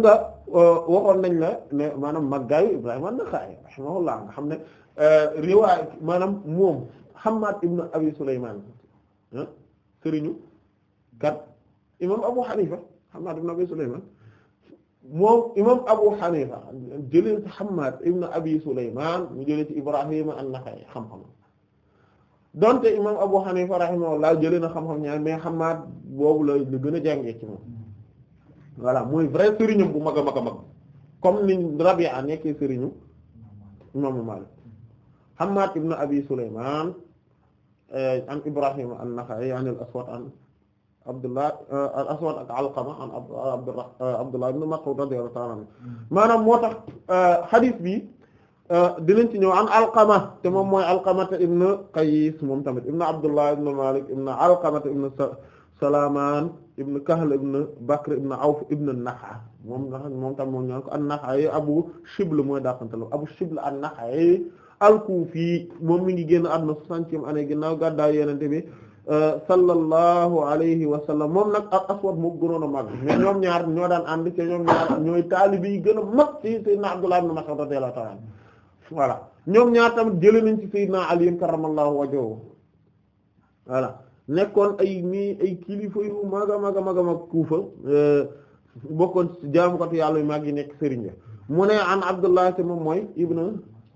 nga euh, waxoon nañ la ne maanaam màggaayu Ibrahim an-Nakha'i rahimahullah nga xam ne euh, riwaay maanaam moom Hammad ibn Abi Sulayman sëriñu kat imam Abu Hanifa Hamad ibn Abi Sulayman moom imam Abu Hanifa jëlee ci Hamad ibn Abi Sulayman mu jëlee ci Ibrahima an-Nakha'i xam-xam donte imam Abu Hanifa rahimahullah jëlee na xam-xam ñaar mais Hamad boobu la la gën a jàngee ci moom voilà mooy vrai sëriñam bu mag a mag a mag comme ni Rabi'a nekkee sëriñu imaamu Maalik Hamad ibn Abi Sulayman an Ibrahima an-Nakha'i an al-Aswad an al aswad Abdullah euh, al-Aswad ak Alqama an euh, euh, Abdullah ibn Mas'ud radiyallahu ta'ala anhu hmm. maanaam moo tax xadis bi dinañ ci ñëw an Alqama te moom hmm. mooy Alqama ibn Qays moom tamit ibn Abdullah ibn Malik ibn Alqama ibn Salaman ibn Kahl ibn Bakr ibn Awf ibn Nakh'a moom ndax moom tam moom ñaan ko an-Nakh'i Abu Shibl mooy dàqantalam Abu Shibl an-Nakh'i al-Kufi moom mi ngi génn àdduna soixantième année ginnaaw gàddaay Yonent bi sallallahu alayhi wa sallam moom nag ak aswad moo gënoon a mag mais ñoom ñaar ñoo daan ànd te ñoom ñaar ñooy taalibe yi gën a mag ci sayyidina Abdullah ibn Mas'ud radiyallahu ta'ala voilà ñoom ñaar tamit jëlee nañ ci sayyidina Ali karramallahu wajhahu voilà nekkoon ay nii ay kilifa yu mag a mag a mag a mag kuufa euh, bokkoon jaamukatu yàlla yu mag yi nekk sëriñ mu ne an Abdullah te moom mooy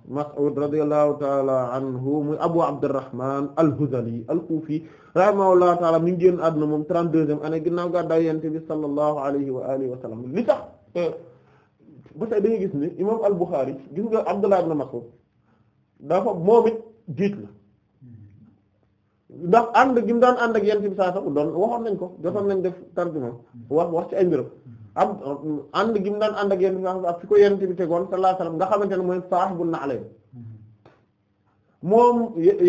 Mas'ud radiyallahu ta'ala anhu muy Abu Abdurrahman al-Huzali al-Kufi rahimahullahu ta'ala mi ngi génn àdduna moom 32e année ginnaaw gàddaay Yonent bi sallallahu alayhi wa alihi wa sallam li tax euh, ba tey dañuy gis ni imaam al-Bukhari gis nga Abdullah ibn Mas'ud dafa moom it jiit la ndax ànd gi daan ànd ak Yonent bi sallallahu alayhi wa sallam doon waxoon nañ ko jotoon nañ def tarjuma wax wax ci ay mbiram ab ànd gi mu daan ànd ak yéen nga xam fi ko yéen bi tegoon sallallahu alayhi wasallam nga xamante ne mooy saaxibul na'lay moom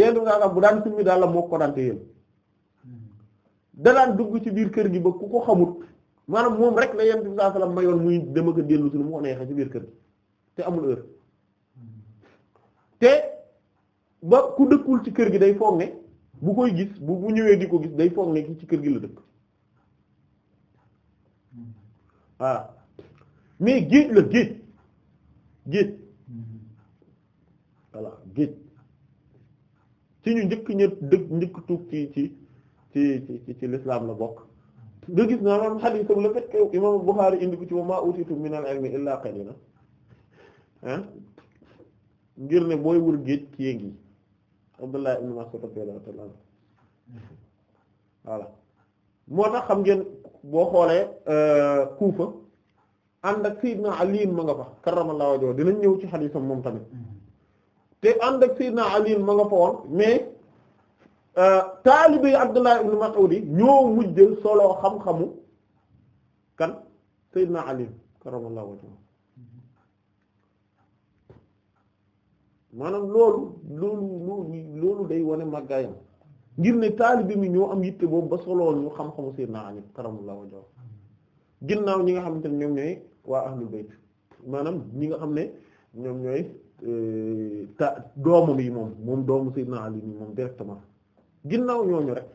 yéen nga xam bu daan summi daal la moo ko daan téye da daan dugg ci biir kër gi ba ku ko xamut maanaam moom rek la yéen bi sallallahu alayhi wasallam mayoon muy dem ak a dellu si lu mu ko neexee ci biir kër gi te amul heure te ba ku dëkkul ci kër gi day foog ne bu koy gis bu bu ñëwee di ko gis day foog ne ci kër gi la dëkk. voilà mais géej la géej géej voilà géej ci ñu njëkk ñë dëgg njëkk tuub ci ci ci ci la bokk da gis naa loolu xadiis am le fait que imam Bukhari indi ko ci wa maa utiitum minal ilmi illaa qaliila ah ngir ne booy wër géej ci yéeg yi Abdullah ibn Mas'ud radiyallahu ta'ala voilà moo tax xam ngeen boo xoolee euh, Kufa ànd ak Seydina Ali ma nga fa karramallahu wajhu dinañ ñëw ci xadiisam moom tamit te ànd ak na Ali ma nga fa woon mais euh, taalibe yi Abdullah ibn ñoo mujjël solo xam-xamu kan Seydina na karramallahu wajhu maanaam loolu loolu loolu loolu day wane màggaayam ngir ne taalibe mi ñoo am yitte boobu ba solool ñu xam-xamu sayyidina Ali karamullahu wajhahu ginnaaw ñi nga xamante ne ñoom ñooy waa ahlul bayt maanaam ñi nga xam ne ñoom ñooy euh, ta yi moom moom doomu sayyidina Ali mi moom directement ginnaaw ñooñu rek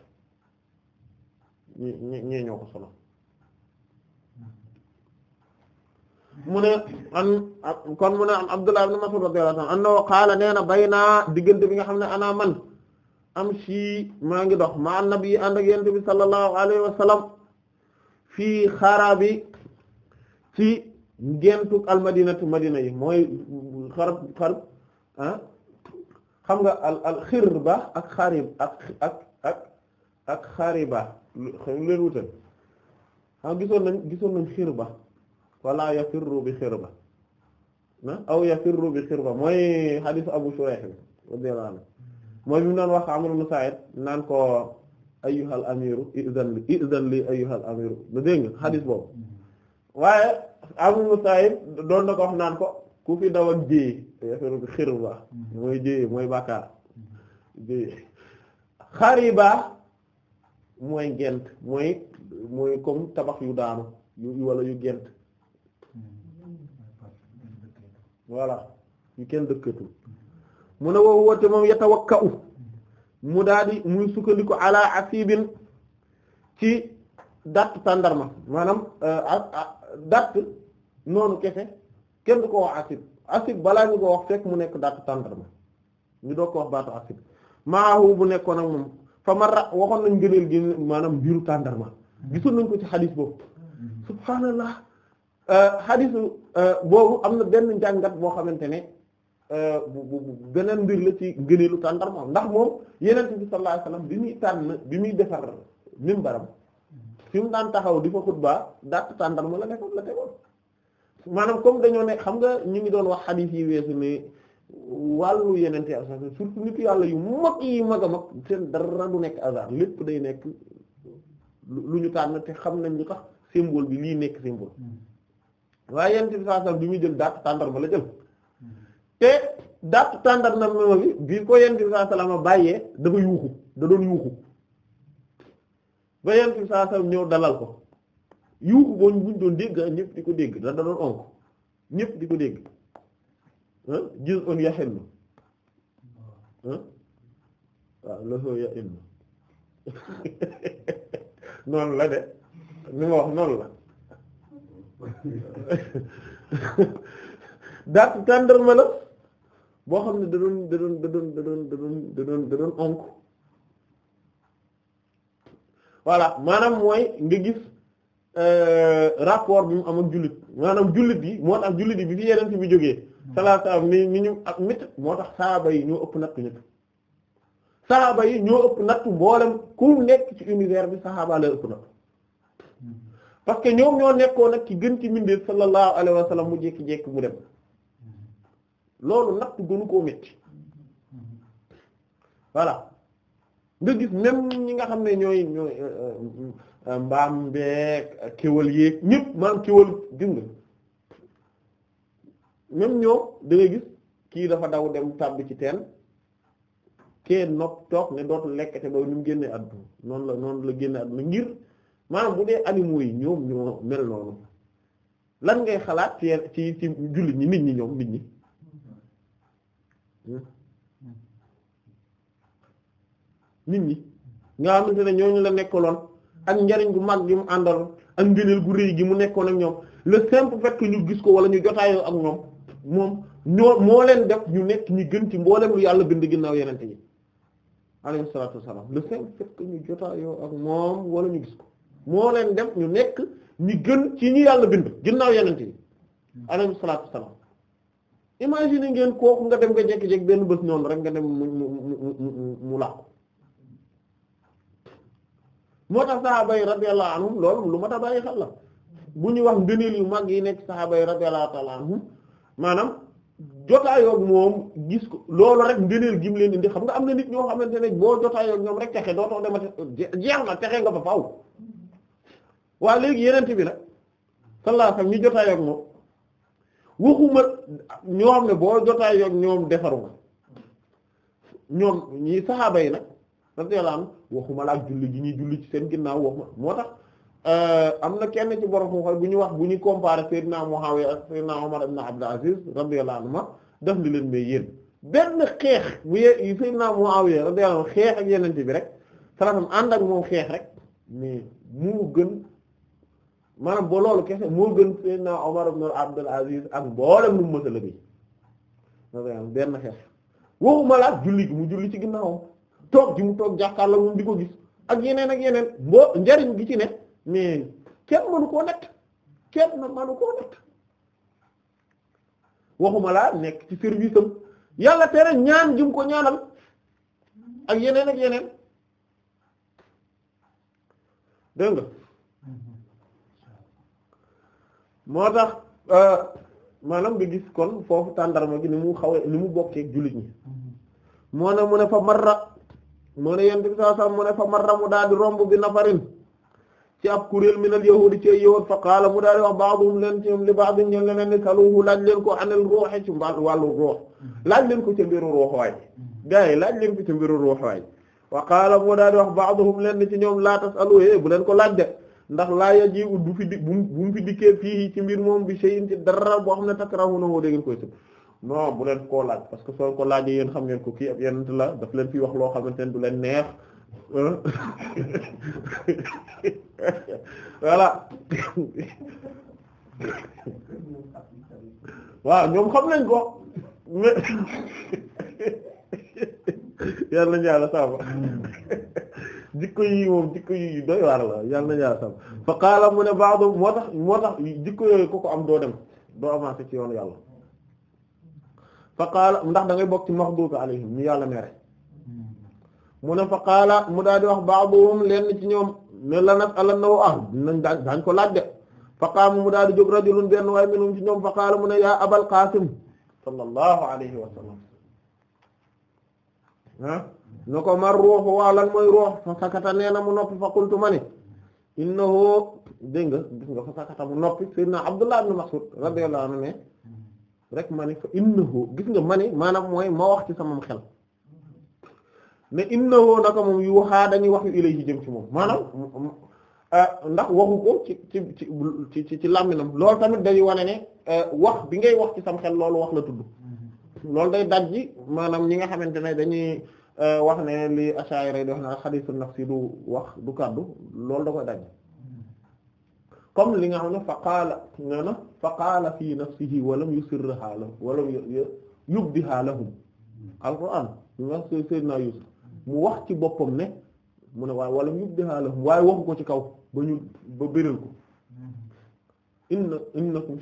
ñee ñoo ko solo mu ne an kon mu ne am Abdullah ibn Mas'ud radiyallahu anhu qaala nee na bay naa diggante bi nga xam ne anaa man amshi maa ngi dox ma annabi ànd ak yonent bi sallallahu alayhi wa sallam fii xarabi ci gentuk al madinatu madina yi mooy xarab xarab ah xam nga al al xirba ak xarib ak ak ak ak xariba leen wutal xam gisoon nañ gisoon nañ xirba wala yafirru bi xirba na aw yafirru bi xirba mooy hadith Abu Shuraih bi radiyallahu anhu mooy bi mu doon wax Amr ibn naan ko ayyuhal amiru izan li izan li amiru da dégg nga boobu waaye Amr ibn doon na ko wax naan ko ku fi daw ak jéye affaire bi xir baax mooy jéye mooy bàkkaar jéye xariba mooy gent mooy mooy comme tabax yu daanu yu yu gent hmm. voilà yu kenn dëkkatul mu ne wow woote moom yatawakka'u mu daa muy sukkandiku ala asibin ci datt tàndarma maanaam euh, datt noonu kese kenn du ko wax asib asib balaa ñu ko wax fekk mu nekk datt tàndarma ñu doo ko wax baatu asib maahu bu nekkoon moom fa marra waxoon nañ gëneel maanaam mbiru tàndarma gisoon nañ ko ci xadis boobu subhaanallah euh, xadisu euh, boobu am na benn njàngat boo xamante ne Euh, bu bu beneen mbir la ci ngëneelu tàndarma ndax moom yeneen bi sallallahu alayhi wasallam bi muy tànn bi muy defar mimbaram fi mu daan taxaw di fa xutba datt tàndarma la nekkoon la tegoon maanaam comme dañoo ne xam nga ñu ngi doon wax xadiis yi weesu ne wàllu yeneen te asaan surtout nit yàlla yu mag yi mag a mag seen dara du nekk hasard lépp day nekk lu ñu tànn te xam nañ lu tax symbole bi lii nekk symbole hmm. waaye yeneen bi sallallahu alayhi wasallam bi muy jël datt tàndarma la jël te dàpp tàndarma bi bi ko yonent bi sallallahu alayhi wasallam bàyyee dafa yuuxu da doon yuuxu ba yonent bi sallallahu ñëw dalal ko yuuxu boobu buñ doon dégg ñëpp di ko dégg da doon onk ñëpp di ko dégg waaw loxo yaxin (laughs) noonu la de ni ma wax noonu la. (laughs) daat tàndarma la boo xam ne da doon da doon da doon da doon onk voilà maanaam mooy nga gis euh, rapport bi mu am ak jullit maanaam jullit yi moo tax jullit yi bi fi yeneen si bi jógee salaasa ni ni ñu ak mit moo tax saaba yi ñoo ëpp nattu ñëpp saaba yi ñoo ëpp nattu mboolem ku nekk ci univers bi saaba lay ëpp nattu hmm. parce que ñoom ñoo nekkoon nag ci gën ci mindee sallallahu alayhi wa sallam mu jékki-jékki mu dem loolu natt gënu koo métti voilà nga gis même ñi nga xam ne ñooy ñooy euh, euh, euh, mbaam beeg kéwal yeeg ñëpp maam kéwal gis nga même ñoom da gis kii dafa daw dem tàbbi ci teen kee nopp toog ne dootul lekkate ba ñu mu génnee àdduna noonu la noonu la génne àdduna ngir maanaam bu dee animaux yi ñoom ñoo mel noonu lan ngay xalaat ci ci ci jullit ñi nit ñi ñoom nit ñi nit ñi nga xamante ne ñooñu la nekkaloon ak njariñ gu mag gi mu àndal ak ngëneel gu rëy gi mu nekkoon ak ñoom le simple fait que ñu gis ko wala ñu jotaayoo ak ñoom moom ñoo moo leen def ñu nekk ñi gën ci mboolem lu yàlla bind ginnaaw yenente yi alayhi salaatu wassalaam le simple ak moom wala ñu gis ko moo ñu nekk ñu gën ci ñu yàlla bind ginnaaw yenente yi imagine ngeen kooku nga dem nga jekki-jekki benn bët noonu rek nga dem mu mu mu mu làqu moo tax sahaaba yi radiyallahu anhum loolu lu ma ta bàyyi xel la bu ñuy wax ngëneel yu mag yi nekk sahaaba yi radiyallahu ta'ala anhum maanaam jotaayoog moom gis ko loolu rek ngëneel gi leen indi xam nga am na nit ñoo xamante ne boo jotaayoog ñoom rek texe dootoo demati jeex na texe nga fa faaw waa léegi yeneen bi la sallallahu alayhi wasallam ñu jotaayoog moom waxuma ñoo ne boo jotaay yoog ñoom defaru nga ñoom ñi saxaaba yi nag radiyallahu anhu waxuma la ak julli gi ñuy julli ci seen ginnaaw waxuma moo tax euh, am na kenn ci borom moo xool bu ñu wax bu ñu comparé Seydina Muawiya ak Seydina Umar ibn Abd Aziz radiyallahu anhu daf ni leen may yéen benn xeex bu ye Seydina Muawiya radiyallahu anhu xeex ak yenente bi rek salaam ànd ak moom xeex rek mais mu gën maanaam boo loolu kese moo gën Seydina Omar ibn Abdul Aziz ak mboolem nu mu mës a lëgëj maanaam benn xeex waxuma la julli gi mu julli ci ginnaawam toog ji mu toog jàkkaarloo moom di ko gis ak yeneen ak yeneen mboo njariñ gi ci ne mais kenn mënu koo nekk kenn mënu koo nekk waxuma la nekk ci service am yàlla tere ñaan ji mu ko ñaanal ak yeneen ak yeneen dégg nga. moo tax euh, maanaam nga gis kon foofu tàndarma gi ni mu xaw ni mu bokkee jullit ñi moo ne mu ne fa marra moo ne yent bi saa saa mu ne fa mu daal di romb bi nafarin ci ab kuréel minal yahudi ci yahud fa qaala mu daal di wax ba'dhum leen ci ñoom li ba'd ñeen leneen ni laaj leen ko anil ruuxi ci mbal wàllu ruux laaj leen ko ci mbiru ruux waay gars yi laaj leen ko ci mbiru ruux waay wa qaala mu daal di wax ba'dhum leen ci ñoom laa tasalu eh, bu leen ko laaj de ndax laa ya ji ut bu fi di bu mu fi dikkee fii ci mbir moom bi shay'in ci dara boo xam ne takrahuna woo dégg ngeen koy sib non bu leen koo laaj parce que soo ko laajee yéen xam ngeen ko kii ab yenent la daf leen fii wax loo xamante ne du leen neex (laughs) voilà waaw ñoom xam nañ ko mais (laughs) yàlla ñu yàlla saaba hmm. jikko yi moom jikko yi doy waar la yàlla nañu yàlla fa qaala mu ne ba'du moo tax jikko yooyu ku ko am doo dem doo avancé ci yoonu yàlla fa qaala ndax da ngay bokk ci maxduubi alayhim ñu yàlla mere mu ne fa qaala mu daal di wax ba'duhum lenn ci ñoom ne la nag ala naw ah dinañ daañ ko laaj de fa qaama mu daal di jóg rajulun benn waaye minhum ci ñoom fa qaala mu ne yaa abal qaasim sallallahu alayhi wa sallam ne ko mar ruuxu waaw lan mooy ruux fa sakata nee na mu noppi fa qultu ma ni innahu dégg nga gis nga fa sakata mu noppi sayyidina Abdullah ibn Mas'ud radiyallahu anhu ne rek ma ni fa innahu gis nga ma ni maanaam mooy ma wax ci sama xel ne innahu naka moom yu waxaa dañuy wax yu ilayhi jëm ci moom maanaam ah, ndax waxu ko ci ci ci ci làmminam loolu tamit day wane ne eh, wax bi ngay wax ci sam xel loolu wax la tudd mm-hmm. loolu day daj ji ñi nga xamante ne dañuy Euh, wax ne li Ash'ari di wax na xadiisu nafsi du wax du kàddu loolu da koy daj comme li nga xam ne fa qaala nee na fa qaala fii nafsihi walam yusirraha lahum walam yubdiha lahum alquran ñu wax mu wax ci boppam ne mu ne waaye walam yubdiha lahum waaye waxu ko ci kaw ba ñu ba bérél ko inna innakum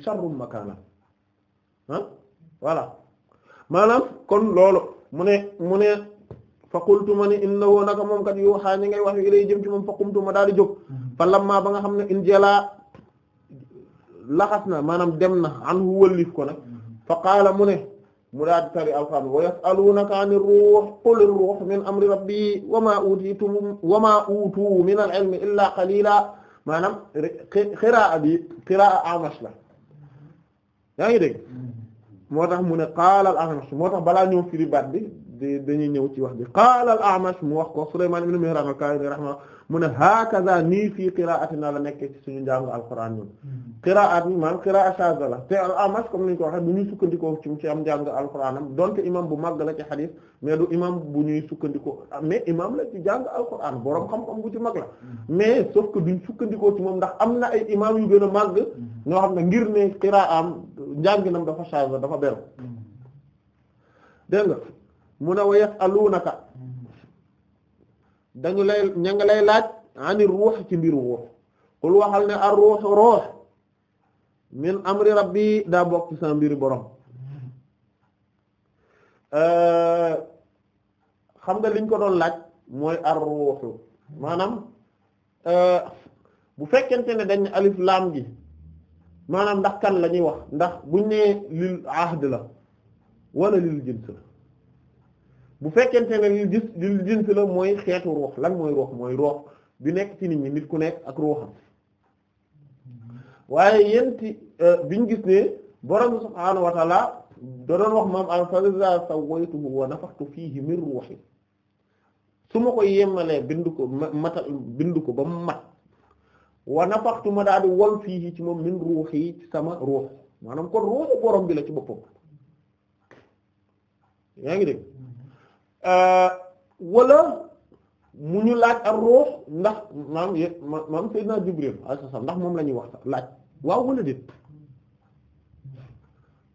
kon loolu mu ne mu ne fa qultu ma ni innahu naka moom kat yu waxaa ñi ngay wax ilay jëm ci moom fa qumtu ma daal di jóg fa lamma ba nga xam ne in jëlaa laxas na maanaam dem na an hu wëllif ko nag fa qaala mu ne mu daal di tari alxam wa yasaluunaka ani ruux qul ruux min amri rabbi wa ma utitum wa ma utu min al ilmi illa qalila maanaam xiraa bi xiraa amash la yaa ngi dégg mm-hmm. moo tax mu ne qaala al amash moo tax balaa ñëw firi baat bi dañuy ñëw ci wax bi qaala al A'mash mu wax ko Sulaymaan ibn Mihraan al-Kaahili rahimahullah mu ne hakaza nii fii qira'atina la nekkee ci suñu njàngu alquran ñun hmm. qira'at bi maanaam qira'a shadda la te al A'mash comme ni ñu ko waxee bu ñuy sukkandikoo ci ci am njàngu alquran am donte bu màgg la ci xadis mais du imam bu ñuy sukkandikoo mais imam la ci jàng alquran borom xam-xam bu ci mag la hmm. mais sauf que duñ sukkandikoo ci moom ndax am na ay imaam yu gën a màgg hmm. ñoo xam ne ngir ne qira'am njànginam dafa shadda dafa beru dégg nga mu ne wa yas'alunaka dañu lay ña lay laaj ani ruux ci mbir ruux kul waxal ne ar ruux ruux min amri rabbi daa bokk sa mbiri borom euh, xam nga liñ ko doon laaj mooy ar ruuxu maanaam euh, bu fekkente ne dañ alif laam gi maanaam ndax kan la ñuy wax ndax buñ nee lil ahd la wala lil jins bu fekkente ne li gis li jins la mooy xeetu ruux lan mooy ruux mooy ruux bi nekk ci nit ñi nit ku nekk ak ruuxam waaye yenti euh, biñu gis ne borom subhaanahu wa taala da doon wax maam al faiza sawaytuhu wa nafaxtu fiihi min ruuhi su ma ko yemmalee bind ko ba mu mat wa nafaxtu ma daal di wol fiihi ci moom min ruuhi ci sama ruux maanaam kon ruuxu borom bi la ci boppam yaa ngi dégg Euh, wala mu ñu laaj ak ruux ndax maam yé maam Seydina Jibril alayhi salaam ndax moom la ñuy wax laaj waaw wala déet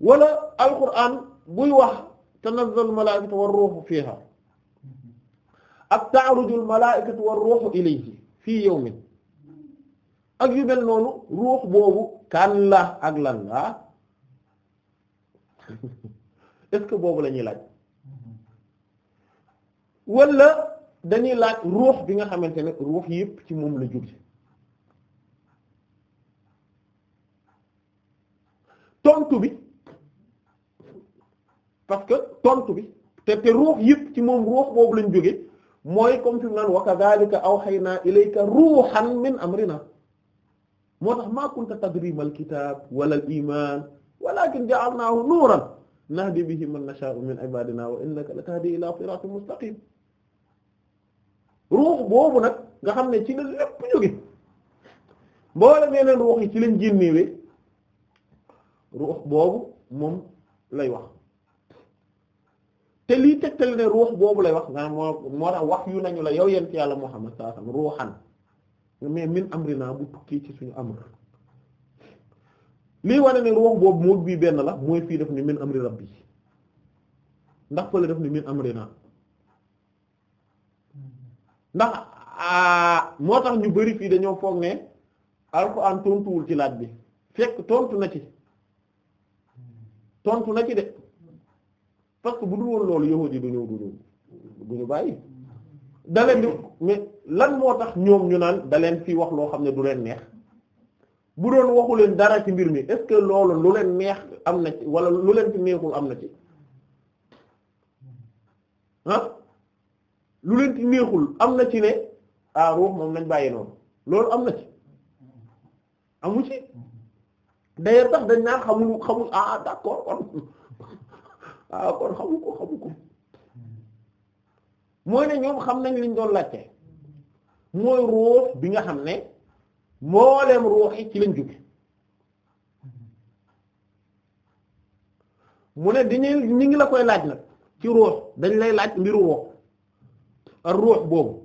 wala alquran buy wax tanazzalu malaa'ikatu war ruuhu fiihaa ak ta'rujul malaa'ikatu war ruuhu ilayhi fii yawmin ak yu mel noonu ruux boobu kan la ak lan la (laughs) est-ce que boobu la ñuy laaj. wala dañuy laaj ruux bi nga xamante ne ruux yépp ci moom la jóge tontu bi parce que tontu bi te te ruux yépp ci moom ruux boobu lañ jóge mooy comme fi mu naan wa kadhalika awhayna ilayka ruuhan min amrina moo tax ma kunta tadri mal kitaab wala al iman walakin ja'alnahu nuuran nahdi bihi man nasha'u min ibadina wa innaka latahdi ila siratin mustaqim ruux boobu nag nga xam ne ci la lépp jóge mboolem yeneen ruux yi ci lañ génnewee ruux boobu moom lay wax te lii tegtal ne ruux boobu lay wax maanaam moo moo tax wax yu nañu la yow yent yàlla moo xam alayhi wasallam ruuxan mais min amrina bu tukkee ci suñu amr lii wane ne ruux boobu moom bii benn la mooy fii def ni min amri rabbi ndax fële def ni min amrina ndax ah, moo tax ñu bari fii dañoo foog ne alxuraan tontuwul ci laaj bi fekk tontu na ci tontu na ci de parce que bu dul woon loolu yahuud yi du ñu du ñu bàyyi daleen di mais lan moo tax ñoom ñu naan daleen fi wax loo xam ne du leen neex bu doon waxu leen dara ci mbir mi est-ce que loolu lu leen neex am na ci wala lu leen fi neexul am na ci ah lu leen ci neexul am na ci ne ah ruux moom nañ bàyyi noonu loolu am na ci amu ci d'ailleurs tax dañ naan xamul xamul ah, ah d'accord kon (laughs) ah kon xamu ko xamu ko mooy ne ñoom xam nañ liñ doon laajte mooy ruux bi nga xam ne mboolem ruux ci lañ jóge mu ne dañuy ñu ngi la koy laaj nag ci ruux dañ lay laaj mbiru ruux ak ruux boobu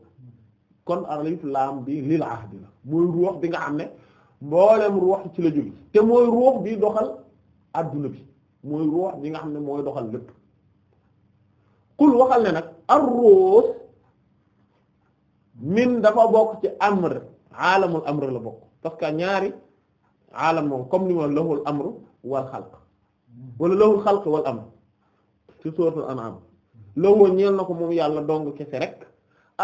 kon alif laam bi lii ahdi la mooy ruux bi nga xam ne mboolem ruux ci la jóge te mooy ruux bi doxal adduna bi mooy ruux bi nga xam ne mooy doxal lépp kul waxal ne nag ar-ruux min dafa bokk ci amr aalamul amr la bokk parce que ñaari aalam moom comme ni ma lahul amr wal xalq wala lahul xalq wal amr ci suuratul an'am lawoo ñeel na ko moom yàlla dong kese rek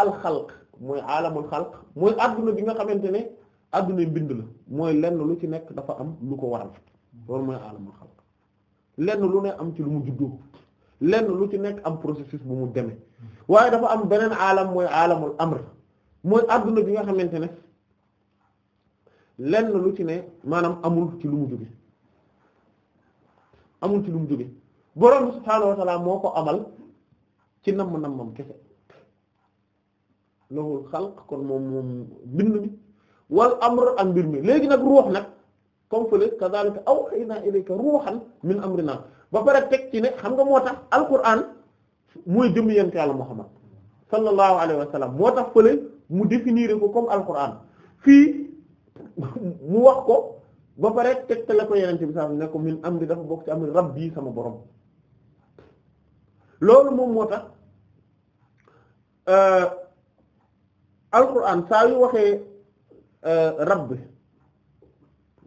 alxalq mooy aalamul xalq mooy adduna bi nga xamante ne adduna mbind la mooy lenn lu ci nekk dafa am lu ko waral loolu mooy aalamul xalq lenn lu ne am ci lu mu juddoo lenn lu ci nekk am processus bu mu demee waaye dafa am beneen aalam mooy aalamul amr mooy adduna bi nga xamante ne lenn lu ci ne maanaam amul ci lu mu jóge amul ci lu mu jóge borom subhaanahu wa ta'ala moo ko amal ci namm nammam kese lahul xalq kon moom moom bind mi wal amr ak mbir mi léegi nag ruux nag comme fële kazaalika awhaynaa ilayka ruuhan min amrinaa ba pare teg ci ne xam nga moo tax alquran mooy jëm yent yàlla Muhammad sallallahu alayhi wa sallam moo tax fële mu définir ko comme alquran fii mu wax ko ba pare teg la ko yeneen ci bisaab ne ko min amri dafa bokk ci amri rabbi sama borom loolu moom moo tax. Euh, alquran saa yu waxee euh, rabb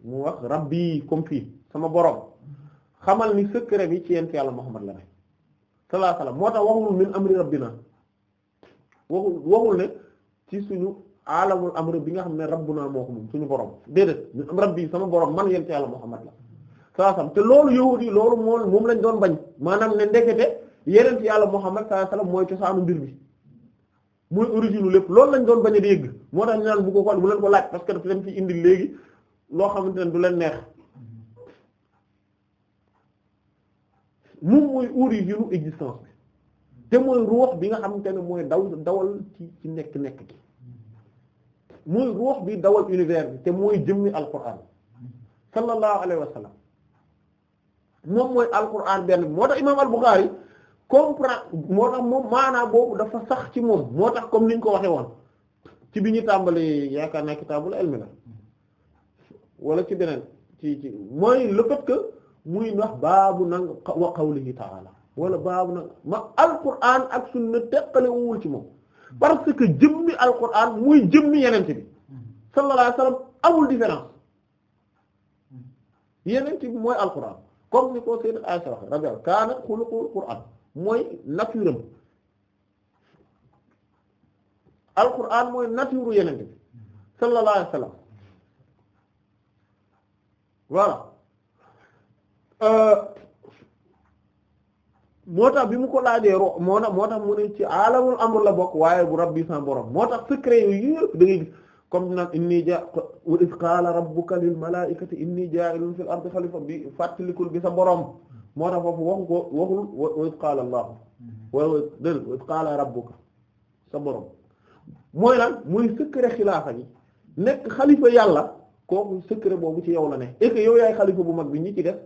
mu wax rabbi comme fii sama borom xamal ni secret bi ci yent yàlla Muhammad la ne sallallahu alayhi moo tax waxul min amri rabbina waxul waxul ne ci suñu bi nga xam ne rabbuna moo ko moom suñu borom déedéet min am sama borom man yent yàlla Muhammad te loolu yahudi yi loolu moom lañ doon bañ maanaam ne ndekete yenent yàlla Muhammad sallallahu alayhi wasallam mooy cosaanu mbir bi mooy origine lépp loolu lañ doon bañ a dégg moo tax ñu naan bu ko xool bu leen ko laaj parce que daf leen fi indi léegi loo xamante ne du leen neex moom mooy origine existence bi te mooy ruux bi nga xamante ne mooy daw dawal ci ci nekk-nekk gi mooy ruux bi dawal univers te mooy jëmmi alquran sallallahu alayhi wa sallam moom mooy alquran benn moo tax imaam al-Bukhari comprendre moo tax moom maanaam boobu dafa sax ci moom moo tax comme ni ñu ko waxee woon ci bi ñu tàmbalee yaakaar naa kitaabul ilmi la ci beneen ci ci mooy le fait que muy wax baabu nang wa qawlihi ta'ala wala baabu nang ma alquran ak sunna teqalewul ci moom parce que jëmmi alquran muy jëmmi yeneen bi sallallahu alayhi wasallam amul différence yeneen bi mooy alquran comme ni ko sayyidat Aisha wax rajo kaana xuluqul qur'an mooy nature am alquran mooy nature yenente bi sallallahu alayhi wa euh, tax bi mu ko laajee ro moo tax moo tax mu ne ci alamul amr la bokk waaye bu rabbi san borom moo tax secret yooyu yëpp da ngay gis comme nag inni ja wa iz qaala rabbuka lil malaa'ikati inni jaa'ilun fil ardi xalifa bi fàttalikul bi sa borom moo tax foofu waxu ko waxul wa iz qaala Allahu mm-hmm. wa dël wa iz qaala rabbuka sa borom mooy lan mooy secret xilaafa gi nekk xalifa yàlla kooku secret boobu ci yow la ne et que yow yaay xalifa bu mag bi ñi ci def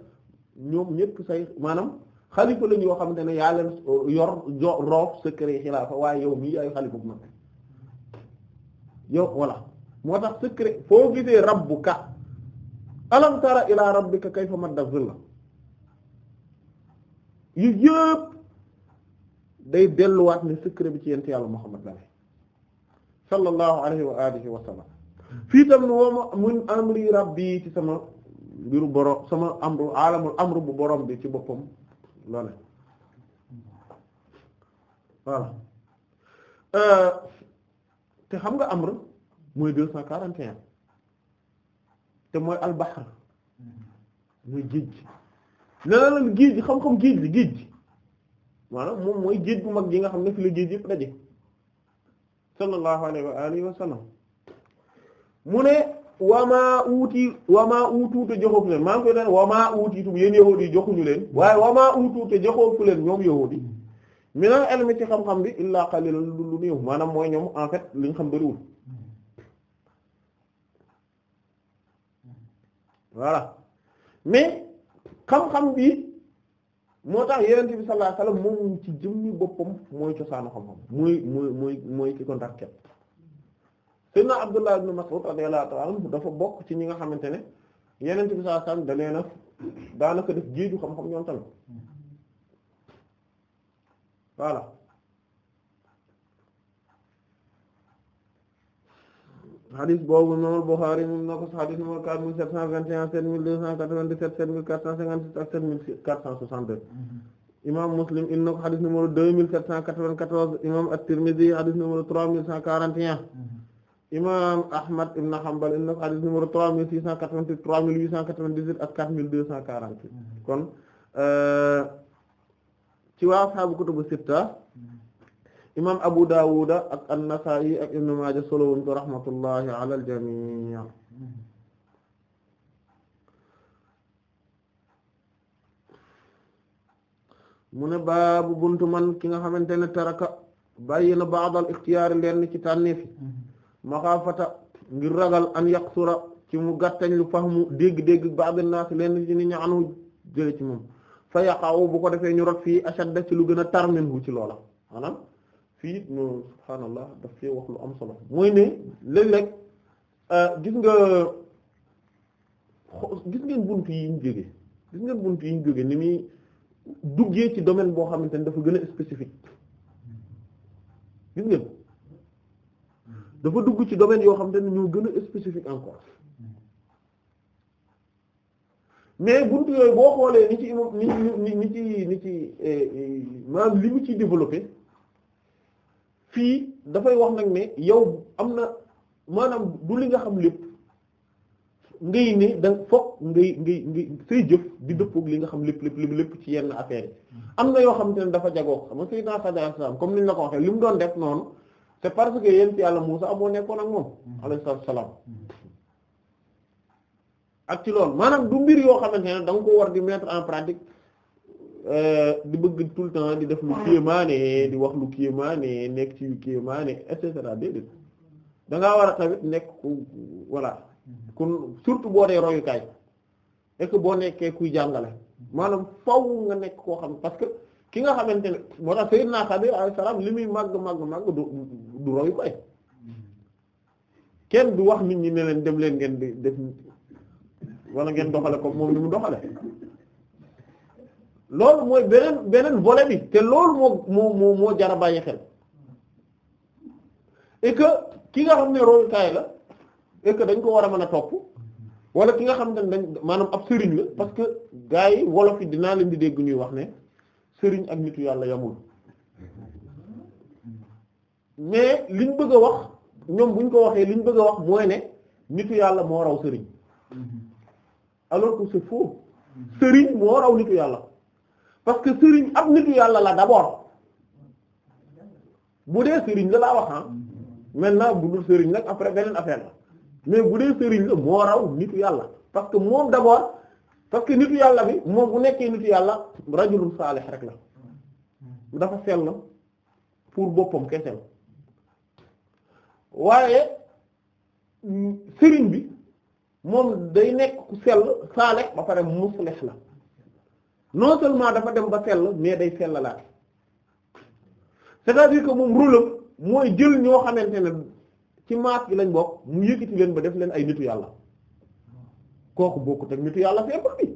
ñoom ñëpp say maanaam xalifa la ñu yoo xamante ne yaa leen yor jo roof secret xilaafa waaye yow mii yaay xalifa bu mag yow voilà moo tax secret foo gisee rabbuka alam tara ila rabbika kayfa madda zilla yu yëpp day delluwaat ni secret bi ci yent yàlla Muhammad la sallallahu alayhi wa alihi wa sallam fii tam ne wooma mun amri rabbi ci sama mbiru borom sama amru amru bu borom bi ci boppam loole voilà euh, te xam nga amr mooy deux cent quarante te mooy albaxar mooy géej nee na leen géej gi xam-xam géej gi géej gi maanaam moom mooy géej gu mag gi nga xam ne fi la géej yëpp daje sallallahu alayhi wa alihi wa sallam mu ne wamaa uuti wamaa uutu te joxoofu leen maa ngi koy daan wamaa uuti tu yéen yahuudi yi joxuñu leen waaye wamaa uutu te joxoofu leen ñoom yahuudi mi nag elmi xam-xam bi illaa qalil lu lu néew maanaam mooy ñoom en fait li ñu xam bariwul voilà xam-xam bi moo tax yonent bi sallallahu alayhi wasallam moom ci jëmmi boppam mooy cosaanu xam-xam mooy mooy mooy mooy ki ko ndax kenn Seydina Abdullah ibn Mas'ud radiyallahu ta'ala anhu dafa bokk ci ñi nga xamante ne yonent bi sallallahu alayhi wasallam da leen daanaka def géeju xam-xam ñoom tamit voilà xadis boobu imam Bukhari moom na ko xadis numéro quatre mille sept cent vingt et un mille deux cent quatre-vingt-dix-sept sept mille quatre cent cinquante-six ak sept mille quatre cent soixante-deux mm-hmm. imam Muslim in na ko xadis numéro deux mille sept cent quatre-vingt-quatorze imam At-Tirmidhi xadis numéro trois mille cent quarante mm-hmm. imam Ahmad ibn Hanbal in ko xadis numéro trois mille six cent quatre vingt trois mille huit cent quatre-vingt-dix-huit imam Abu daawuda ak an-Nasa'i ak Ibn Maaja solo wuñ ko rahmatullahi mu ne baabu buntu man ki nga xamante ne taraka bàyyi na ba'd al-ikhtiyaar lenn ci tànneef maxaafata ngir ragal an yaqsura ci mu gàttañ lu fahmu dégg-dégg ba'd an-naas lenn ci nit ñi anu ci moom fa yaqa'u bu ko defee ñu rot fii ashadda ci lu gën a tar minhu ci loola fii it ñu subhaanallah daf fee wax lu am solo mooy ne léeg-léeg euh, gis nga gis ngeen bunt yi ñu jóge gis ngeen bunt yi ñu jóge ni muy duggee ci domaine boo xamante ni dafa gën a spécifique gis ngeen dafa dugg ci domaine yoo xamante ni ñoo gën a spécifique encore mais bunt yooyu boo xoolee ni ci ni ci ni ci ni euh, ci euh, maanaam li mu ciy développé fii dafay wax nag ne yow am na maanaam du li nga xam lépp ngay ne da foog ngay ngay ngay say jëf di dëppoog li nga xam lépp lépp lépp ci yenn affaire yi am na yoo xam ne dafa jagoo ko xam nga sayyidina Xadir salaam comme ni ñu la ko waxee li mu doon def noonu c'est parce que yéen ci yàlla Muusa amoo nekkoon ak moom alayhi salaam ak ci loolu maanaam du mbir yoo xamante ne da nga ko war di mettre en pratique Euh, di bëgg tout le temps di def lu kéemaane di wax lu kéemaane nekk ci yu kéemaane et cetera déedéet da ngaa war a tamit nekk ku voilà kon surtout boo dee royukaay et boo nekkee kuy jàngale maanaam faw nga nekk koo xam parce que ki nga xamante ne moo tax li muy màgg mag màgg du du royukaay kenn du wax nit ñi ne leen dem leen ngeen di def wala ngeen doxale comme moom ni mu doxale loolu mooy beneen beneen volet bi te loolu moo moo moo moo jar a bàyyi xel et que ki nga xam ne royukaay la et dañ ko war a mën a topp wala ki nga xam ne dañ maanaam ab sëriñ la parce que gars yi wolof yi dinaa leen di dégg ñuy wax ne sëriñ ak nitu yàlla yamul mais liñ bëgg a wax ñoom buñ ko waxee liñ bëgg a wax mooy ne nitu yàlla moo raw sëriñ alors que sëriñ moo raw nitu yàlla parce que sëriñ ab nitu yàlla la d'abord bu dee sëriñ la laa wax ah maintenant bu dul sëriñ nag après beneen affaire la mais bu dee sëriñ la moo raw nitu yàlla parce que moom d'abord parce que nitu yàlla bi moom bu nekkee nitu yàlla rajulun saalih rek la dafa sell pour boppam kese la waaye sëriñ bi moom day nekk ku sell saalih ba pare muslih la non seulement dafa dem ba sell mais day sellalaat c'est-à-dire que moom rôlam mooy jël ñoo xamante ne ci maas gi lañ bokk mu yëkkati leen ba def leen ay nitu yàlla kooku bokkut ak nitu yàlla feebar bi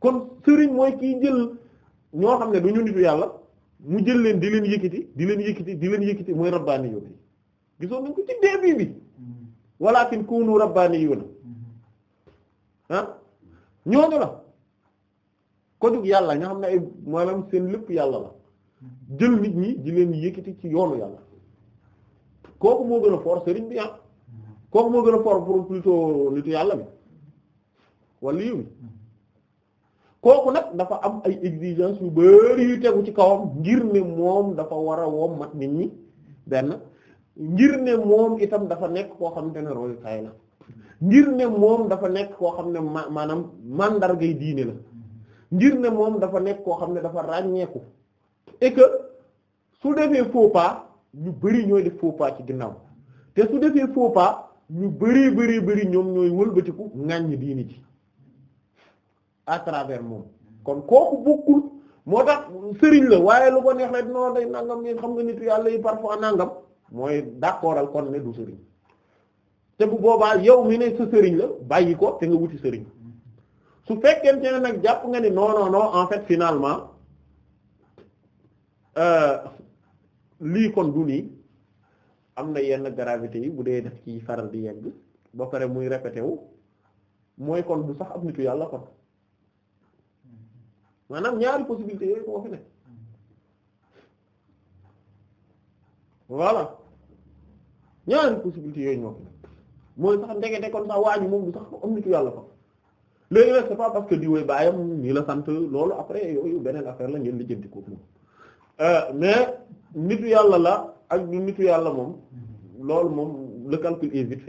kon sëriñ mooy kii jël ñoo xam ne du ñu nitu yàlla mu jël leen di leen yëkkati di leen yëkkati di leen yëkkati mooy rabbaani yoon yi gisoon nañ ko ci début bi mm-hmm. walaakin kunu rabbaani yoon mm-hmm. ah ñooñu la kodug yàlla nga xam ne ay maanaam seen lépp yàlla la jël nit ñi di leen yëkkati ci yoonu yàlla kooku moo gën a fort sëriñ bi ah. moo gën a fort yàlla bi wala yiw kooku nag dafa am ay exigence yu bari tegu ci kawam ngir ne moom dafa war a wom mat nit ñi benn ngir ne moom itam dafa nekk koo xam ne royukaay la ngir ne moom dafa nekk koo xam ne ma maanaam mandargay diine la ngir ne moom dafa nekk koo xam ne dafa ràññeeku et que su defee faux ñu bëri ñooy def faux ci ginnaaw te su defee faux ñu bari bëri bëri ñoom ñooy wëlbatiku ŋàññ diini ji à moom kon kooku bokkul moo tax sëriñ la waaye lu ko neex rek non day nangam yéen xam nga nit yàlla yi parfois nangam mooy d'accordal kon ne du sëriñ te bu boobaa yow mi ne sa sëriñ la bàyyi ko te nga wuti sëriñ su fekkente ne nag jàpp nga ni non non en fait finalement euh, lii kon du nii am na yenn gravité yi bu dee def ci faral di yegg ba pare muy répété wu mooy kon du sax am nitu yàlla kon maanaam ñaari possibilité yooyu moo fi nekk voilà ñaari possibilité yooyu ñoo fi nekk mooy sax ndekete kon sax waa ji moom du sax am nitu yàlla kon léegi nag c'est pas parce que di woy baayam nii la sant loolu après yooyu beneen affaire la ngeen lijjanti ko moom euh, mais nitu yàlla la ak du nitu yàlla moom loolu moom le calcul est vite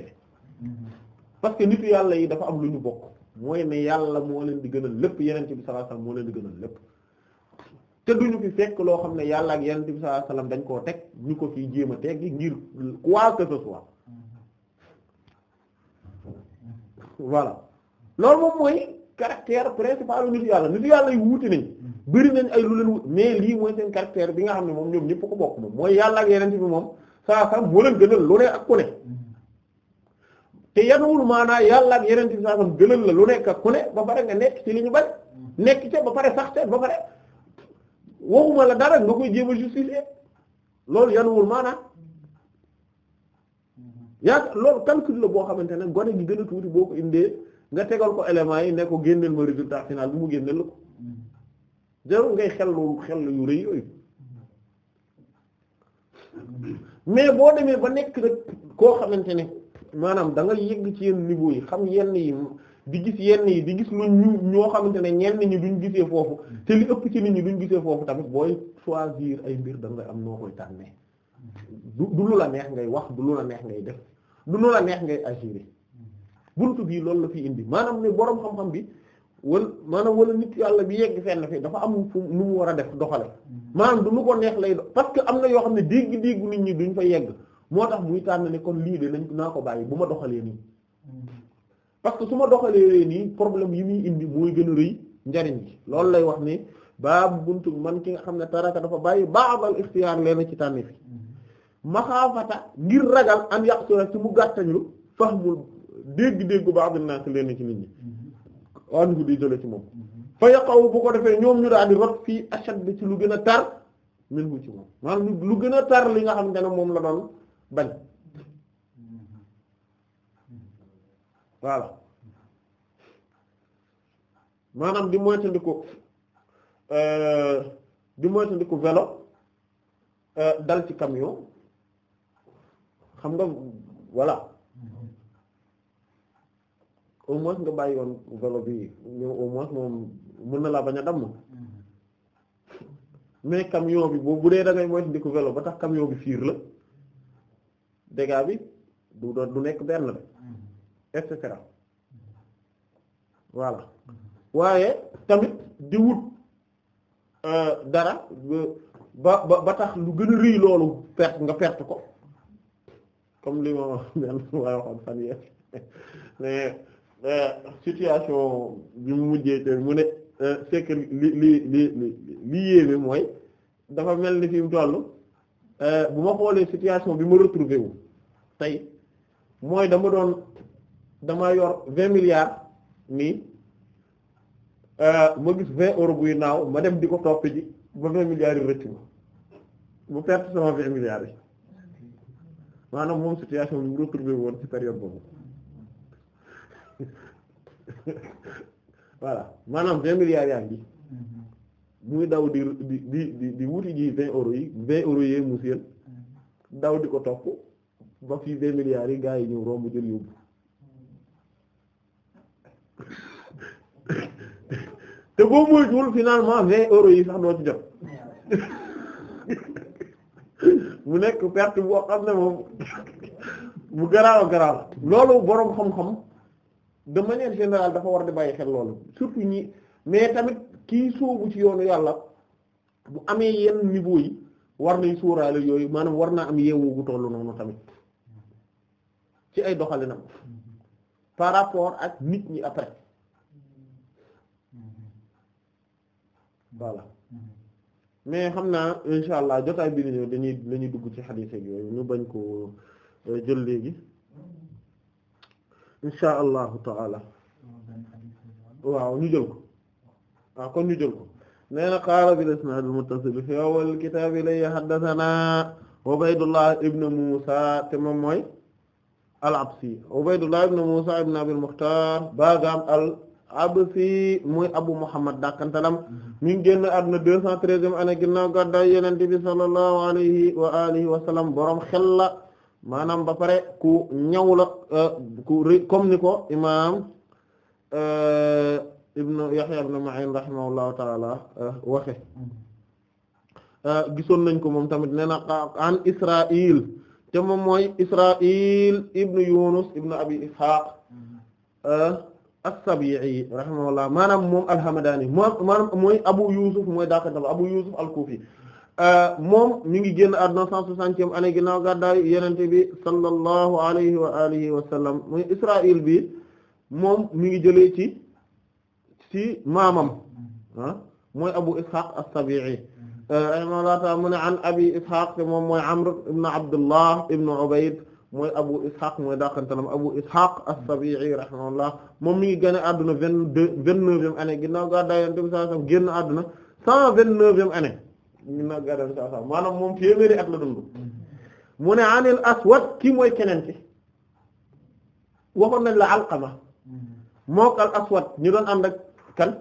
parce que nitu yàlla yi dafa am lu ñu bokk mooy ne yàlla moo leen di gënal lépp yeneen bi sallallahu alayhi moo leen di gënal lépp te duñu fi fekk loo xam ne yàlla ak yeneen bi sallallahu dañ koo teg ñu ko fi jéem a teggi ngir quoi que ce soit mm-hmm. voilà loolu moom mooy caractère principal nitu yàlla nitu yàlla yi wuute nañ bëri nañ ay lu leen wut mais lii mooy seen caractère bi nga xam ne moom ñoom ñëpp ko bokk moom mooy yàlla ak yeneen bi moom saa saa moo leen gënal lu ne ak ku ne te yanuwul maanaa yàlla ak yeneen bi saa saa gënal la lu nekk ku ne ba pare nga nekk ci li ñu bari nekk ca ba pare sax ba pare waxuma la dara nga koy jéem a justifier loolu yanuwul maanaa yaa loolu calcul la boo xamante ne gone gi gën a tuuti boo ko indee. nga tegal ko éléments yi ne ko génneel ma résultat final bi mu génneel la ko jarul ngay xellu xel yu rëy yooyu mais boo demee ba nekk rek koo xamante ne maanaam da nga ci yenn niveau yi xam yenn yi di gis yenn yi di gis lu ñu ñoo xamante ne ñenn ñi duñ gisee foofu te li ëpp ci nit ñi duñ gisee foofu tamit booy choisir ay mbir da nga am noo koy tànnee du du lu la neex ngay wax du la neex ngay def du lu la neex ngay agir. buntu bii loolu la fi indi maanaam ne borom xam-xam bi wala maanaam wala nit yàlla bi yegg fenn fii dafa am fu nu mu war a def doxale maanaam du nu ko neex lay parce que am na yoo xam ne dégg-déggu nit ñi duñ fa yegg moo tax muy tànn ne kon lii de nañ naa ko bàyyi bu ma doxalee nii parce que su ma doxalee nii problème yi muy indi mooy gën a rëy njariñ gi loolu lay wax ne baabu buntu man ki nga xam ne taraka dafa bàyyi baabal ixtiyaar leena ci tànn fi mm-hmm. maxaafata ngir ragal an yàq su mu gàttañlu fahmul dégg-déggu baax naa si leen ci nit ñi mm-hmm. anhu di jële ci moom fa yaqaw bu ko defee ñoom ñu daal di rot fii ashad ci lu gën a tar minhu ci moom maanaam lu gën a tar li nga xam ne moom la doon bañ mm-hmm. voilà maanaam di moytandiku euh, di moytandiku vélo euh, dal ci camion xam nga voilà au moins nga bàyyi woon vélo bi ñëw au moins moom mën na laa bañ a damm mais camion bi boobu dee da ngay moytandi ko ba tax camion bi fiir la dégâts bi du doon du nekk benn la et cetera voilà waaye tamit di wut euh, dara ba ba ba tax lu gën a rëy loolu perte nga perte ko comme li benn (laughs) waaye waxoon fan yéen (laughs) mais Euh, situation bi mu mujjee te mu ne euh, c'est que li li li li yéeme mooy dafa mel ni fi mu toll euh, bu ma xoolee situation bi ma retrouvé wu tey mooy dama doon dama yor vingt milliards nii ma gis vingt euros buy naaw ma dem di ko topp ji ba vingt milliards yi rëcc ma bu perte sama vingt milliards yi maanaam moom situation bi mu retrouvé woon ci période boobu (laughs) voilà maanaam vingt milliards yaa ngi mhm. muy daw di di di wuti ji vingt euros yi vingt euros yee mu mhm. daw di ko topp ba fii vingt milliards yi gaa yi ñëw romb jël yóbbu mhm. te boo moytuwul finalement vingt euros yi sax doo ci jot (laughs) mu nekk perte boo xam ne moom (laughs) mu garaaw garaaw loolu boroom xam-xam de manière générale dafa war di bàyyi xel loolu surtout ñi mais tamit kii sóobu ci yoonu yàlla bu amee yenn niveau yi war nañ sóoraale yooyu maanaam war naa am yeewu gu tollu noonu tamit ci ay doxalinam par rapport ak nit ñi après voilà mais xam naa insha allah jotaay bi ni ñëw dañuy dugg ci xadiis ak yooyu ñu bañ ko euh, jël léegi insha allahu taala waaw ñu jël ko waaw ah, kon ñu jël ko nee na qaala bil isnaad al muttasil fi awwal kitaab ilay haddathana ubaydullah ibn musa te moom mooy al absi ubaydullah ibn musa ibn abil mukhtar baagam al absi mooy abu muhammad dakantalam mi ngi génn àdduna deux cent treizième année ginnaaw gàddaay yonent bi sallallahu alayhi wa alihi wa sallam borom xel la maanaam ba pare ku ñaw la euh, ku comme ni ko imaam euh, ibnu Yahya ibnu Ma'in rahimahullahu taala euh, waxe gisoon nañ ko moom tamit nee na an Israil te moom mooy Israil ibnu Yunus ibnu Abi Ishaq as-Sabi'i rahimahullah maanaam moom al-Hamdani maanaam Abu Yusuf mooy daakantama Abu Yusuf al-Kufi Euh, moom mu ngi génn àdduna cent soixantième année ginnaaw gàddaay yenente bi sallallahu alayhi wa alihi wa sallam muy Israël bi moom mi ngi jëlee ci ci maamam ah, mooy Abu Ishaq as-Sabi'i euh, rahimahullahu ta'ala mu ne an abi Ishaq te moom mooy Amr ibn Abdullah ibn Ubayd mooy Abu Ishaq mooy daqantalam Abu Ishaq as-Sabi'i rahimahullah moom mi ngi génn àdduna vingt deux vingt-neuvième année ginnaaw gàddaay yenente bi sallallahu alayhi wa sallam génn àdduna cent vint neuvième année ñu nag gàddaay saa saa maanaam moom téeméeri at la dund mu ne anil aswad kii mooy keneen ci waxoon nañ la alqama mook al aswad ñu doon am rek kan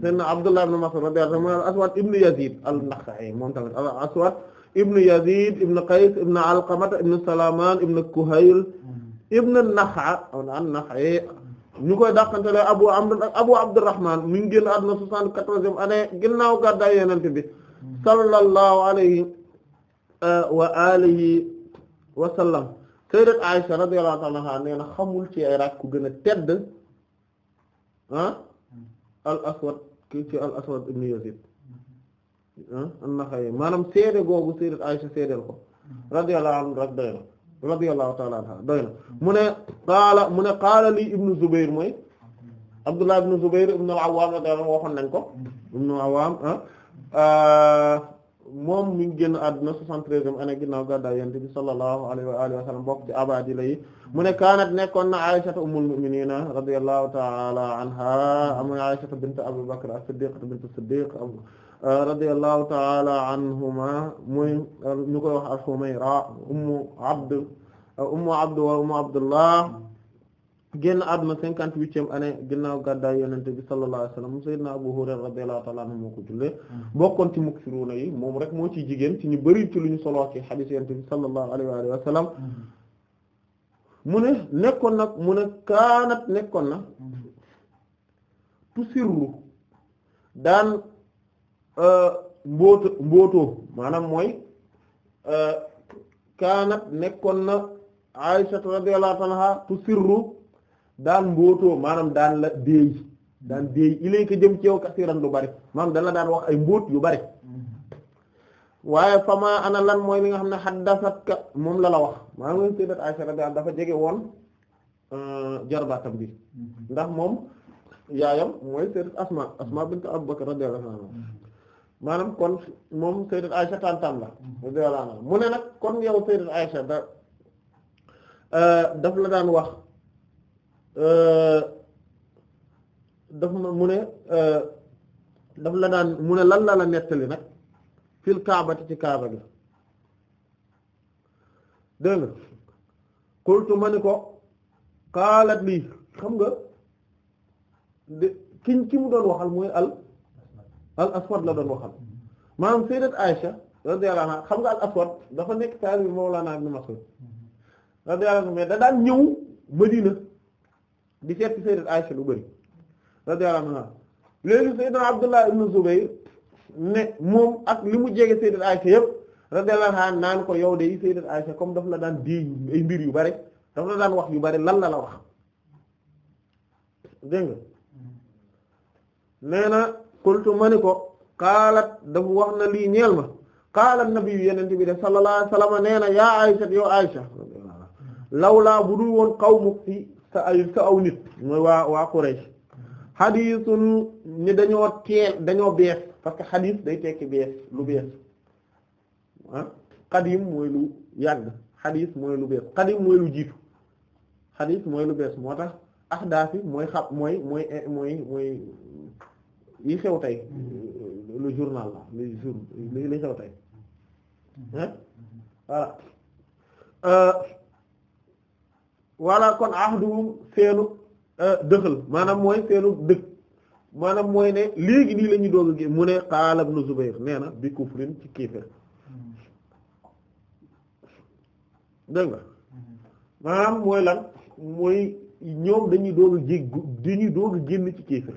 seydna abdullah ibn mas'ud radiyallahu anhu al aswad ibn yazid al naxa'i moom tamit al aswad ibn yazid ibn qays ibn alqama ibn salaman ibn kuhayl ibn naxa an naxa'i ñu koy dàqantele abu amr abu abdurrahman mi ngi génn àdduna soixante-quatorzième année ginnaaw gàddaay yonent bi sallallahu alayhi uh, wa alihi wa sallam sayyidat Aisha radiyallahu xamul ci ay raak ku gën a tedd ah al aswad ki ci al aswad ibn ah, maanaam seede googu sayyidat Aisha seedeel ko radiyallahu anhu rek doy na radiyallahu li ibnu Zubayr mooy Abdullah ibn Zubayr ibn al-Awwam radiyallahu waxoon nañ ko ibn Euh, moom mi ngi génn àdduna a e année ginnaaw gàddaay bi sallallahu alayhi wa alihi wa mu ne kaanat nekkoon na Aysatu ummul mu'minina radiyallahu ta'ala anha amoy euh, Aysatu wax al euh, Abdullah génn àdduna cinquante-huitième année ginnaaw gàddaay yonent bi sallallahu alayhi wasallam sayyidina Abu Hurayra radiyallahu ta'ala anhu moo ko jullee mm-hmm. bokkoon ci muksiruna yi moom rek moo ci jigéen ci ñu bari ci lu ñu soloo ci xadiis yonent bi sallallahu alayhi wa sallam mm-hmm. mu ne nekkoon nag mu ne kaanat nekkoon na mm-hmm. tusirru daan euh, mbooto mbootoo maanaam mooy euh, kaanat nekkoon na Aisha radiyallahu anha tusirru daan mbootoo maanaam daan la déey daan déey ilay ko jëm ci yow kasiran lu bari maanaam dala daan wax ay mbóot yu bari waaye fama ana lan mooy li nga xam ne xaddasat ka moom la la wax maanaam sayyidat Aisha dafa jege woon euh, bi ndax moom yaayam mooy sayyidat Asma Asma bint Abu Bakr radiyallahu anha maanaam kon moom sayyidat Aisha tantam la radiyallahu anha mu ne nag kon yow sayyidat Aisha da euh, daf la daan wax Euh, daf ma mu ne euh, daf la daan mu ne lan la la nettali nag fil kaabati ci kaaba gi dégg nga qultu ma ni ko xaalat lii xam nga de kiñ ki mu doon waxal mooy al al la doon waxal maanaam sayyidat Aisha radiyallahu xam nga al aswad dafa nekk taalibi Mawlana Ibn Mas'ud radiyallahu anhu mais da daan ñëw Madina di seet sayyidat Aisha lu bëri radiyallahu anha léegi sayyidna Abdullah ibn Zubayr ne moom ak li mu jege sayyidat Aisha yëpp radiyallahu anha naan ko yow de yi sayyidat Aisha comme daf la daan di ay mbir yu bëri daf la daan wax yu bari lan la la wax dégg nga nee na qultu ma ni ko qaalat dafa wax na lii ñeel ma qaala nabiyu yenente bi def sallallahu alayhi wasallam bu dul woon qawmu fi sa aw nit mooy waa waa Quraysh xadiisun ni dañoo teel dañoo bees parce que xadiis day tekki bees lu bees ah xadiim mooy lu yàgg xadiis mooy lu bees xadiim mooy lu jiitu xadiis mooy lu bees moo tax ahdaaf mooy xam mooy mooy mooy mooy li xew tey le journal la le jour li xew tey ah euh, wala kon ahduhum seenu euh, dëxal maanaam mooy seenu dëkk maanaam mooy ne léegi nii lañuy doog a gé mu ne qaala ibn Zubayr nee na bi ci kéefér dégg nga maanaam mooy mooy ñoom dañuy doog a jéggu doog génn ci kéefér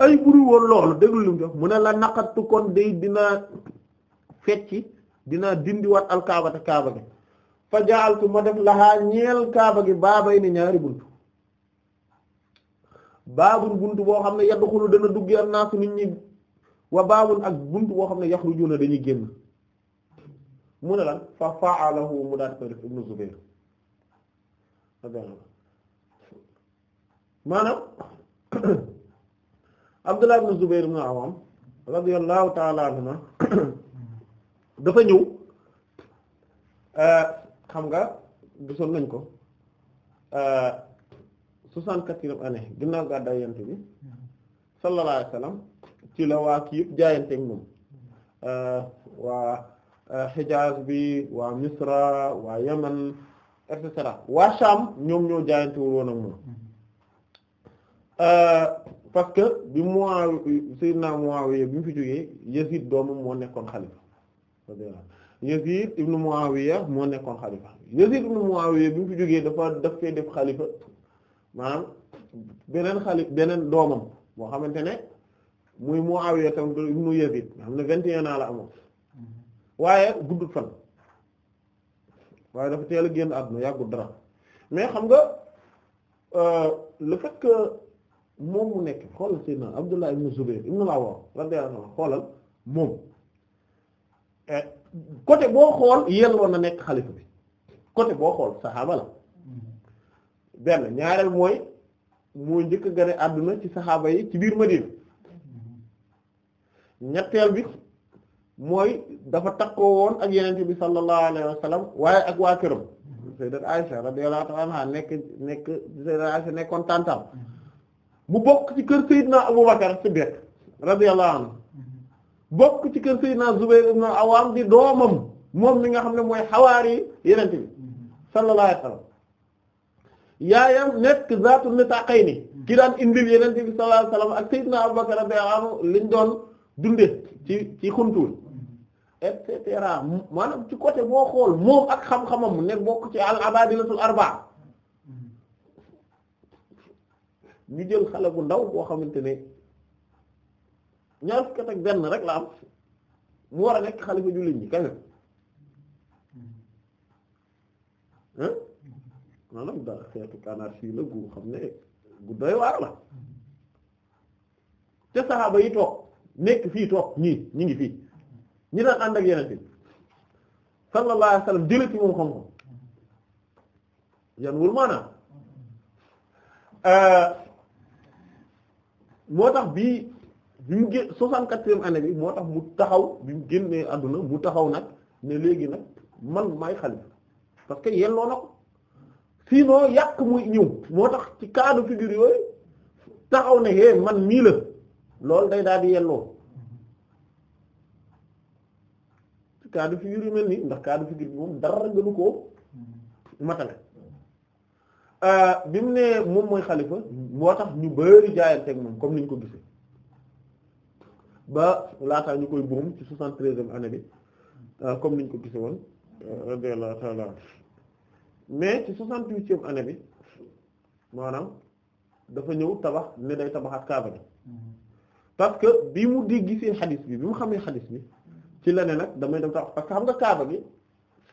ay buru woon loolu déglu lim jox mu ne la naqattu kon day dinaa fecci dinaa dindi alkaabata kaaba gi fa ja'altu ma def laxaa ñeel kaaba gi baabay ni ñaari bunt baabul buntu boo xam ne yadxulu dana duggi an wa baabul ak buntu boo xam ne yaxrujuna dañuy génn mu ne lan fa fa'alahu mu daat koy def ibnu Zubayr maanaam (coughs) Abdullah ibn Zubayr ibn Awam radiyallahu ta'ala anhuma (coughs) dafa ñëw euh, xam nga gisoon nañ ko euh, soixante-quatrième année ginnaaw gàddaay yonent bi sallallahu alayhi wasallam ci kii yëpp jaayanteeg moom euh, waa euh, Hijaz bi waa Misra waa Yaman et waa Sham ñoom ñoo jaayantewul woon ak moom parce que bi Muawiya Sayyidina Muawiya bi mu fi jógee Yazid doomam moo nekkoon xalifa Yazid ibn Muawiya moo nekkoon xalifa Yazid ibn Muawiya bi mu fi jógee dafa daf fee def xalifa maanaam beneen xalif beneen doomam boo xamante ne muy Muawiya tam ibn Yazid nga xam ne vingt et naa la amoon waaye guddut fan waaye dafa teel a génn àdduna yàggul dara mais xam nga euh, le fait moom mu nekk xoolal Seydina Abdullah ibn Zubayr ibn al-Awwam radiyallahu anhu xoolal moom côté boo xool yelloon na nekk xalifa bi côté boo xool saxaaba la benn ñaareel mooy moo njëkk gane àdduna ci saxaaba yi ci biir Madina ñetteel bi mooy dafa takkoo woon ak yenente bi sallallahu alayhi waaye ak waa këram sayyidat Aisha radiyallahu anha nekk nekk sayyidat Aisha nekkoon tàntam mu bokk ci kër sayyidna Abu Bakr Siddiq radiyallahu anhu bokk ci kër Seydina Zubayr ibn Awam di doomam moom mi nga xam ne mooy xawaari yeneen bi sallallahu alayhi yaayam nekk zaatu nitaqayni ki daan indil yeneen bi ak Seydina Abubakar radiyallahu anhu liñ doon dunde ci ci xuntuul et cetera maanaam ci côté boo xool moom ak xam-xamam nekk bokk ci al abadilatul arba ñu jël xale bu ndaw koo xamante ne. ñaar fukki benn rek la am mu war a nekk xalifa jullit ñi kañ la maanaam daal la gu xam ne gu waar la te saxaaba yi toog nekk fii toog ñii ñi ngi fii ñi daan ànd ak yeneen bi sallallahu alayhi wa sallam moom xam-xam yan wul maanaam euh, moo tax bii bi mu génn soixante-quatrième année bi moo tax mu taxaw bi mu génnee àdduna mu taxaw nag ne léegi nag man may xalifa parce que yelloo na ko fii sinon yàq muy ñëw moo tax ci cas de figure taxaw ne hé man mii loolu day daal di yelloo ci cas de figure yu mel nii ndax cas de figure bi moom dara gënu koo matale euh, bi mu nee moom mooy xalifa moo tax ñu bari jaayanteeg moom comme ñu ko gisee ba laataa ñu koy buum ci soixante-treizième année bi euh, comme niñ ko gise woon euh, radiyallahu ta'ala mais ci soixante-huitième année bi maanaam dafa ñëw tabax ne day tabaxaat kaaba bi mm-hmm. parce que bi mu di gisee xadis bi bi mu xamee xadis bi ci la ne nag damay dem tabax parce que xam nga kaaba gi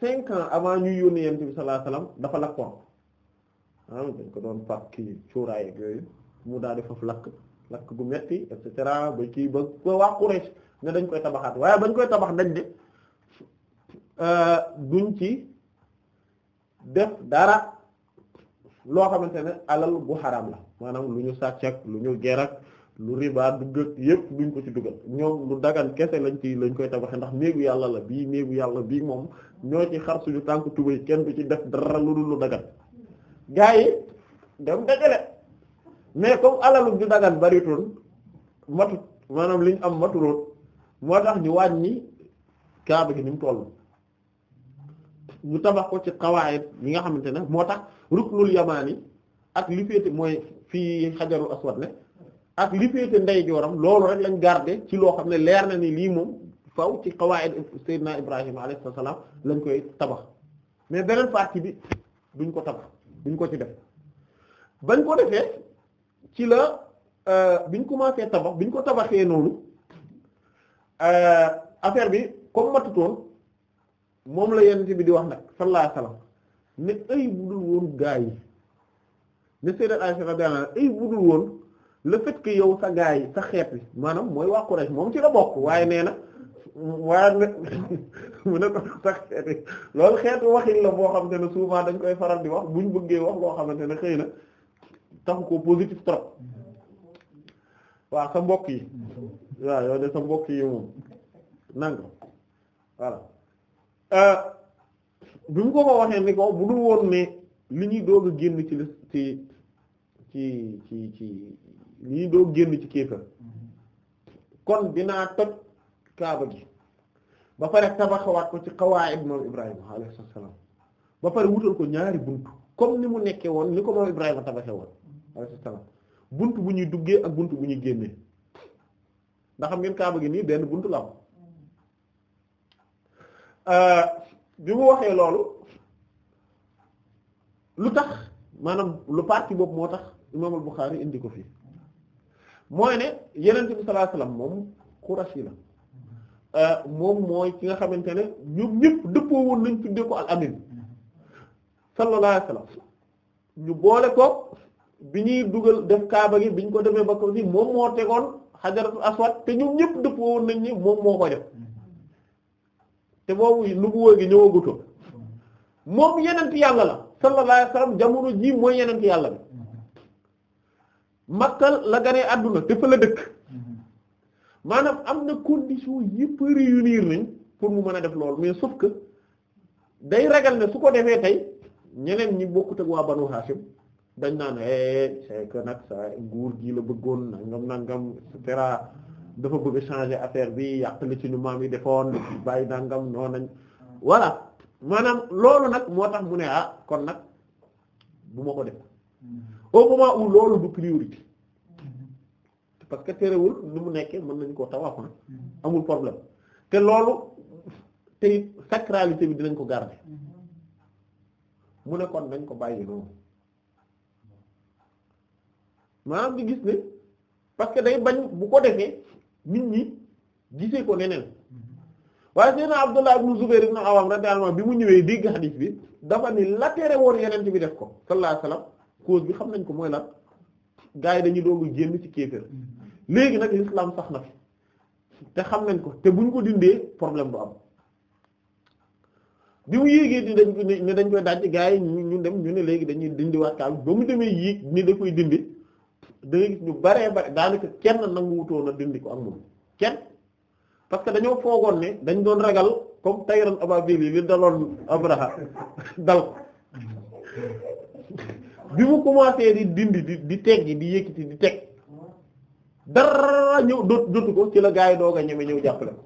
cinq ans avant ñuy yónnee yonent bi sallallahu alayhi wasallam dafa lakkoon ah dañ ko doon pàcc cuuraay yooyu mu daal di foofu lakk lakk gu metti et cetera ba kii ba ba waa Quraysh ne dañ koy tabaxaat waaye bañ koy tabax dañ ne euh, duñ ci def dara loo xamante ne alal bu xaraam la maanaam lu ñu sàcc lu ñu ger ak lu riba dugg yépp duñ ko ci duggal ñoom lu dagan kese lañ ci lañ koy tabaxee ndax néegu yàlla la bii néegu yàlla bii moom ñoo ci xar suñu tànk tubay kenn du ci def dara lu dul lu dagan gaa yi dem dajale mais comme alalu du dagan baritul matut maanaam li ñu am matuloot moo tax ñu wàññi kaaba gi ni mu toll ñu tabax ko ci xawaayit yi nga xamante ne moo tax ruknul yi ak li féete mooy fii xajarul aswad ne ak li féete ndeyjooram loolu rek lañ garder ci loo xam ne leer na ni lii moom faw ci xawaayit Seydina Ibrahima alayhi salaam lañ koy tabax mais beneen partie bi duñ ko tabax duñ ko ci def bañ ko defee ci la euh, bi ñu commencé tabax bi ñu ko tabaxee noonu euh, affaire bi comme matutoon moom la yonent bi di wax nag sallallahu alayhi wasallam ne ay budul woon gaa yi ne Sayyidat Aisha radiyallahu anha ay budul woon le fait que yow sa gaa yi sa xeet yi maanaam mooy waa rek moom ci la bokk waaye nee na waaye ne (laughs) mu ne ko sa xeet loolu xeetu waxin la boo xamante ne souvent dañ koy faral di wax buñ bëggee wax loo xamante ne xëy na taxu ko positif trop waaw sa mbokk yi waaw yow de sa mbokk yi moom nanga voilà euh, bi mu ko ko waxee ni ko bu dul woon ne li ñuy doog a génn ci ci ci ci ci li ñuy doog génn ci kéefër kon dinaa toj kaaba gi ba pare tabaxawaat ko ci qawaa'id moom Ibrahima alayhi salaam ba pare wutal ko ñaari buntu comme ni mu nekkee woon ni ko moom Ibrahima tabaxee woon alayhi salaam bunt bu ñuy duggee ak bunt bu ñuy génnee ndax xam ngeen kaaba gi nii benn bunt la am euh, bi mu waxee loolu lu tax maanaam lu parti boobu moo tax imaam al-Bukhari indi ko fii mooy ne Yonent bi sallallahu alayhi wasallam moom Qurashi la euh, moom mooy ki nga xamante ne ñu ñëpp dëppoo woon nañ tuddee ko al amin sallallahu alayhi ñu boole ko bi ñuy dugal def kaaba gi bi ñu ko demee ba ko ci moom moo tegoon xajaratul aswad te ñoom ñëpp dëppoo woon nañ ni moom moo ko def te boobu nubuwa gi ñëwagutoon moom yenent yàlla la sallallahu alayhi wasallam jamono ji mooy yenent yàlla bi makkal la ganee àdduna te fa la dëkk maanaam am na condition yëpp réunir nañ pour mu mën a def loolu mais sauf que day ragal ne su ko defee tey ñeneen ñi bokkut ak waa Banu Hashim dañ naa naan eh, c'est que nag sa nguur gi la bëggoon nangam nangam et cetera dafa bëgg a changer affaire bi yàq li ci ñu maam yi defoon bàyyi nangam noonu nañ voilà maanaam loolu nag moo tax mu ne ah kon nag bu ma ko def mm-hmm. au moment où loolu du priorité parce que terewul nu mu nekkee mën nañ koo tawaaf ah. mm-hmm. amul problème te loolu te sacralité bi dinañ ko garder mm-hmm. mu ne kon nañ ko bàyyi noonu maanaam di gis ne parce que day bañ bu ko defee nit ñi gisee ko neneen waaye Seydina Abdullah ibn Zubayr ibn Awam radiyallahu bi mu ñëwee dégg hadith bi dafa ni woon yeneen bi def ko sallallahu alayhi wasallam cause xam nañ ko mooy lan gars yi dañuy doog génn ci kéefër léegi nag l'islam sax na fi te xam nañ ko te buñ ko dindee problème bu am bi mu yéegee di dañ ne dañ koy daj gars yi ñu dem ñu ne léegi dañuy dindiwaat kaal ba mu demee yéeg ni da koy dindi da gis ñu baree bare daanaka kenn nangu wutoon a dindi ko ak moom kenn parce que dañoo foogoon ne dañ doon ragal comme tayran ababil yi li daloon Abraha dal ko bi mu commencé di dindi di di teggi di yëkkati di teg dara ñëw dootu dootu ko ci la gaay doog a ñeme ñëw jàppale ko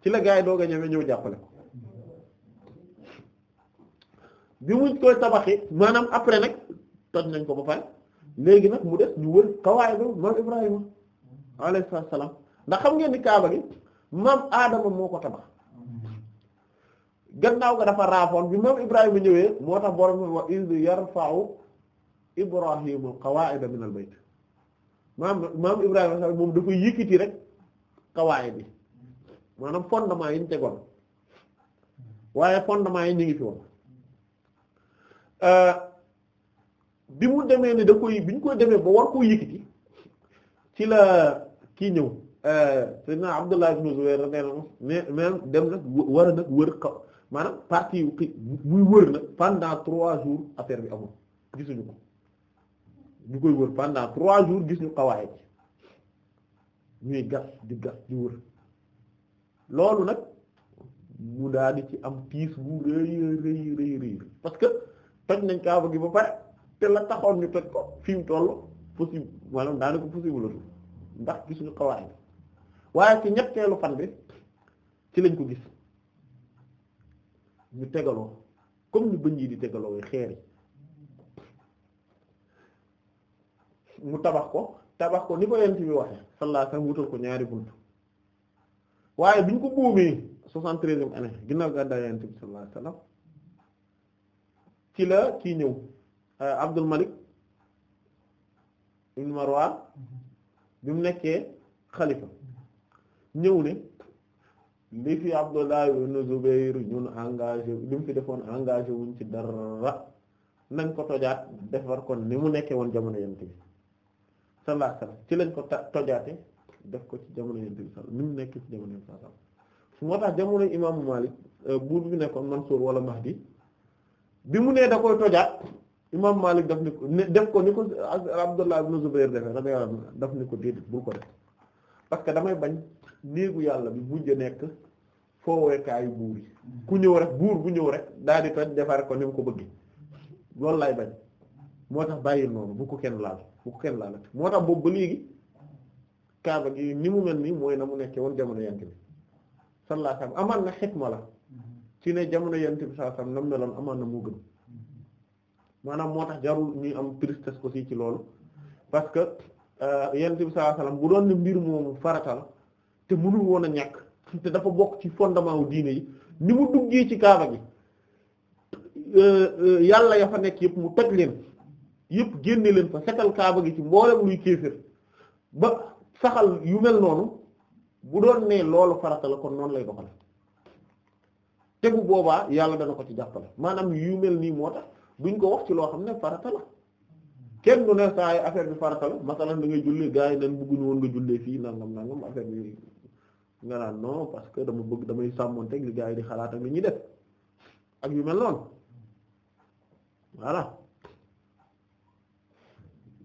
ci la gaay doog a ñeme ñëw jàppale ko bi mu koy tabaxi maanaam après nag toj nañ ko ba pare léegi nag mu des ñu wër kawaay ba maam Ibrahima alayhi salaam ndax xam ngeen di Kaaba gi maam aadama moo ko tabax gannaaw ga dafa raafoon bi maam Ibrahima ñëwee moo tax borom wa iz yarfa'u Ibrahima al-qawaa'ida min al-bayt maam maam Ibrahima moom dafa yëkkati rek bi maanaam fondement yi ñu tegoon waaye fondement yi ñu ngi fi woon. Euh, bi mu demee ni da koy bi ñu koy demee ba war koo yëkkati ci la kii ñëw euh, sayyidina Abdullah ibn Zubayr mais même dem nag war a nag wër kaw maanaam partie muy wër nag pendant trois jours affaire bi amul gisuñu ko ñu koy wër pendant trois jours gis ñu xawaay bi ñuy gas di gas di wër loolu nag mu daal di ci am tiis bu rëy rëy rëy parce que toj nañ kaaba gi ba pare te la taxoon ñu teg ko fi mu toll possible maanaam daanaka possible la ndax gisuñu xawaay bi waaye ci ñetteelu fan bi ci lañ ko gis ñu tegaloo comme ñu bëñ yi di tegaloo xeer yi mu tabax ko tabax ko ni ko yent bi waxe sallallahu alayhi wutal ko ñaari bunt waaye bi ñu ko buumee soixante-treizième année ginnaaw gàddaay yent bi sallallahu alayhi wasallam ci la kii ñëw Euh, Abdul Malik ibn Marwan bi mu nekkee xalifa ñëw ne li fi Abdullah ibn Zubayr ñun engage engagé li mu fi defoon engagé wuñ ci dara nañ ko tojaat def defar kon ni mu nekkee woon jamono yonent bi sallallahu alayhi wasallam ci lañ ko tojaate def ko ci jamono yonent bi sallallahu ni mu nekkee ci jamono yonent bi sallallahu moo tax jamono imaamu Malik euh, buur bi nekkoon Mansuur wala Mahdi bi mu nee da koy tojaat imam Malik daf ni ko def ko ni ko Abdullah ibn Zubayr defee radiyallahu daf ni ko déedéet bul ko def parce que damay bañ néegu yàlla bi a nekk fooweekaayu buur yi ku ñëw rek buur bu ñëw rek daal di toj defar ko ni mu ko bëggee loolu laay bañ moo tax bàyyil noonu bu ko kenn laal bu ko kenn laal moo tax boobu léegi kaaba gi ni mu mel nii mooy na mu nekkee woon jamono yant bi sallallahu alayhi wasallam amaan na xikma la ci ne jamono yant bi saa alayhi wasallam nam meloon na mu gën maanaam moo tax jarul ñuy am tristesse aussi ci loolu parce que euh, yonent bi sallallahu alayhi bu doon ne mbir moomu farata la te mënul woon a ñàkk te dafa bokk ci fondement wu diine yi ni mu duggee ci kaaba gi euh, euh, yàlla ya fa nekk yëpp mu teg leen yëpp génne leen fa setal kaaba gi ci mboolem luy kéefër ba saxal yu mel noonu bu doon ne loolu farata la kon noonu lay doxale te boobaa yàlla dana ko ci jàppale maanaam yu nii moo tax duñ ko wax ci loo xam ne farata la kenn du ne saa yi affaire bi farata la masalan da ngay julli gars yi nan bëgguñu woon nga jullee fii nangam nangam affaire bi nga naan non parce que dama bëgg damay sàmmoonteeg li gars yi di xalaat li ñuy def ak yu mel noonu voilà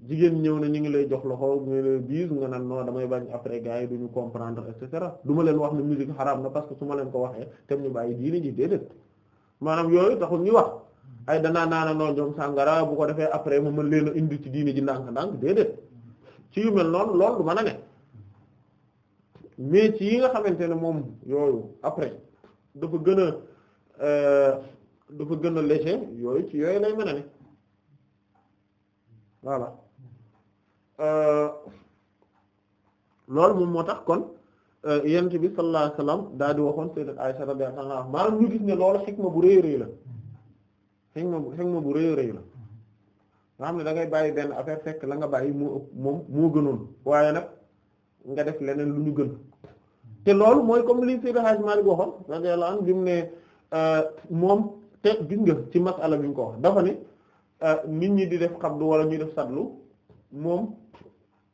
jigéen ñëw na ñu ngi lay jox loxo ñu lay biis nga naan non damay bañ après gars yi duñu comprendre et cetera du leen wax ne musique xaraam na parce que su ma leen ko waxee tam ñu bàyyi diini ji déedéet maanaam yooyu taxul ñu wax. ay danaa naanandoo ñoom sàngara bu ko defee après mu ma leen a indi ci diini ji ndànk-ndànk déedéet ci yu mel noonu loolu du mën a ne mais ci yi nga xamante ne moom yooyu après dafa gën a euh, dafa gën a léger yooyu ci yooyu lay mën a ne voilà euh, loolu moom moo tax kon euh, yent bi sallallahu alayhi wasallam daal di waxoon sayyidat Aisha radiyallahu anha maanaam ñu gis ne loolu xikma bu rëy rëy la xikma xikma bu rëy rëy la nga xam ne da ngay bàyyi benn affaire fekk la nga bàyyi moo ëpp moom moo gënoon waaye nag nga def leneen lu ñu gën te loolu mooy comme li Seydi Hadji Malick waxoon radiyallahu anhu bi mu ne euh, moom te gis nga ci masala bi mu ko wax dafa ne euh, nit ñi di def xabdu wala ñuy def sadlu moom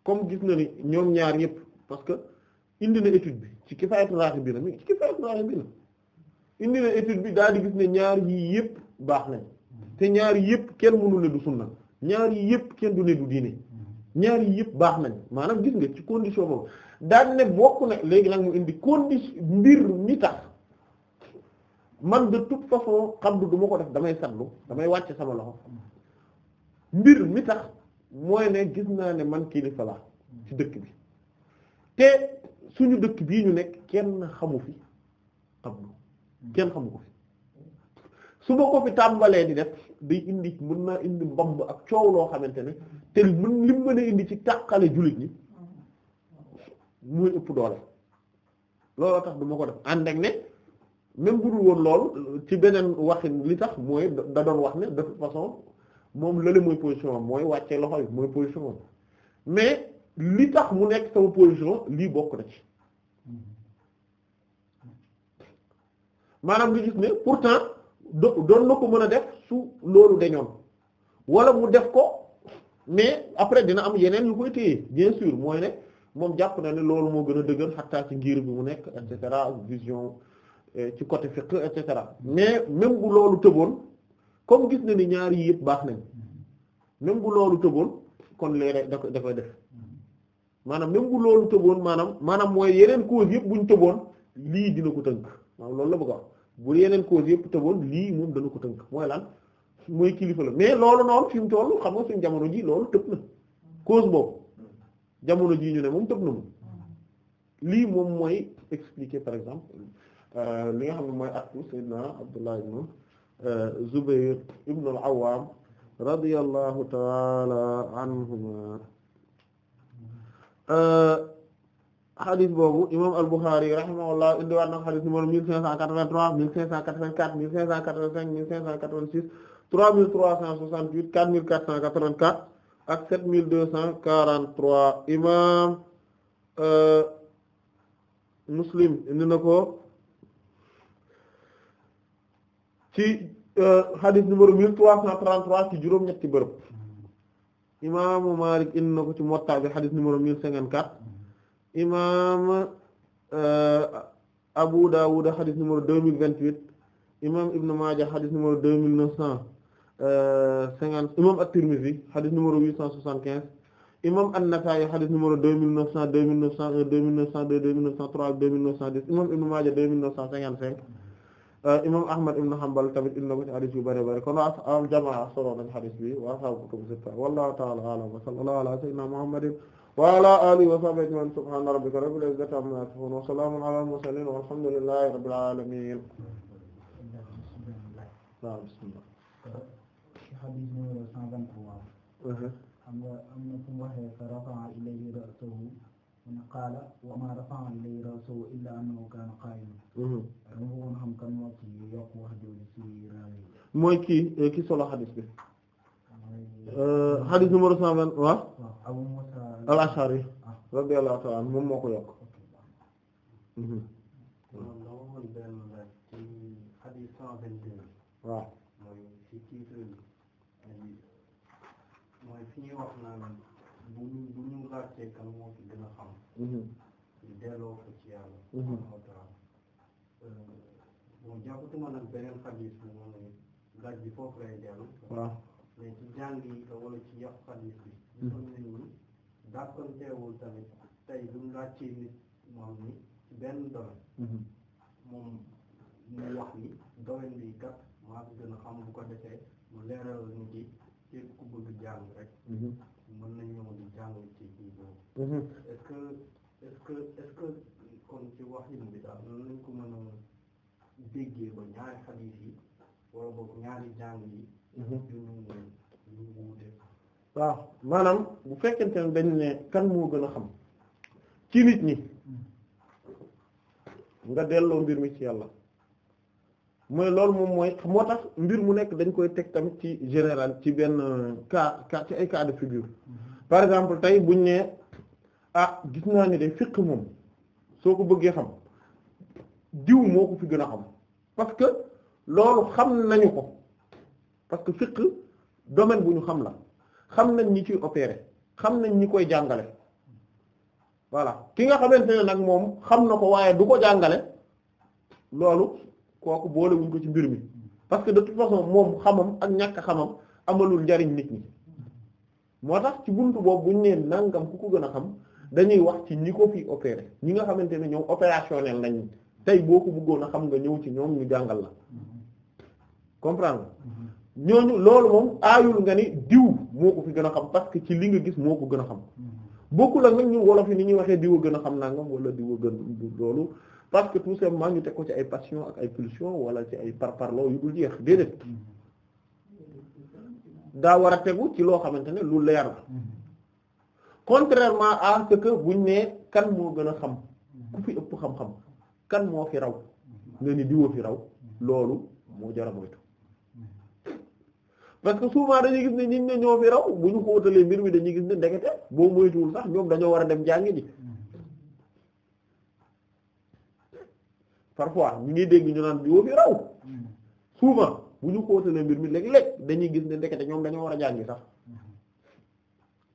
comme gis na ni ñoom ñaar yëpp parce que indi na étude bi ci kifaayatu raaxibiina mi ci kifaayatu raaxibiina indi na étude bi daal di gis ne ñaar yii yëpp baax nañ te ñaar yëpp kenn mënu ne du sunna ñaar yëpp kenn du ne du diine ñaar yëpp baax nañ maanaam gis nga ci condition ba daan ne bokk na léegi nag mu indi condition mbir mi tax man de toute façon xabdu du ma ko def damay satlu damay wàcce sama loxo mbir mi tax mooy ne gis naa ne man kilifa laa ci dëkk bi te suñu dëkk bii ñu nekk kenn xamu fi xabdu kenn xamu ko fi su ma ko fi tàmbalee di def day indi mën naa indi mbamb ak coow loo xamante ne te mën lim mën a indi ci tàqale jullit ñi muy ëpp doole looloo tax duma ko def ànd ak ne même bu dul woon loolu ci beneen waxin li tax mooy da doon wax ne de façon moom lële mooy position am mooy wàcce loxo yi mooy position am mais li tax mu nekk sama position lii bokk na ci mm-hmm. maanaam nga gis ne pourtant. doon na ko mën a def su loolu dañoon wala mu def ko mais après dina am yeneen yu koy téye bien sûr mooy ne moom jàpp na ne loolu moo gën a dëgër xattaa ci ngir bi mu nekk et cetera vision euh, ci côté fiqh et cetera mais même bu loolu tëboon comme gis na ni ñaar yi baax nañ même loolu tëboon kon léeg da da koy def maanaam même bu loolu tëboon maanaam maanaam mooy yeneen cause yëpp buñ tëboon lii dina ko tënk maanaam loolu la bëgg a bu yeneen cause yëpp tëboon lii moom dana ko tënk mooy lan mooy kilifa la mais loolu noonu fi mu toll xam nga suñ jamono ji loolu tëb na boobu jamono ñu ne moom tëb na moom lii moom mooy expliquer par exemple euh, li nga xam ne mooy aktu sayyidina Abdullah ibn euh, Zubayr ibn al-Awwam radiyallahu ta'ala anhuma euh, xadis boobu imam al-Bukhari rahimahullah indiwaat na xadis numéro 1583 1584 1585 1586 3368 4484 ak 7243 imam euh, Muslim indi na ko ci xadis euh, numéro 1333 ci juróom-ñetti bërëb imaamu Malik indi na ko ci Muwatta bi xadis numéro 1054 imaam euh, Abu Dawud xadis numéro deux mille vingt-huit imaam Ibn Maaja xadis numéro deux mille neuf cent euh, cinquante imaam At-Tirmidhi xadis numéro huit cent soixante-quinze imaam An-Nasa'i xadis numéro deux mille neuf cent deux mille neuf cent trois deux mille neuf cent dix imaam Ibn Maaja deux mille neuf cent cinquante-cinq euh, imaam Ahmad ibn Hanbal tamit indi na ko yu bari bari kon waa jamaa solo nañ hadith bi wa ashaabu ta'ala a'lam wa sallallahu ala sayyidina Muhammadin wa ala alihi wa sahbihi ajma'in subhana rabbika rabbil izzati amma yasifun wa salamun ala al mursalin walhamdulillahi rabbil alamin waaw bismillah hadith uh-huh. numéro 123 xam nga am na fu mu waxee fa rafa'a ilayhi ra'sahu mu qaala wa ma rafa'a ilayhi ra'sahu illa annahu kaana qaa'iman dama bëggoon xam kan moo ci yokk wax jooju ci raawi mooy kii eh, ki solo hadith bi uh, hadith numéro 123 al-Ash'ari radiyallahu ta'ala moom moo ko yokk mhm. waaw mooy mhm. fi ñuy wax naan bu ñu bu ñu laajtee kan moo fi gën a xam ñu delloo ko ci yàlla subhanahu wa ta'ala bon jàppatuma nag beneen xadis bi moom la laaj bi foofu lay dellu waaw mais ci jàng yi wala ci yàq xadis bi ñu xam ne dàqanteewul tamit tey lu mu laaj ci moom ni ci benn domaine moom mu wax ni domaine bi kat maa ko gën a xam ko defee mu leeral nit yi képp ku bëgg jàng rek mën nañoo di jàng ci kii boobu est-ce que est-ce que est-ce kon ci waxin bi daal noonu lañ ko mën a déggee ba ñaari xadiis yi wala boog ñaari jàng yi ñu ñu ñu wuute waaw maanaam bu fekkente ne dañ ne kan moo gën a xam ci nit ñi nga delloo mbir mi ci yàlla mooy loolu moom mooy moo tax mbir mu nekk dañ koy teg tamit ci général ci benn cas cas ci ay cas de figure mm-hmm. par exemple tey buñ ne ah gis naa ni de fiqh moom soo ko bëggee xam diw moo ko fi gën a xam parce que loolu xam nañu ko parce que fiqh domaine bu ñu xam la xam nañ ñi ciy opéré xam nañ ñi koy jàngale voilà ki nga xamante ne nag moom xam na ko waaye du ko jàngale loolu kooku boolewuñ ko ci mbir mi parce que de toute façon moom xamam ak ñàkk xamam amalul njariñ nit ñi moo tax ci buntu boobu buñ nee nangam ku ko gën a xam dañuy wax ci ñi ko fi opéré ñi nga xamante ne ñoom opérationnel nañ tey boo ko bëggoon a xam nga ñëw ci ñoom ñu jàngal la mm-hmm. comprendre ñooñu loolu moom aayul nga ni diw moo ko fi gën a xam parce que ci li nga gis moo ko gën a xam mm-hmm. bokkul ak nga ñu wolof yi ni ñuy waxee diw a gën a xam nangam wala diw a gën loolu parce que tout simplement ñu teg ko ci ay passion ak ay wala ci ay parparloo yu dul jeex déedéet mm-hmm. daa war a tegu ci loo xamante ne lu leer la mm-hmm. contrairement à ce que buñ ne kan moo gën a xam ku fi ëpp xam-xam kan moo fi raw nga ni diw a fi raw loolu moo jar a moytu parce que souvent dañuy gis ne ñi ñoo fi raw bu ñu xóotalee mbir mi dañuy gis ne ndekete boo moytuwul sax ñoom dañoo war a dem jàngi ji parfois ñu ngi dégg ñu naan ñoo fi raw souvent bu ñu xóotalee mbir mi léeg-léeg dañuy gis ne ndekete ñoom dañoo war a jàngi sax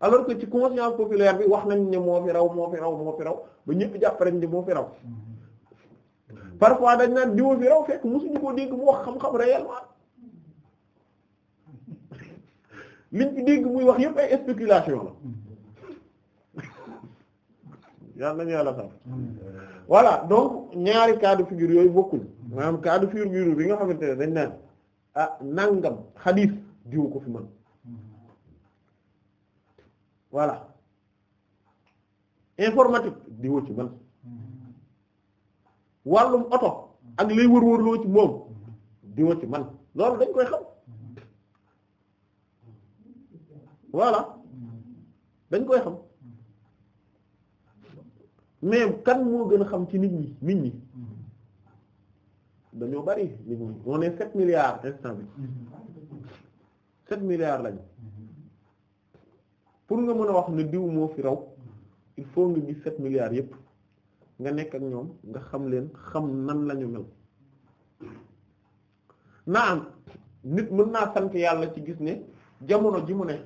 alors que ci conscience populaire bi wax nañ ne moo fi raw moo fi raw moo fi raw ba ñëpp jàpp rek ne moo fi raw mm-hmm. parfois dañ naan diwo fi raw fekk mosuñu ko dégg mu wax xam-xam réellement liñ ci dégg muy wax yëpp ay spéculation la yàlla nañu yàlla sax voilà donc ñaari cas de figure yooyu bokkuñ maanaam cas de figure bi nga xamante ne dañ naan ah nangam xadiis diw ko fi man voilà oto ak lay wër-wër loo ci moom diwoo ci man loolu dañ koy xam voilà dañ koy xam mais kan moo gën a xam ci nit ñi nit ñi dañoo bari nit ñi on est sept instant bi sept milliards lañ pour nga mën a wax ne diw moo fi raw il faut nga gis set milliards yépp nga nekk ak ñoom nga xam leen xam nan lañu mel naam nit mën naa sant yàlla ci gis ne jamono ji mu ne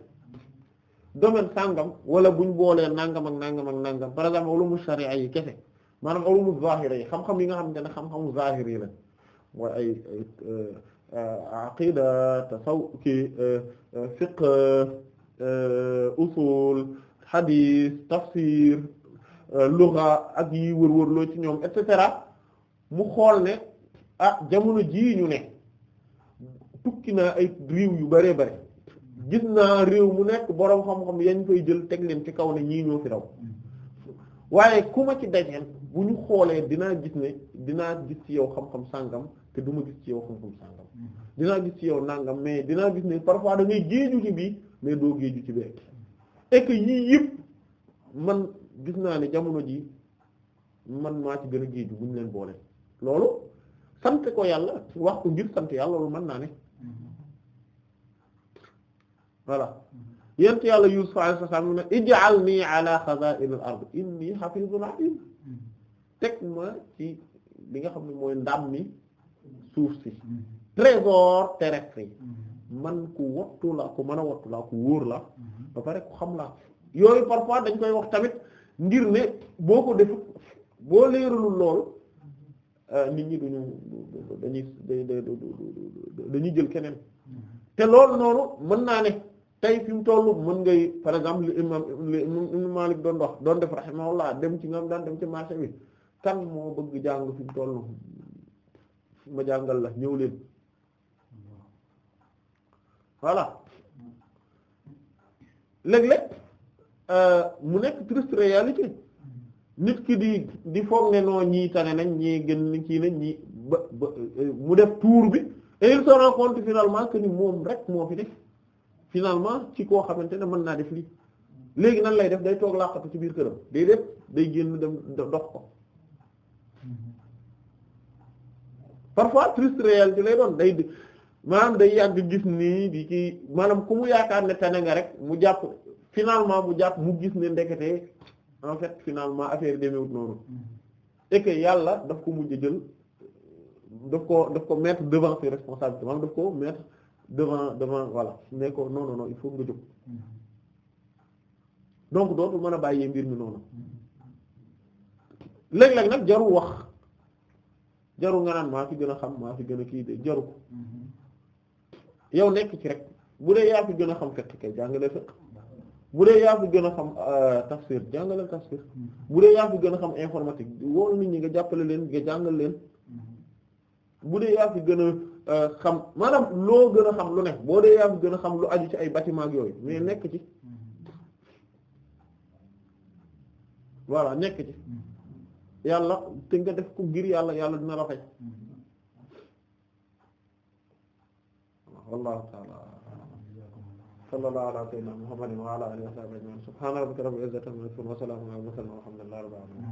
domaine sàngam wala buñ boolee nangam ak nangam ak nangam par exemple ulumu sharia yi kese maanaam ulumu zahira yi xam-xam yi nga xamante ne xam-xamu zahir yi la mooy ay euh, aqida tasaw ki euh, euh, fiqh usul hadith tafsir lugha ak yi wër-wërloo ci ñoom et cetera mu xool ne ah jamono jii ñu ne tukki naa ay réew yu bëree bëri gis naa réew mu nekk boroom xam-xam yañ koy jël teg leen ci kaw ne ñii ñoo fi raw waaye ku ma ci dajeel bu ñu xoolee dinaa gis ne dinaa gis ci yow xam-xam sàngam te du ma gis ci yow xam-xam sàngam dinaa gis ci yow nàngam mais dinaa gis ne parfois da ngay géeju ci bii mais doo géeju ci beek et que yii yëpp man gis naa ne jamono ji man maa ci gën a géeju mu ñu leen boole loolu sant ko yàlla wax ko ngir sant yàlla loolu mën naa ne voilà yant yàlla Yuusuf alayhi salaam ne ij'alnii ala xazaa'inil ard innii hafiizun aliim teg ma ci li nga xam ne mooy ndam mi suuf si trésor terrestre yi man ku wattu la ku mën a wattu la ku wóor la ba pare ku xam la yooyu parfois dañ koy wax tamit ngir ne boo ko def boo leeralul lool euh, nit ñi duñu dañuy dañuy jël keneen te loolu noonu mën naa ne tey fi mu toll mën ngay par exemple li imam doon wax doon def rahimahullah dem ci nga daan dem ci marché bi kan moo bëgg jàng fi mu toll ma jàngal la ñëw leen voilà léeg-léeg euh, mu nekk triste réalité nit ki di di foog ne noo ñii tane nañ ñii gën kii nañ ñii ba ba mu def tour bi et il se rend compte finalement que moom rek moo fi def finalement ci koo xamante ne mën naa def lii léegi nan lay def day toog làqatu ci biir këram day def day génn dem dox ko parfois triste réalité lay doon day maanaam day yàgg gis nii di ci maanaam ku mu yaakaar ne tane nga rek mu jàpp finalement mu jàpp mu gis ne ndekete en fait finalement affaire demeewut noonu mm-hmm. et yàlla daf ko mujj jël daf ko daf ko mettre devant ses responsabilités maanaam daf ko mettre devant devant voilà nekkoo noonu non non non il faut nga jóg donc dootul mën a bàyyee mbir mi noonu léeg-léeg nag jarul wax jaru nga naan maa fi gën a xam maa fi gën a kii de jaru yow nekk ci rek bu dee yaa gën a xam fekk kay jàngale fekk bu dee yaa gën a xam euh, tafsir jàngale tafsir bu dee yaa gën a xam informatique woo nit ñi nga jàppale leen nga jàngal leen bu dee yaa gën xam maanaam loo gën a xam lu ne boo dee yaa gën a xam lu aju ci ay bâtiment ak yooyu mais nekk ci voilà nekk ci yàlla te nga def ko ngir yàlla yàlla na la fay wallahu ta'ala sallallahu ala sayyidina muhammadin wa ala alihi wa sahbihi subhana rabbika rabbil izzati amma yasifun wa